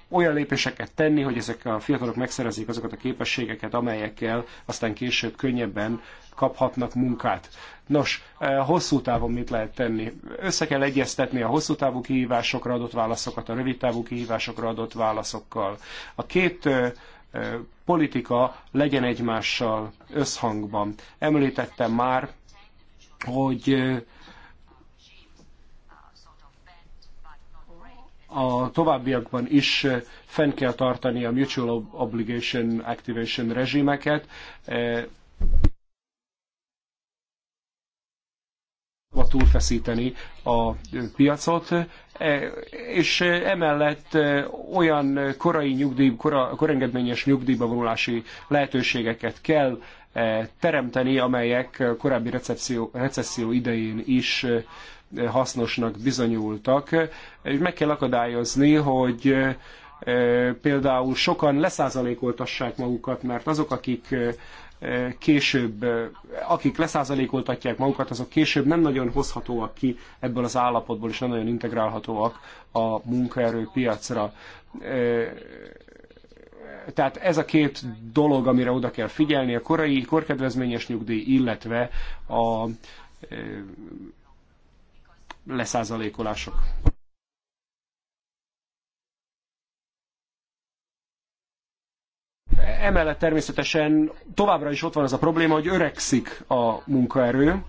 olyan lépéseket tenni, hogy ezek a fiatalok megszerezzék azokat a képességeket, amelyekkel aztán később könnyebben kaphatnak munkát. Nos, eh, hosszú távon mit lehet tenni? Össze kell egyeztetni a hosszú távú kihívásokra adott válaszokat a rövid távú kihívásokra adott válaszokkal. A két eh, eh, politika legyen egymással összhangban. Említettem már, hogy a továbbiakban is fenn kell tartani a Mutual Obligation Activation rezsimeket, túlfeszíteni a piacot, e, és emellett olyan korai nyugdíj, kora, korengedményes nyugdíjba vonulási lehetőségeket kell e, teremteni, amelyek korábbi recepció, recesszió idején is e, hasznosnak bizonyultak. És meg kell akadályozni, hogy például sokan leszázalékoltassák magukat, mert azok, akik később, akik leszázalékoltatják magukat, azok később nem nagyon hozhatóak ki ebből az állapotból, és nem nagyon integrálhatóak a munkaerőpiacra. Tehát ez a két dolog, amire oda kell figyelni, a korai korkedvezményes nyugdíj, illetve a leszázalékolások. Emellett természetesen továbbra is ott van az a probléma, hogy öregszik a munkaerő,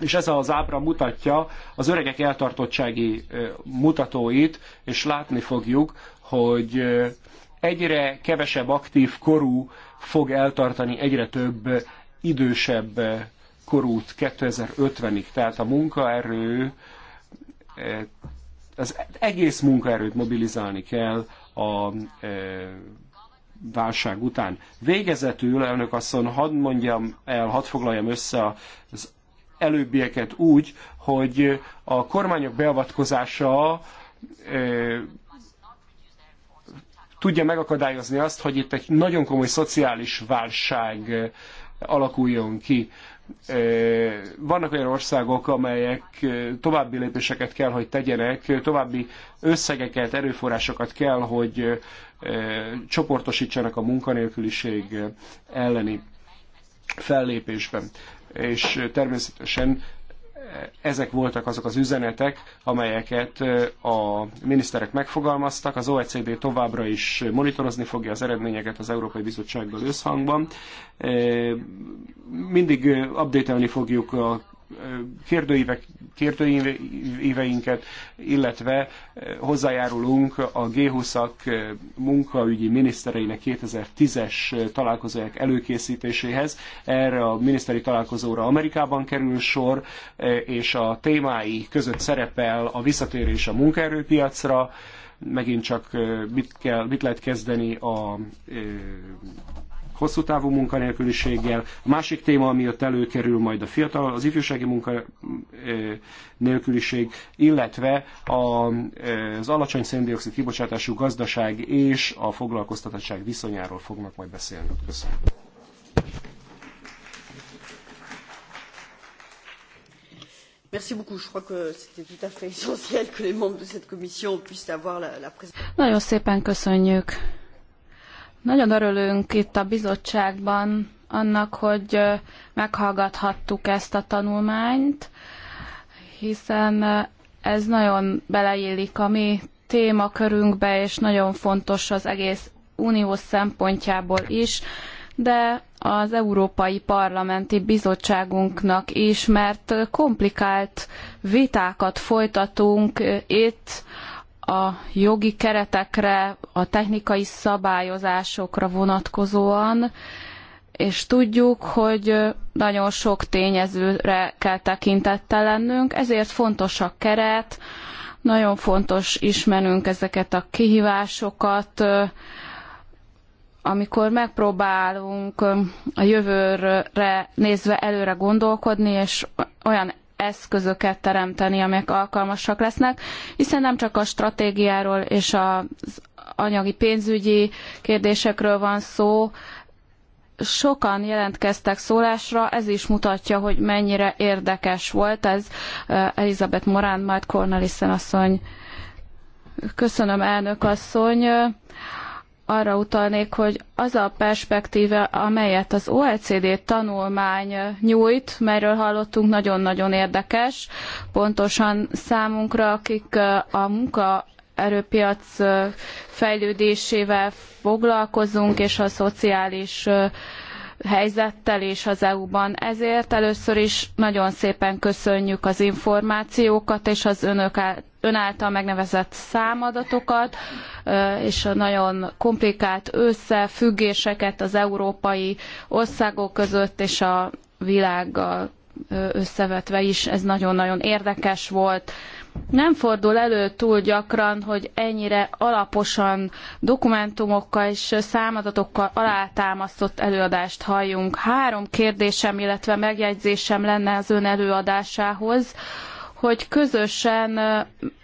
és ez az ábra mutatja az öregek eltartottsági mutatóit, és látni fogjuk, hogy egyre kevesebb aktív korú fog eltartani egyre több idősebb korút 2050-ig. Tehát a munkaerő, az egész munkaerőt mobilizálni kell a válság után. Végezetül, elnök asszony, hadd mondjam el, hadd foglaljam össze az előbbieket úgy, hogy a kormányok beavatkozása tudja megakadályozni azt, hogy itt egy nagyon komoly szociális válság alakuljon ki vannak olyan országok, amelyek további lépéseket kell, hogy tegyenek, további összegeket, erőforrásokat kell, hogy csoportosítsanak a munkanélküliség elleni fellépésben. És természetesen ezek voltak azok az üzenetek, amelyeket a miniszterek megfogalmaztak. Az OECD továbbra is monitorozni fogja az eredményeket az Európai Bizottsággal összhangban. Mindig elni fogjuk a kérdőívek, kérdőíveinket, illetve eh, hozzájárulunk a G20-ak eh, munkaügyi minisztereinek 2010-es eh, találkozóják előkészítéséhez. Erre a miniszteri találkozóra Amerikában kerül sor, és a témái között szerepel a visszatérés a munkaerőpiacra, megint csak mit, kell, mit lehet kezdeni a hosszú távú munkanélküliséggel. A másik téma, ami ott előkerül majd a fiatal, az ifjúsági munkanélküliség, illetve az alacsony széndiokszid kibocsátású gazdaság és a foglalkoztatottság viszonyáról fognak majd beszélni. Köszönöm. Nagyon szépen köszönjük. Nagyon örülünk itt a bizottságban annak, hogy meghallgathattuk ezt a tanulmányt, hiszen ez nagyon beleillik a mi témakörünkbe, és nagyon fontos az egész unió szempontjából is, de az Európai Parlamenti Bizottságunknak is, mert komplikált vitákat folytatunk itt a jogi keretekre, a technikai szabályozásokra vonatkozóan, és tudjuk, hogy nagyon sok tényezőre kell tekintettel lennünk, ezért fontos a keret, nagyon fontos ismernünk ezeket a kihívásokat, amikor megpróbálunk a jövőre nézve előre gondolkodni, és olyan eszközöket teremteni, amelyek alkalmasak lesznek, hiszen nem csak a stratégiáról és az anyagi pénzügyi kérdésekről van szó, sokan jelentkeztek szólásra, ez is mutatja, hogy mennyire érdekes volt ez Elizabeth Morán, majd Cornelissen asszony. Köszönöm, elnök asszony arra utalnék, hogy az a perspektíve, amelyet az OECD tanulmány nyújt, melyről hallottunk, nagyon-nagyon érdekes, pontosan számunkra, akik a munka erőpiac fejlődésével foglalkozunk, és a szociális helyzettel és az EU-ban. Ezért először is nagyon szépen köszönjük az információkat és az önök ön által megnevezett számadatokat, és a nagyon komplikált összefüggéseket az európai országok között és a világgal összevetve is. Ez nagyon-nagyon érdekes volt nem fordul elő túl gyakran, hogy ennyire alaposan dokumentumokkal és számadatokkal alátámasztott előadást halljunk. Három kérdésem, illetve megjegyzésem lenne az ön előadásához hogy közösen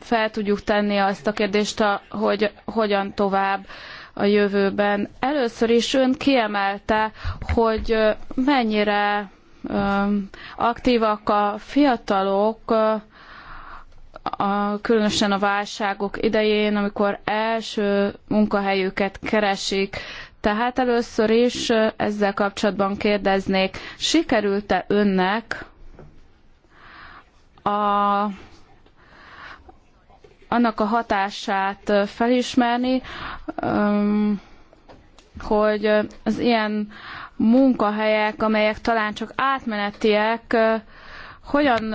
fel tudjuk tenni azt a kérdést, hogy hogyan tovább a jövőben. Először is ön kiemelte, hogy mennyire aktívak a fiatalok, a, különösen a válságok idején, amikor első munkahelyüket keresik. Tehát először is ezzel kapcsolatban kérdeznék, sikerült-e önnek a, annak a hatását felismerni, hogy az ilyen munkahelyek, amelyek talán csak átmenetiek, hogyan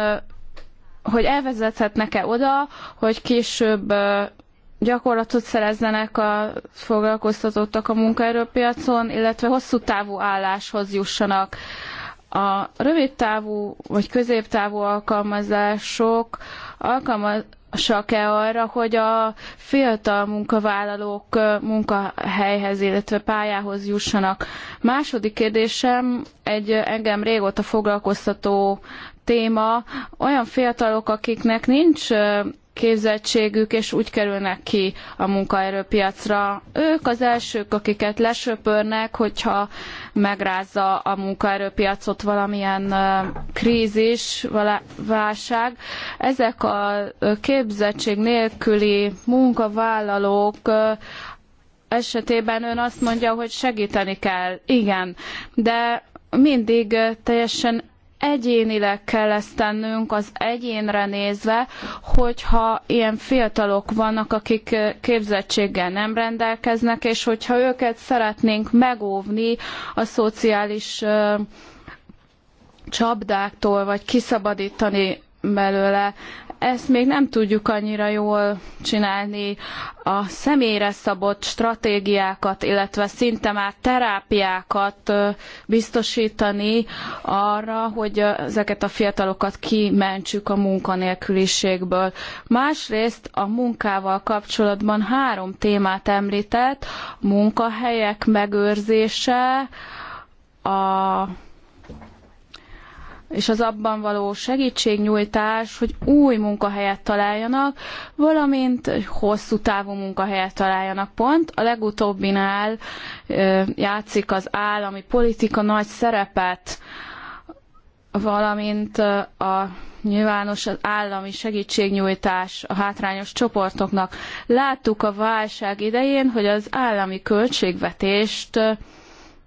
hogy elvezethetnek-e oda, hogy később gyakorlatot szerezzenek a foglalkoztatottak a munkaerőpiacon, illetve hosszú távú álláshoz jussanak. A rövid távú vagy középtávú alkalmazások alkalmaz, alkalmasak e arra, hogy a fiatal munkavállalók munkahelyhez, illetve pályához jussanak. Második kérdésem egy engem régóta foglalkoztató téma, olyan fiatalok, akiknek nincs képzettségük, és úgy kerülnek ki a munkaerőpiacra. Ők az elsők, akiket lesöpörnek, hogyha megrázza a munkaerőpiacot valamilyen krízis, válság. Ezek a képzettség nélküli munkavállalók esetében ön azt mondja, hogy segíteni kell. Igen, de mindig teljesen egyénileg kell ezt tennünk, az egyénre nézve, hogyha ilyen fiatalok vannak, akik képzettséggel nem rendelkeznek, és hogyha őket szeretnénk megóvni a szociális csapdáktól, vagy kiszabadítani belőle ezt még nem tudjuk annyira jól csinálni. A személyre szabott stratégiákat, illetve szinte már terápiákat biztosítani arra, hogy ezeket a fiatalokat kimentsük a munkanélküliségből. Másrészt a munkával kapcsolatban három témát említett, munkahelyek megőrzése, a és az abban való segítségnyújtás, hogy új munkahelyet találjanak, valamint hosszú távú munkahelyet találjanak. Pont a legutóbbinál játszik az állami politika nagy szerepet, valamint a nyilvános az állami segítségnyújtás a hátrányos csoportoknak. Láttuk a válság idején, hogy az állami költségvetést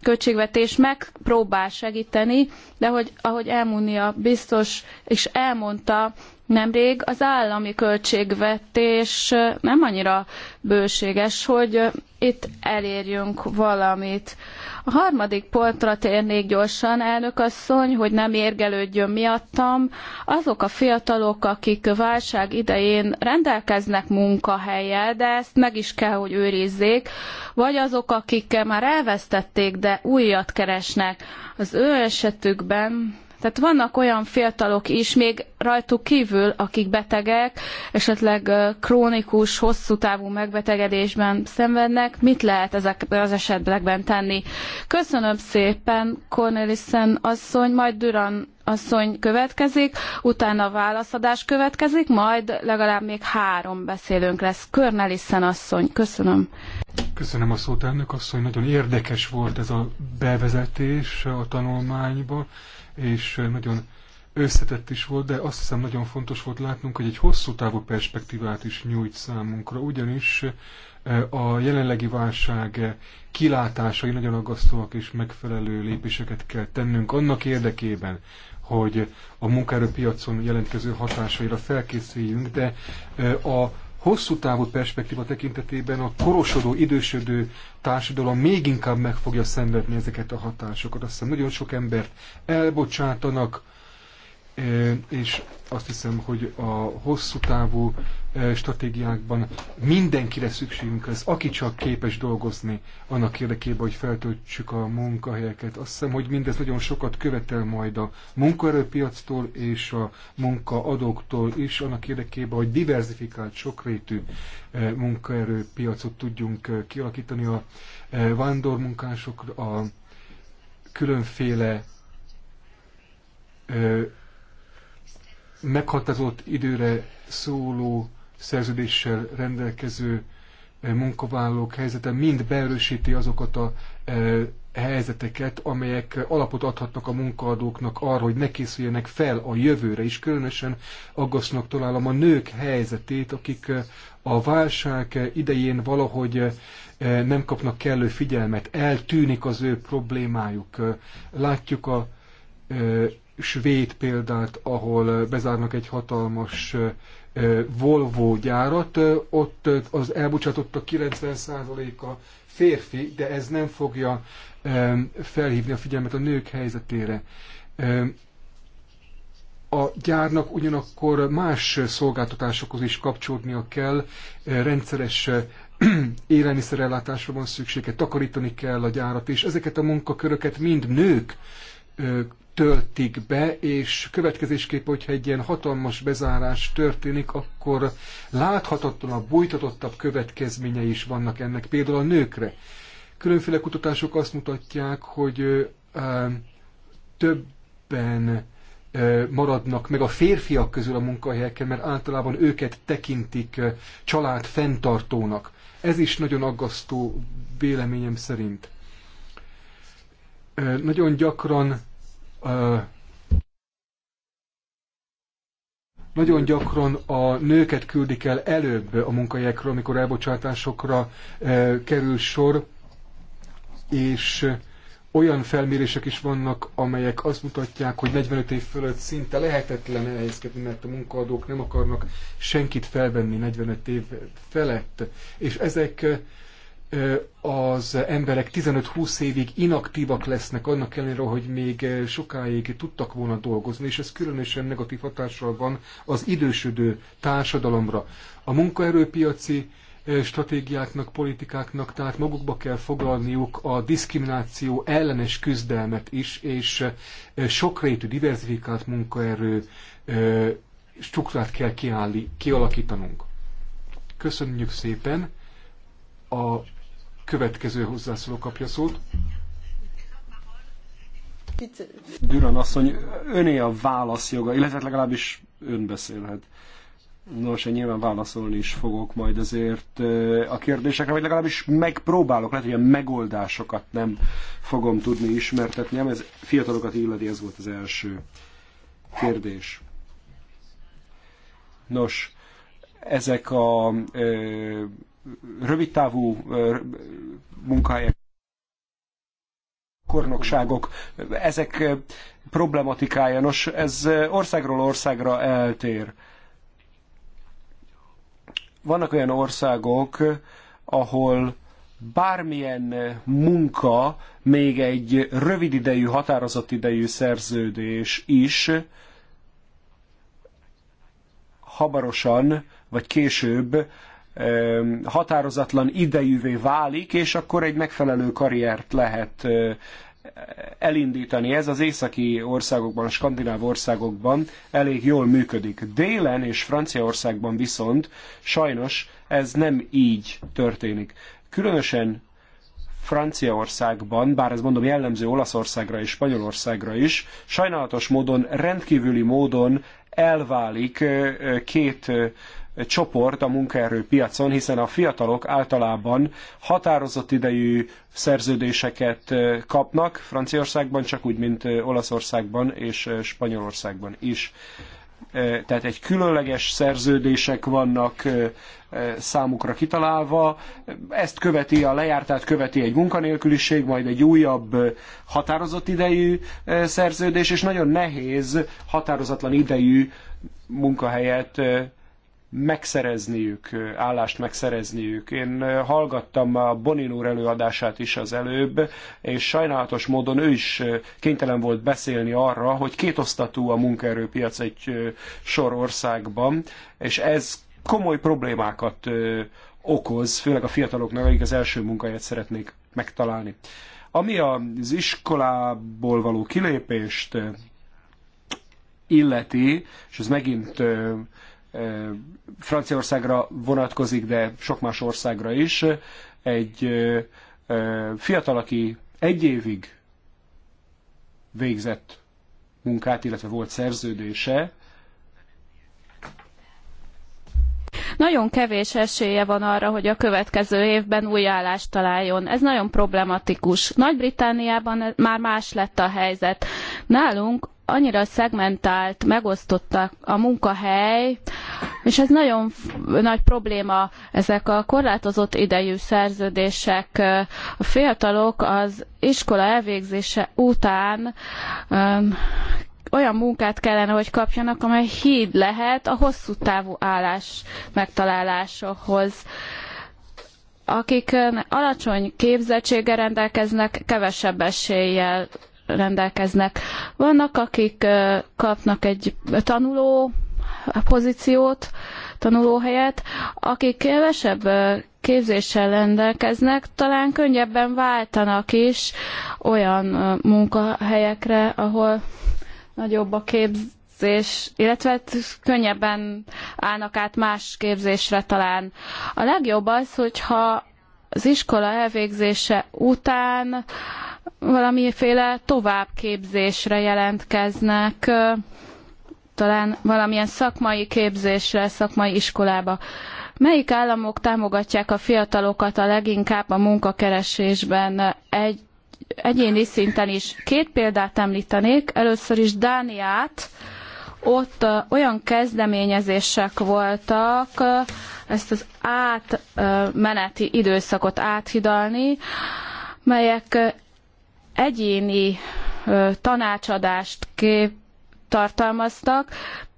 költségvetés megpróbál segíteni, de hogy, ahogy Elmúnia biztos is elmondta, Nemrég az állami költségvetés nem annyira bőséges, hogy itt elérjünk valamit. A harmadik pontra térnék gyorsan, elnök asszony, hogy nem érgelődjön miattam. Azok a fiatalok, akik válság idején rendelkeznek munkahelyel, de ezt meg is kell, hogy őrizzék, vagy azok, akik már elvesztették, de újat keresnek. Az ő esetükben tehát vannak olyan fiatalok is, még rajtuk kívül, akik betegek, esetleg krónikus, hosszú távú megbetegedésben szenvednek. Mit lehet ezekben az esetekben tenni? Köszönöm szépen, Cornelissen asszony, majd Duran asszony következik, utána válaszadás következik, majd legalább még három beszélőnk lesz. Cornelissen asszony, köszönöm. Köszönöm a szót, elnök asszony. Nagyon érdekes volt ez a bevezetés a tanulmányba és nagyon összetett is volt, de azt hiszem nagyon fontos volt látnunk, hogy egy hosszú távú perspektívát is nyújt számunkra, ugyanis a jelenlegi válság kilátásai nagyon aggasztóak, és megfelelő lépéseket kell tennünk annak érdekében, hogy a munkaerőpiacon jelentkező hatásaira felkészüljünk, de a hosszú távú perspektíva tekintetében a korosodó, idősödő társadalom még inkább meg fogja szenvedni ezeket a hatásokat. Azt hiszem, nagyon sok embert elbocsátanak, eh, és azt hiszem, hogy a hosszú távú stratégiákban mindenkire szükségünk lesz, aki csak képes dolgozni annak érdekében, hogy feltöltsük a munkahelyeket. Azt hiszem, hogy mindez nagyon sokat követel majd a munkaerőpiactól és a munkaadóktól is, annak érdekében, hogy diversifikált, sokrétű munkaerőpiacot tudjunk kialakítani a vándormunkások, a különféle meghatározott időre szóló szerződéssel rendelkező eh, munkavállalók helyzete mind beerősíti azokat a eh, helyzeteket, amelyek alapot adhatnak a munkaadóknak arra, hogy ne készüljenek fel a jövőre is. Különösen aggasztnak találom a nők helyzetét, akik eh, a válság idején valahogy nem kapnak kellő figyelmet, eltűnik az ő problémájuk. Látjuk a svéd példát, ahol bezárnak egy hatalmas Volvo gyárat, ott az elbocsátottak 90%-a férfi, de ez nem fogja felhívni a figyelmet a nők helyzetére. A gyárnak ugyanakkor más szolgáltatásokhoz is kapcsolódnia kell, rendszeres élelmiszerellátásra van szüksége, takarítani kell a gyárat, és ezeket a munkaköröket mind nők töltik be, és következésképp, hogyha egy ilyen hatalmas bezárás történik, akkor láthatatlan a bújtatottabb következményei is vannak ennek, például a nőkre. Különféle kutatások azt mutatják, hogy többen maradnak meg a férfiak közül a munkahelyeken, mert általában őket tekintik család fenntartónak. Ez is nagyon aggasztó véleményem szerint. Nagyon gyakran nagyon gyakran a nőket küldik el előbb a munkahelyekről, amikor elbocsátásokra kerül sor, és olyan felmérések is vannak, amelyek azt mutatják, hogy 45 év fölött szinte lehetetlen elhelyezkedni, mert a munkaadók nem akarnak senkit felvenni 45 év felett. És ezek az emberek 15-20 évig inaktívak lesznek, annak ellenére, hogy még sokáig tudtak volna dolgozni, és ez különösen negatív hatással van az idősödő társadalomra. A munkaerőpiaci stratégiáknak, politikáknak, tehát magukba kell foglalniuk a diszkrimináció ellenes küzdelmet is, és sokrétű, diversifikált munkaerő struktúrát kell kiállni, kialakítanunk. Köszönjük szépen! a következő hozzászóló kapja szót. Düran asszony, öné a válaszjoga, illetve legalábbis ön beszélhet. Nos, én nyilván válaszolni is fogok majd azért a kérdésekre, vagy legalábbis megpróbálok, lehet, hogy a megoldásokat nem fogom tudni ismertetni, ez fiatalokat illeti, ez volt az első kérdés. Nos, ezek a ö, rövidtávú munkahelyek, kornokságok, ezek problematikája, nos, ez országról országra eltér. Vannak olyan országok, ahol bármilyen munka, még egy rövid idejű, határozott idejű szerződés is habarosan vagy később határozatlan idejűvé válik, és akkor egy megfelelő karriert lehet elindítani. Ez az északi országokban, skandináv országokban elég jól működik. Délen és Franciaországban viszont sajnos ez nem így történik. Különösen Franciaországban, bár ez mondom jellemző Olaszországra és Spanyolországra is, sajnálatos módon, rendkívüli módon elválik két csoport a munkaerőpiacon, hiszen a fiatalok általában határozott idejű szerződéseket kapnak Franciaországban, csak úgy, mint Olaszországban és Spanyolországban is. Tehát egy különleges szerződések vannak számukra kitalálva. Ezt követi a lejártát, követi egy munkanélküliség, majd egy újabb határozott idejű szerződés, és nagyon nehéz határozatlan idejű munkahelyet megszerezniük, állást megszerezniük. Én hallgattam a Bonin úr előadását is az előbb, és sajnálatos módon ő is kénytelen volt beszélni arra, hogy kétosztatú a munkaerőpiac egy sor országban, és ez komoly problémákat okoz, főleg a fiataloknak, akik az első munkáját szeretnék megtalálni. Ami az iskolából való kilépést illeti, és ez megint Franciaországra vonatkozik, de sok más országra is. Egy fiatal, aki egy évig végzett munkát, illetve volt szerződése, nagyon kevés esélye van arra, hogy a következő évben új állást találjon. Ez nagyon problematikus. Nagy-Britániában már más lett a helyzet. Nálunk annyira szegmentált, megosztottak a munkahely, és ez nagyon nagy probléma, ezek a korlátozott idejű szerződések. A fiatalok az iskola elvégzése után um, olyan munkát kellene, hogy kapjanak, amely híd lehet a hosszú távú állás megtalálásához akik alacsony képzettséggel rendelkeznek, kevesebb eséllyel rendelkeznek. Vannak, akik kapnak egy tanuló pozíciót, tanulóhelyet, akik kevesebb képzéssel rendelkeznek, talán könnyebben váltanak is olyan munkahelyekre, ahol nagyobb a képzés, illetve hát könnyebben állnak át más képzésre talán. A legjobb az, hogyha az iskola elvégzése után valamiféle továbbképzésre jelentkeznek, talán valamilyen szakmai képzésre, szakmai iskolába. Melyik államok támogatják a fiatalokat a leginkább a munkakeresésben egy, egyéni szinten is? Két példát említenék. Először is Dániát. Ott olyan kezdeményezések voltak, ezt az átmeneti időszakot áthidalni, melyek egyéni tanácsadást kép tartalmaztak.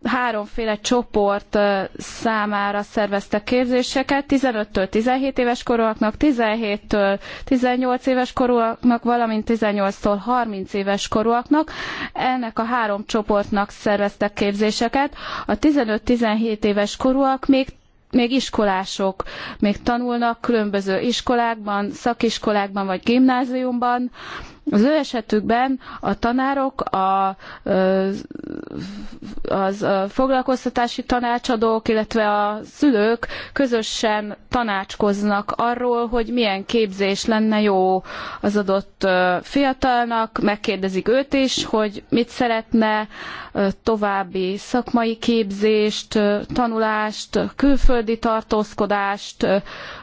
Háromféle csoport számára szerveztek képzéseket, 15-től 17 éves korúaknak, 17-től 18 éves korúaknak, valamint 18-tól 30 éves korúaknak. Ennek a három csoportnak szerveztek képzéseket. A 15-17 éves korúak még még iskolások, még tanulnak különböző iskolákban, szakiskolákban vagy gimnáziumban, az ő esetükben a tanárok, a, az a foglalkoztatási tanácsadók, illetve a szülők közösen tanácskoznak arról, hogy milyen képzés lenne jó az adott fiatalnak, megkérdezik őt is, hogy mit szeretne, további szakmai képzést, tanulást, külföldi tartózkodást,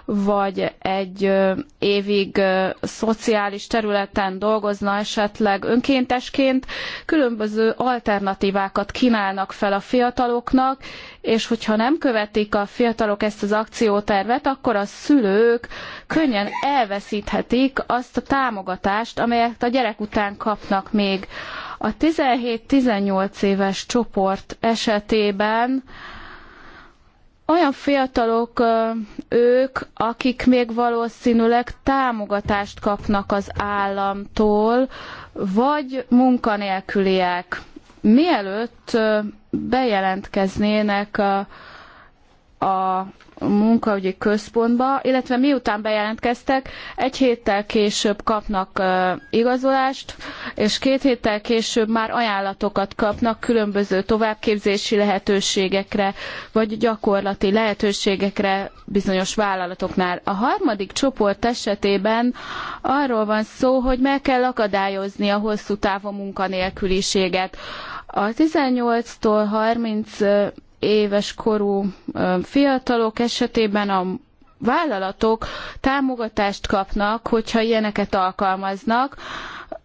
vagy egy évig szociális területen dolgozna esetleg önkéntesként, különböző alternatívákat kínálnak fel a fiataloknak, és hogyha nem követik a fiatalok ezt az akciótervet, akkor a szülők könnyen elveszíthetik azt a támogatást, amelyet a gyerek után kapnak még. A 17-18 éves csoport esetében olyan fiatalok ők, akik még valószínűleg támogatást kapnak az államtól, vagy munkanélküliek. Mielőtt bejelentkeznének a a munkaügyi központba, illetve miután bejelentkeztek, egy héttel később kapnak igazolást, és két héttel később már ajánlatokat kapnak különböző továbbképzési lehetőségekre, vagy gyakorlati lehetőségekre bizonyos vállalatoknál. A harmadik csoport esetében arról van szó, hogy meg kell akadályozni a hosszú távú munkanélküliséget. A 18-tól 30 éves korú fiatalok esetében a vállalatok támogatást kapnak, hogyha ilyeneket alkalmaznak,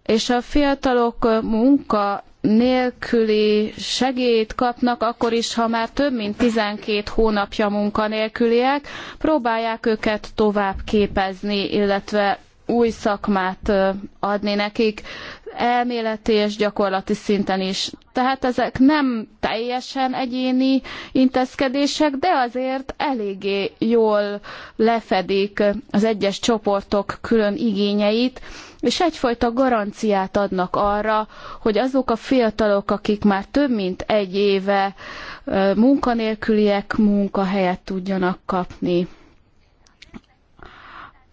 és a fiatalok munka nélküli segélyt kapnak, akkor is, ha már több mint 12 hónapja munkanélküliek, próbálják őket tovább képezni, illetve új szakmát adni nekik, elméleti és gyakorlati szinten is. Tehát ezek nem teljesen egyéni intézkedések, de azért eléggé jól lefedik az egyes csoportok külön igényeit, és egyfajta garanciát adnak arra, hogy azok a fiatalok, akik már több mint egy éve munkanélküliek, munkahelyet tudjanak kapni.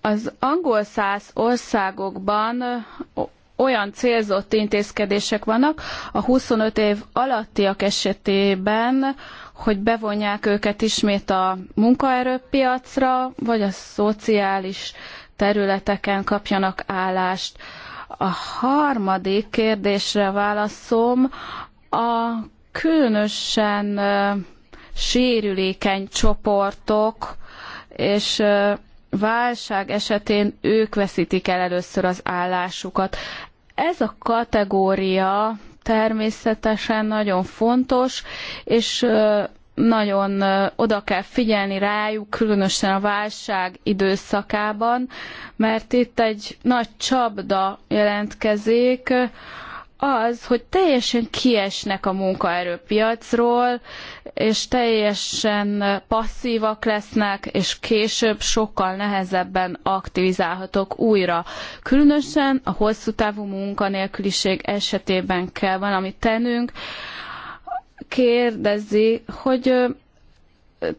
Az angol száz országokban olyan célzott intézkedések vannak a 25 év alattiak esetében, hogy bevonják őket ismét a munkaerőpiacra, vagy a szociális területeken kapjanak állást. A harmadik kérdésre válaszom a különösen sérülékeny csoportok és válság esetén ők veszítik el először az állásukat. Ez a kategória természetesen nagyon fontos, és nagyon oda kell figyelni rájuk, különösen a válság időszakában, mert itt egy nagy csapda jelentkezik, az, hogy teljesen kiesnek a munkaerőpiacról, és teljesen passzívak lesznek, és később sokkal nehezebben aktivizálhatók újra. Különösen a hosszú távú munkanélküliség esetében kell valamit tennünk. Kérdezi, hogy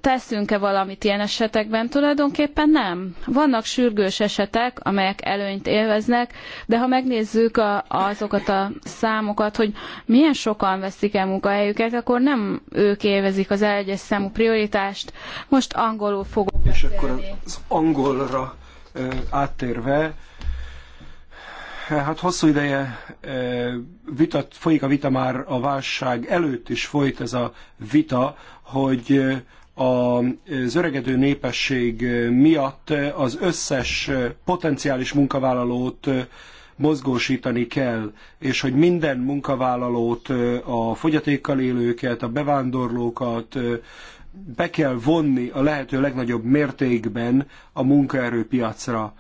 teszünk-e valamit ilyen esetekben? Tulajdonképpen nem. Vannak sürgős esetek, amelyek előnyt élveznek, de ha megnézzük a, azokat a számokat, hogy milyen sokan veszik el munkahelyüket, akkor nem ők élvezik az egyes számú prioritást. Most angolul fogok És beszélni. akkor az angolra ö, áttérve, Hát hosszú ideje folyik a vita már a válság előtt is folyt ez a vita, hogy az öregedő népesség miatt az összes potenciális munkavállalót mozgósítani kell, és hogy minden munkavállalót, a fogyatékkal élőket, a bevándorlókat be kell vonni a lehető legnagyobb mértékben a munkaerőpiacra.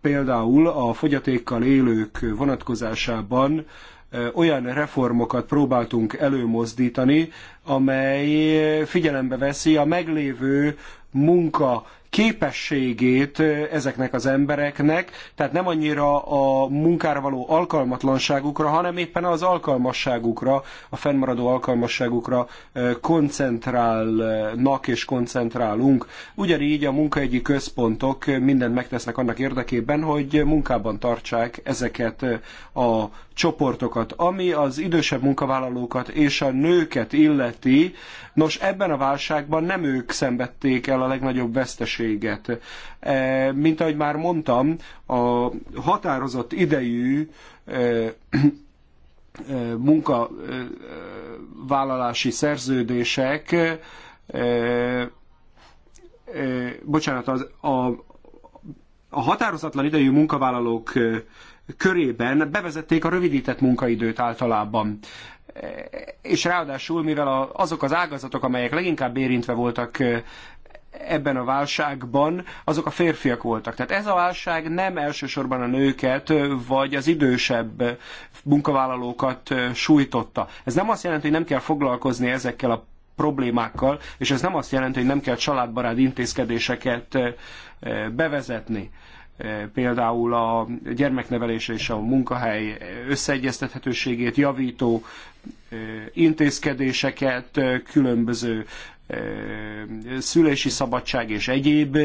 Például a fogyatékkal élők vonatkozásában olyan reformokat próbáltunk előmozdítani, amely figyelembe veszi a meglévő munka képességét ezeknek az embereknek, tehát nem annyira a munkára való alkalmatlanságukra, hanem éppen az alkalmasságukra, a fennmaradó alkalmasságukra koncentrálnak és koncentrálunk. Ugyanígy a munkaegyi központok mindent megtesznek annak érdekében, hogy munkában tartsák ezeket a csoportokat. Ami az idősebb munkavállalókat és a nőket illeti, nos ebben a válságban nem ők szenvedték el a legnagyobb veszteséget. E, mint ahogy már mondtam, a határozott idejű e, e, munkavállalási szerződések bocsánat, az, a, a határozatlan idejű munkavállalók körében bevezették a rövidített munkaidőt általában és ráadásul, mivel azok az ágazatok, amelyek leginkább érintve voltak ebben a válságban, azok a férfiak voltak. Tehát ez a válság nem elsősorban a nőket, vagy az idősebb munkavállalókat sújtotta. Ez nem azt jelenti, hogy nem kell foglalkozni ezekkel a problémákkal, és ez nem azt jelenti, hogy nem kell családbarát intézkedéseket bevezetni például a gyermeknevelés és a munkahely összeegyeztethetőségét javító intézkedéseket, különböző szülési szabadság és egyéb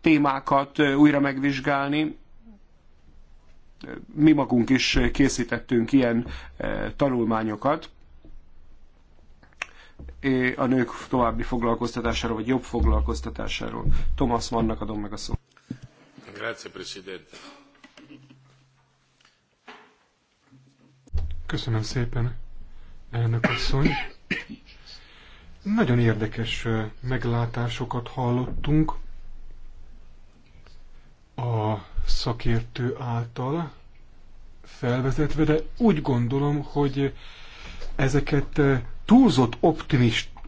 témákat újra megvizsgálni. Mi magunk is készítettünk ilyen tanulmányokat a nők további foglalkoztatásáról, vagy jobb foglalkoztatásáról. Thomas, vannak adom meg a szót. Grazie, Presidente. Köszönöm szépen, elnök asszony. Nagyon érdekes meglátásokat hallottunk a szakértő által felvezetve, de úgy gondolom, hogy ezeket túlzott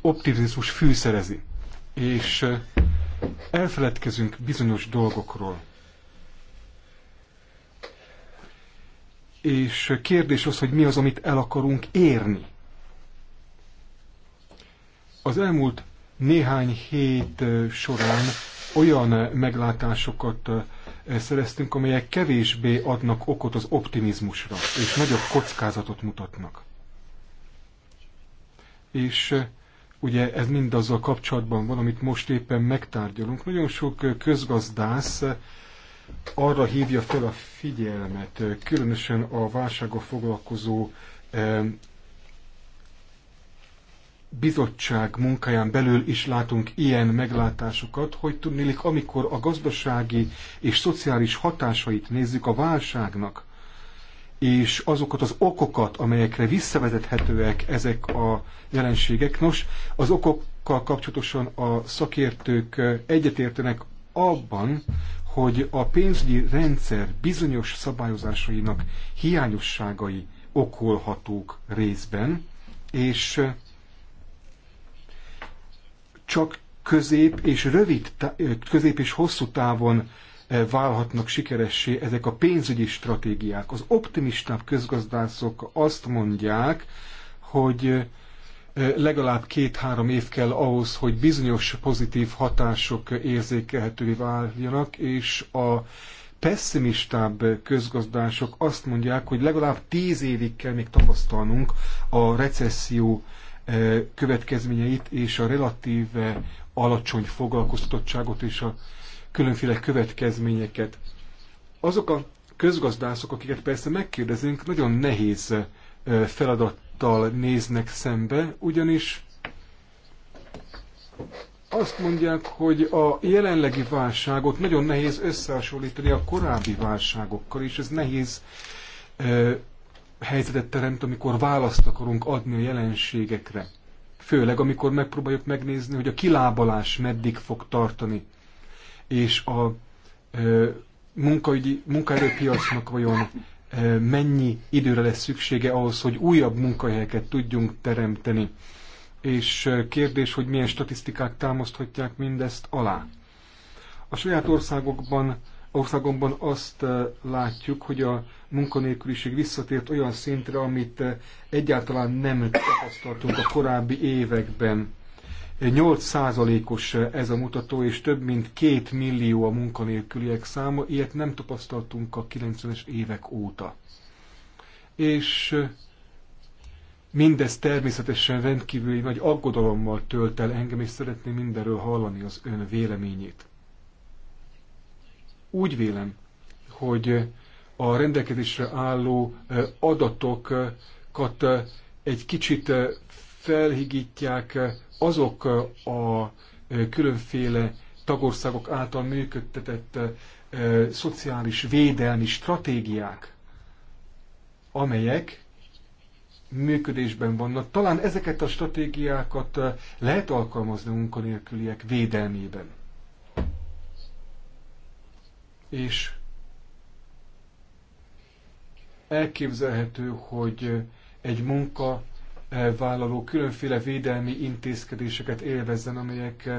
optimizmus fűszerezi, és elfeledkezünk bizonyos dolgokról. és kérdés az, hogy mi az, amit el akarunk érni. Az elmúlt néhány hét során olyan meglátásokat szereztünk, amelyek kevésbé adnak okot az optimizmusra, és nagyobb kockázatot mutatnak. És ugye ez mind azzal kapcsolatban van, amit most éppen megtárgyalunk. Nagyon sok közgazdász arra hívja fel a figyelmet, eh, különösen a válsággal foglalkozó eh, bizottság munkáján belül is látunk ilyen meglátásokat, hogy tudnélik, amikor a gazdasági és szociális hatásait nézzük a válságnak, és azokat az okokat, amelyekre visszavezethetőek ezek a jelenségek. Nos, az okokkal kapcsolatosan a szakértők eh, egyetértenek abban, hogy a pénzügyi rendszer bizonyos szabályozásainak hiányosságai okolhatók részben, és csak közép és rövid, közép és hosszú távon e, válhatnak sikeressé ezek a pénzügyi stratégiák. Az optimistább közgazdászok azt mondják, hogy legalább két-három év kell ahhoz, hogy bizonyos pozitív hatások érzékelhetővé váljanak, és a pessimistább közgazdások azt mondják, hogy legalább tíz évig kell még tapasztalnunk a recesszió következményeit és a relatív alacsony foglalkoztatottságot és a különféle következményeket. Azok a közgazdászok, akiket persze megkérdezünk, nagyon nehéz feladat tudattal néznek szembe, ugyanis azt mondják, hogy a jelenlegi válságot nagyon nehéz összehasonlítani a korábbi válságokkal, és ez nehéz ö, helyzetet teremt, amikor választ akarunk adni a jelenségekre. Főleg, amikor megpróbáljuk megnézni, hogy a kilábalás meddig fog tartani, és a ö, munkaügyi, munkaerőpiacnak vajon mennyi időre lesz szüksége ahhoz, hogy újabb munkahelyeket tudjunk teremteni. És kérdés, hogy milyen statisztikák támaszthatják mindezt alá. A saját országokban, országomban azt látjuk, hogy a munkanélküliség visszatért olyan szintre, amit egyáltalán nem tapasztaltunk a korábbi években. 8%-os ez a mutató, és több mint 2 millió a munkanélküliek száma. Ilyet nem tapasztaltunk a 90-es évek óta. És eh, mindez természetesen rendkívüli nagy aggodalommal tölt el engem, és szeretném mindenről hallani az ön véleményét. Úgy vélem, hogy eh, a rendelkezésre álló eh, adatokat egy kicsit felhigítják azok a különféle tagországok által működtetett e, szociális védelmi stratégiák, amelyek működésben vannak. Talán ezeket a stratégiákat e, lehet alkalmazni a munkanélküliek védelmében. És elképzelhető, hogy egy munka vállaló különféle védelmi intézkedéseket élvezzen, amelyek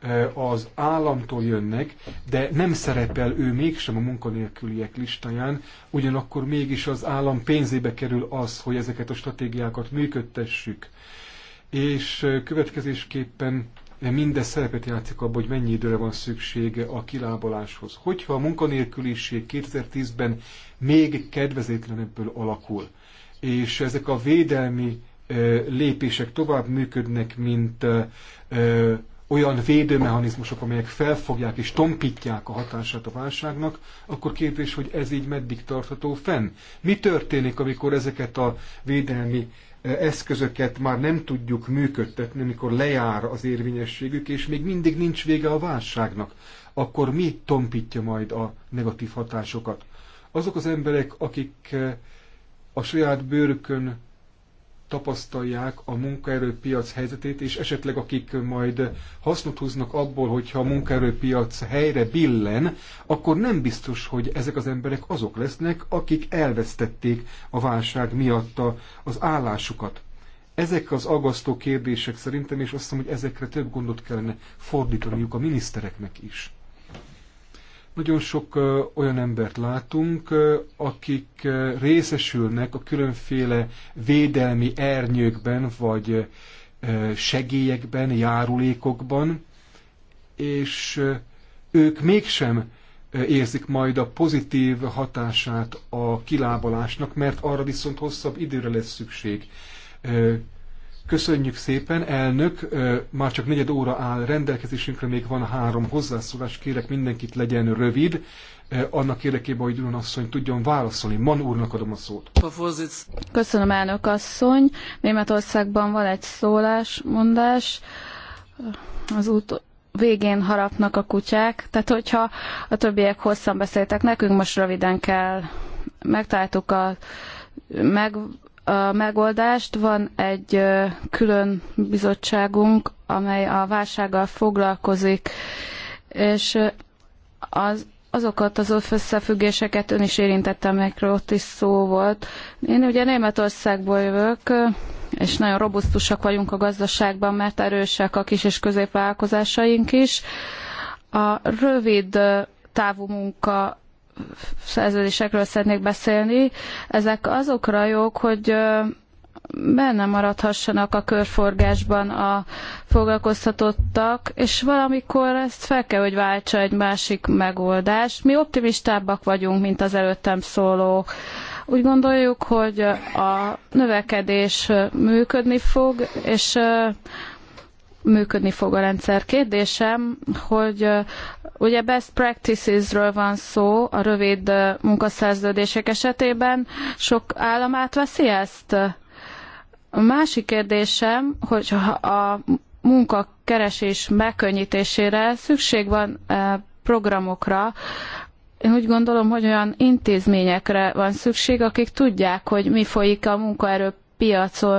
eh, az államtól jönnek, de nem szerepel ő mégsem a munkanélküliek listáján, ugyanakkor mégis az állam pénzébe kerül az, hogy ezeket a stratégiákat működtessük. És eh, következésképpen mindez szerepet játszik abban, hogy mennyi időre van szüksége a kilábaláshoz. Hogyha a munkanélküliség 2010-ben még kedvezétlenebből alakul, és ezek a védelmi lépések tovább működnek, mint olyan védőmechanizmusok, amelyek felfogják és tompítják a hatását a válságnak, akkor kérdés, hogy ez így meddig tartható fenn. Mi történik, amikor ezeket a védelmi eszközöket már nem tudjuk működtetni, amikor lejár az érvényességük, és még mindig nincs vége a válságnak, akkor mi tompítja majd a negatív hatásokat? Azok az emberek, akik a saját bőrükön tapasztalják a munkaerőpiac helyzetét, és esetleg akik majd hasznot húznak abból, hogyha a munkaerőpiac helyre billen, akkor nem biztos, hogy ezek az emberek azok lesznek, akik elvesztették a válság miatt az állásukat. Ezek az agasztó kérdések szerintem, és azt hiszem, hogy ezekre több gondot kellene fordítaniuk a minisztereknek is. Nagyon sok olyan embert látunk, akik részesülnek a különféle védelmi ernyőkben, vagy segélyekben, járulékokban, és ők mégsem érzik majd a pozitív hatását a kilábalásnak, mert arra viszont hosszabb időre lesz szükség. Köszönjük szépen, elnök. Már csak negyed óra áll rendelkezésünkre, még van három hozzászólás. Kérek mindenkit legyen rövid, annak érdekében, hogy Dunan asszony tudjon válaszolni. Man úrnak adom a szót. Köszönöm, elnök asszony. Németországban van egy szólásmondás. Az út végén harapnak a kutyák, tehát hogyha a többiek hosszan beszéltek, nekünk most röviden kell. Megtaláltuk a meg a megoldást. Van egy külön bizottságunk, amely a válsággal foglalkozik, és az, azokat az összefüggéseket ön is érintette, amelyekről ott is szó volt. Én ugye Németországból jövök, és nagyon robusztusak vagyunk a gazdaságban, mert erősek a kis és középvállalkozásaink is. A rövid távú munka szerződésekről szeretnék beszélni. Ezek azokra jók, hogy benne maradhassanak a körforgásban a foglalkoztatottak, és valamikor ezt fel kell, hogy váltsa egy másik megoldás. Mi optimistábbak vagyunk, mint az előttem szóló. Úgy gondoljuk, hogy a növekedés működni fog, és működni fog a rendszer. Kérdésem, hogy ugye best practices-ről van szó a rövid munkaszerződések esetében, sok állam átveszi ezt? A másik kérdésem, hogy a munkakeresés megkönnyítésére szükség van programokra, én úgy gondolom, hogy olyan intézményekre van szükség, akik tudják, hogy mi folyik a munkaerőpiacon,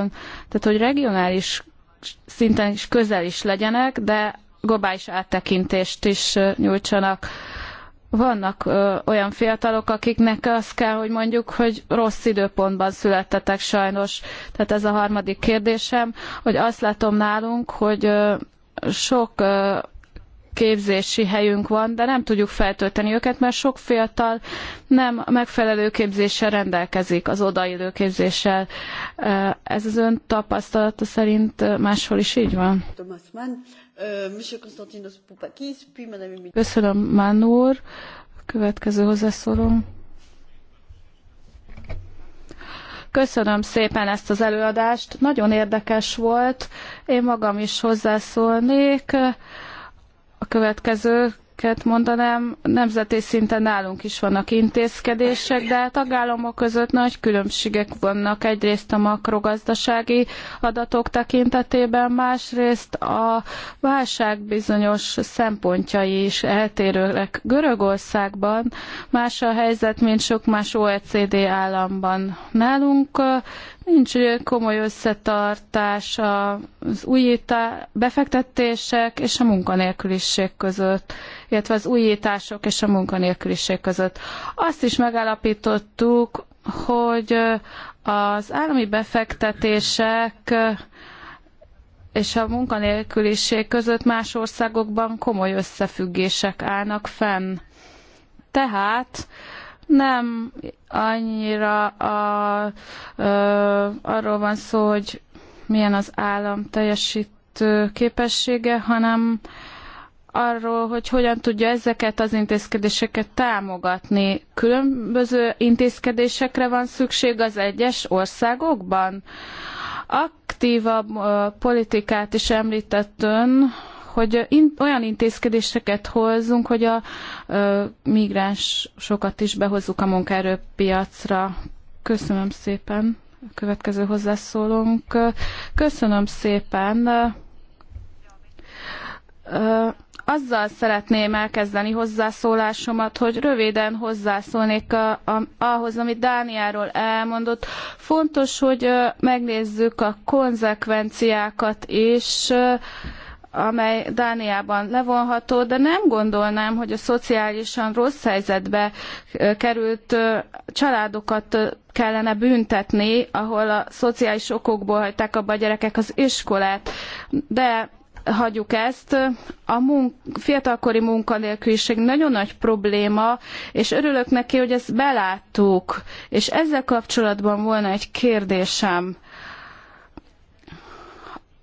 tehát hogy regionális szinten is közel is legyenek, de globális áttekintést is nyújtsanak. Vannak ö, olyan fiatalok, akiknek azt kell, hogy mondjuk, hogy rossz időpontban születtetek sajnos. Tehát ez a harmadik kérdésem, hogy azt látom nálunk, hogy ö, sok ö, képzési helyünk van, de nem tudjuk feltölteni őket, mert sok fiatal nem megfelelő képzéssel rendelkezik, az odaillő képzéssel. Ez az ön tapasztalata szerint máshol is így van? Köszönöm, Mann úr. Következő hozzászólom. Köszönöm szépen ezt az előadást, nagyon érdekes volt. Én magam is hozzászólnék a következőket mondanám, nemzeti szinten nálunk is vannak intézkedések, de a tagállamok között nagy különbségek vannak egyrészt a makrogazdasági adatok tekintetében, másrészt a válság bizonyos szempontjai is eltérőek. Görögországban más a helyzet, mint sok más OECD államban. Nálunk Nincs komoly összetartás az befektetések és a munkanélküliség között, illetve az újítások és a munkanélküliség között. Azt is megállapítottuk, hogy az állami befektetések és a munkanélküliség között más országokban komoly összefüggések állnak fenn. Tehát nem annyira a, ö, arról van szó, hogy milyen az állam teljesítő képessége, hanem arról, hogy hogyan tudja ezeket az intézkedéseket támogatni. Különböző intézkedésekre van szükség az egyes országokban. Aktívabb ö, politikát is említett ön, hogy in, olyan intézkedéseket hozzunk, hogy a ö, migránsokat is behozzuk a munkaerőpiacra. Köszönöm szépen a következő hozzászólónk. Köszönöm szépen. azzal szeretném elkezdeni hozzászólásomat, hogy röviden hozzászólnék a, a, ahhoz, amit Dániáról elmondott. Fontos, hogy megnézzük a konzekvenciákat és amely Dániában levonható, de nem gondolnám, hogy a szociálisan rossz helyzetbe került családokat kellene büntetni, ahol a szociális okokból hagyták abba a gyerekek az iskolát. De hagyjuk ezt. A munk, fiatalkori munkanélküliség nagyon nagy probléma, és örülök neki, hogy ezt beláttuk. És ezzel kapcsolatban volna egy kérdésem.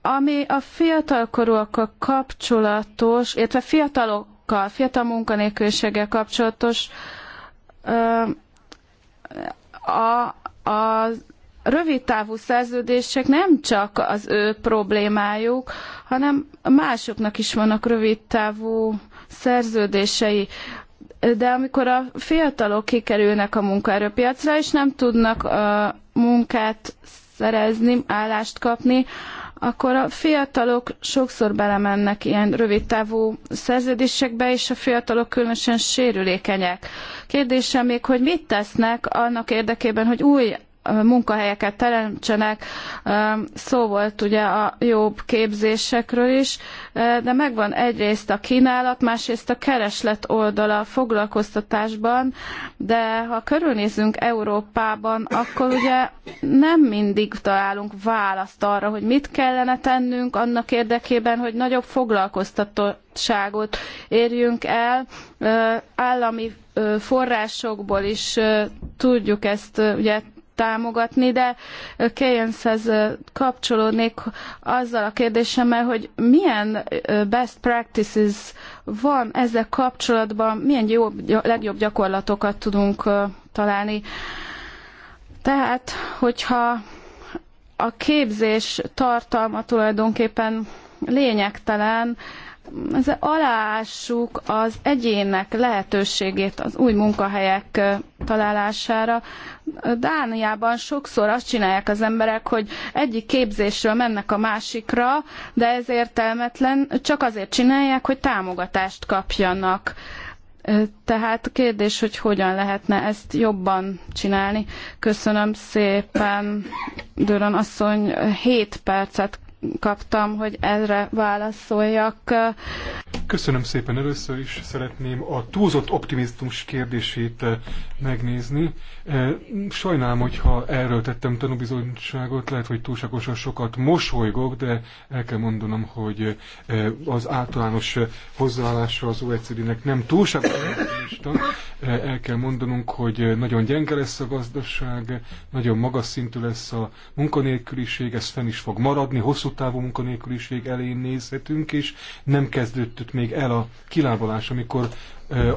Ami a fiatalkorúakkal kapcsolatos, illetve fiatalokkal, fiatal munkanélküliséggel kapcsolatos, a, a rövidtávú szerződések nem csak az ő problémájuk, hanem másoknak is vannak rövidtávú szerződései. De amikor a fiatalok kikerülnek a munkaerőpiacra, és nem tudnak munkát szerezni, állást kapni, akkor a fiatalok sokszor belemennek ilyen rövidtávú szerződésekbe, és a fiatalok különösen sérülékenyek. Kérdésem még, hogy mit tesznek annak érdekében, hogy új munkahelyeket teremtsenek. Szó volt ugye a jobb képzésekről is, de megvan egyrészt a kínálat, másrészt a kereslet oldala a foglalkoztatásban, de ha körülnézünk Európában, akkor ugye nem mindig találunk választ arra, hogy mit kellene tennünk annak érdekében, hogy nagyobb foglalkoztatottságot érjünk el, állami forrásokból is tudjuk ezt ugye támogatni, de Keyenshez kapcsolódnék azzal a kérdésemmel, hogy milyen best practices van ezzel kapcsolatban, milyen jó, legjobb gyakorlatokat tudunk találni. Tehát, hogyha a képzés tartalma tulajdonképpen lényegtelen, ezzel alássuk az egyének lehetőségét az új munkahelyek találására. Dániában sokszor azt csinálják az emberek, hogy egyik képzésről mennek a másikra, de ez értelmetlen, csak azért csinálják, hogy támogatást kapjanak. Tehát kérdés, hogy hogyan lehetne ezt jobban csinálni. Köszönöm szépen, Dőron asszony, 7 percet kaptam, hogy erre válaszoljak. Köszönöm szépen. Először is szeretném a túlzott optimizmus kérdését eh, megnézni. Eh, sajnálom, hogyha erről tettem tanúbizonyságot, lehet, hogy túlságosan sokat mosolygok, de el kell mondanom, hogy eh, az általános hozzáállása az OECD-nek nem túlságosan optimista. El kell mondanunk, hogy nagyon gyenge lesz a gazdaság, nagyon magas szintű lesz a munkanélküliség, ez fenn is fog maradni hosszú hosszú távú munkanélküliség elé nézhetünk, és nem kezdődött még el a kilábalás, amikor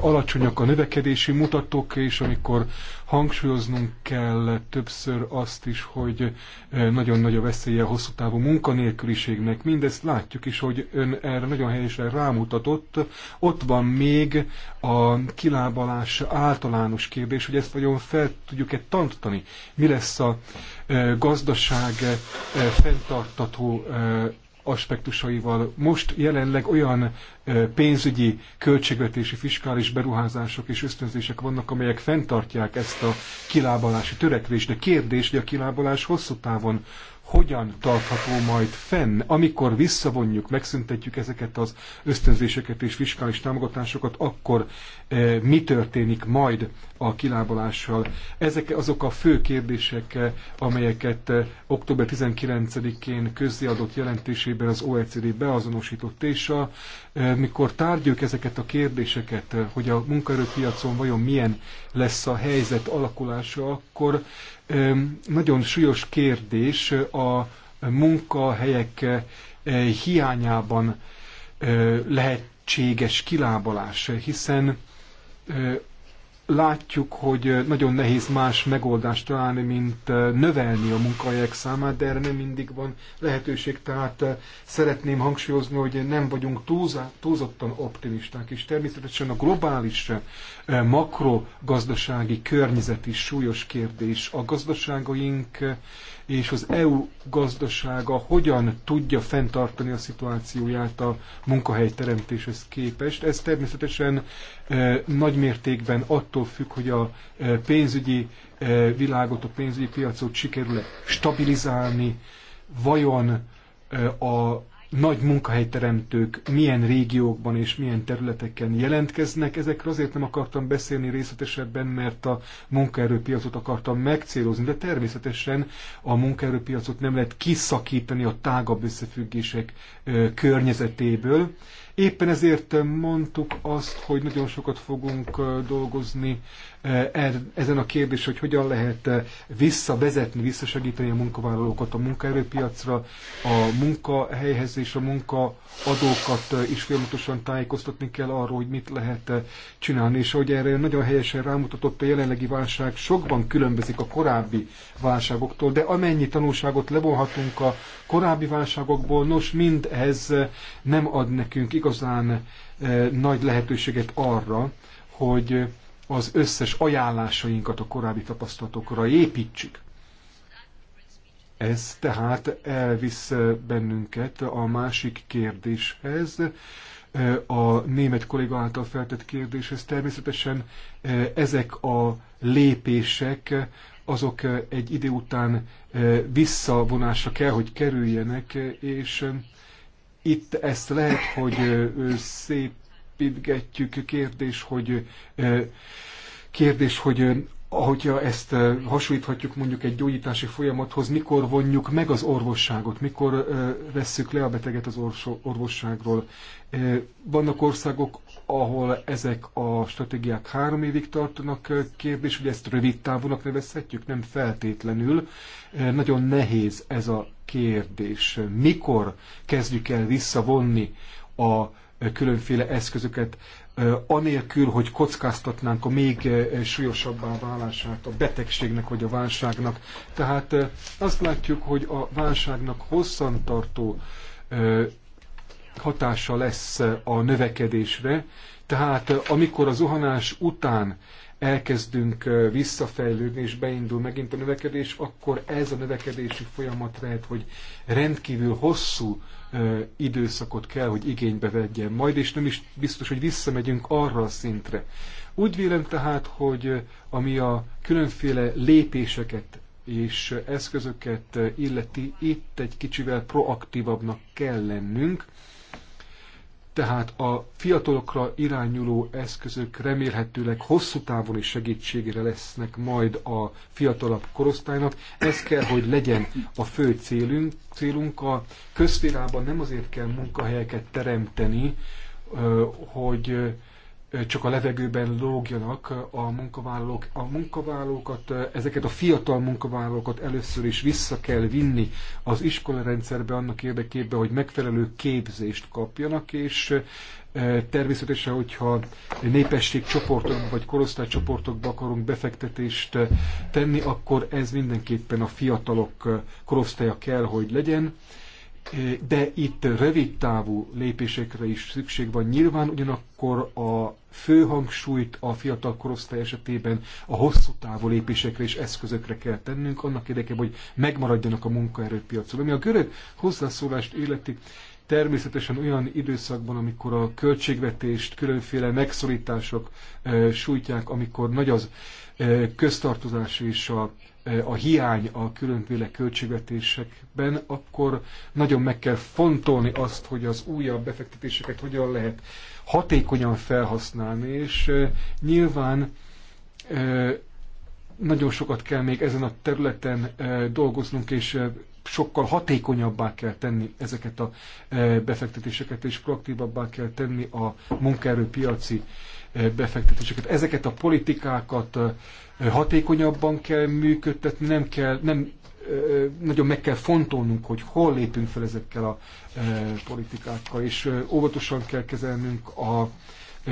alacsonyak a növekedési mutatók, és amikor hangsúlyoznunk kell többször azt is, hogy nagyon nagy a veszélye a hosszú távú munkanélküliségnek. Mindezt látjuk is, hogy ön erre nagyon helyesen rámutatott. Ott van még a kilábalás általános kérdés, hogy ezt vajon fel tudjuk-e tanítani. Mi lesz a gazdaság fenntartató aspektusaival. Most jelenleg olyan pénzügyi, költségvetési, fiskális beruházások és ösztönzések vannak, amelyek fenntartják ezt a kilábalási törekvést. De kérdés, hogy a kilábalás hosszú távon hogyan tartható majd fenn, amikor visszavonjuk, megszüntetjük ezeket az ösztönzéseket és fiskális támogatásokat, akkor mi történik majd a kilábalással. Ezek azok a fő kérdések, amelyeket október 19-én közziadott jelentésében az OECD beazonosított, és a, mikor tárgyuk ezeket a kérdéseket, hogy a munkaerőpiacon vajon milyen lesz a helyzet alakulása, akkor nagyon súlyos kérdés a munkahelyek hiányában lehetséges kilábalás, hiszen látjuk, hogy nagyon nehéz más megoldást találni, mint növelni a munkahelyek számát, de erre nem mindig van lehetőség, tehát szeretném hangsúlyozni, hogy nem vagyunk túlzottan optimisták, és természetesen a globális makrogazdasági környezet is súlyos kérdés. A gazdaságaink és az EU gazdasága hogyan tudja fenntartani a szituációját a munkahelyteremtéshez képest. Ez természetesen nagy mértékben attól függ, hogy a pénzügyi világot, a pénzügyi piacot sikerül-e stabilizálni, vajon a nagy munkahelyteremtők milyen régiókban és milyen területeken jelentkeznek. Ezekről azért nem akartam beszélni részletesebben, mert a munkaerőpiacot akartam megcélozni, de természetesen a munkaerőpiacot nem lehet kiszakítani a tágabb összefüggések környezetéből. Éppen ezért mondtuk azt, hogy nagyon sokat fogunk dolgozni Er, ezen a kérdés, hogy hogyan lehet visszavezetni, visszasegíteni a munkavállalókat a munkaerőpiacra, a munkahelyhez és a munkaadókat is folyamatosan tájékoztatni kell arról, hogy mit lehet csinálni. És ahogy erre nagyon helyesen rámutatott, a jelenlegi válság sokban különbözik a korábbi válságoktól, de amennyi tanulságot levonhatunk a korábbi válságokból, nos, mind ez nem ad nekünk igazán nagy lehetőséget arra, hogy az összes ajánlásainkat a korábbi tapasztalatokra építsük. Ez tehát elvisz bennünket a másik kérdéshez, a német kolléga által feltett kérdéshez. Természetesen e, ezek a lépések, azok egy idő után e, visszavonásra kell, hogy kerüljenek, és e, itt ezt lehet, hogy szép építgetjük. Kérdés, hogy kérdés, hogy ahogyha ezt hasonlíthatjuk mondjuk egy gyógyítási folyamathoz, mikor vonjuk meg az orvosságot, mikor vesszük le a beteget az orvosságról. Vannak országok, ahol ezek a stratégiák három évig tartanak. Kérdés, hogy ezt rövid távonak nevezhetjük? Nem feltétlenül. Nagyon nehéz ez a kérdés. Mikor kezdjük el visszavonni a különféle eszközöket, anélkül, hogy kockáztatnánk a még súlyosabbá válását a betegségnek vagy a válságnak. Tehát azt látjuk, hogy a válságnak hosszantartó hatása lesz a növekedésre, tehát amikor a zuhanás után elkezdünk visszafejlődni és beindul megint a növekedés, akkor ez a növekedési folyamat lehet, hogy rendkívül hosszú időszakot kell, hogy igénybe vegyen majd, és nem is biztos, hogy visszamegyünk arra a szintre. Úgy vélem tehát, hogy ami a különféle lépéseket és eszközöket illeti, itt egy kicsivel proaktívabbnak kell lennünk, tehát a fiatalokra irányuló eszközök remélhetőleg hosszú távon is segítségére lesznek majd a fiatalabb korosztálynak. Ez kell, hogy legyen a fő célunk. célunk a közférában nem azért kell munkahelyeket teremteni, hogy csak a levegőben lógjanak a munkavállalók. A munkavállalókat, ezeket a fiatal munkavállalókat először is vissza kell vinni az iskolarendszerbe annak érdekében, hogy megfelelő képzést kapjanak, és természetesen, hogyha népességcsoportokba vagy korosztálycsoportokba akarunk befektetést tenni, akkor ez mindenképpen a fiatalok korosztálya kell, hogy legyen de itt rövid távú lépésekre is szükség van. Nyilván ugyanakkor a fő hangsúlyt a fiatal korosztály esetében a hosszú távú lépésekre és eszközökre kell tennünk, annak érdekében, hogy megmaradjanak a munkaerőpiacon. Ami a görög hozzászólást illeti, természetesen olyan időszakban, amikor a költségvetést különféle megszorítások eh, sújtják, amikor nagy az eh, köztartozás és a a hiány a különféle költségvetésekben, akkor nagyon meg kell fontolni azt, hogy az újabb befektetéseket hogyan lehet hatékonyan felhasználni, és nyilván nagyon sokat kell még ezen a területen dolgoznunk, és sokkal hatékonyabbá kell tenni ezeket a befektetéseket, és proaktívabbá kell tenni a munkaerőpiaci piaci befektetéseket. Ezeket a politikákat hatékonyabban kell működtetni, nem kell, nem nagyon meg kell fontolnunk, hogy hol lépünk fel ezekkel a politikákkal, és óvatosan kell kezelnünk a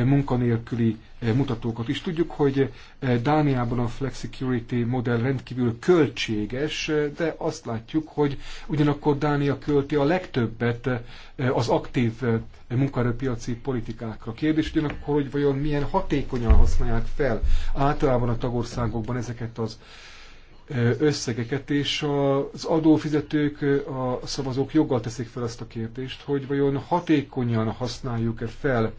munkanélküli eh, mutatókat is. Tudjuk, hogy eh, Dániában a flexicurity modell rendkívül költséges, eh, de azt látjuk, hogy ugyanakkor Dánia költi a legtöbbet az aktív munkaerőpiaci politikákra. Kérdés ugyanakkor, hogy vajon milyen hatékonyan használják fel általában a tagországokban ezeket az összegeket, és az adófizetők, a szavazók joggal teszik fel azt a kérdést, hogy vajon hatékonyan használjuk-e fel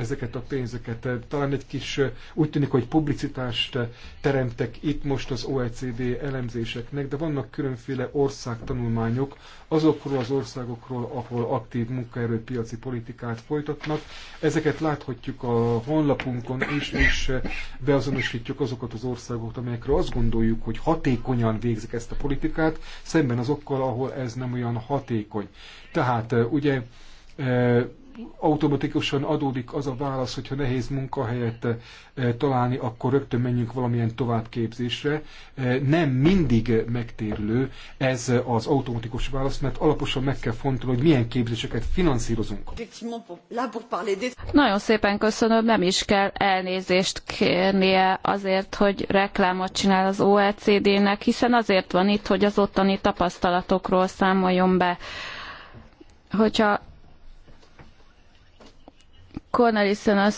ezeket a pénzeket. Eh, talán egy kis, eh, úgy tűnik, hogy publicitást eh, teremtek itt most az OECD elemzéseknek, de vannak különféle országtanulmányok azokról az országokról, ahol aktív munkaerőpiaci politikát folytatnak. Ezeket láthatjuk a honlapunkon is, és beazonosítjuk azokat az országokat, amelyekről azt gondoljuk, hogy hatékonyan végzik ezt a politikát, szemben azokkal, ahol ez nem olyan hatékony. Tehát ugye automatikusan adódik az a válasz, hogyha nehéz munkahelyet eh, találni, akkor rögtön menjünk valamilyen továbbképzésre. Eh, nem mindig megtérülő ez az automatikus válasz, mert alaposan meg kell fontolni, hogy milyen képzéseket finanszírozunk. Nagyon szépen köszönöm, nem is kell elnézést kérnie azért, hogy reklámot csinál az OECD-nek, hiszen azért van itt, hogy az ottani tapasztalatokról számoljon be. Hogyha Cornelissen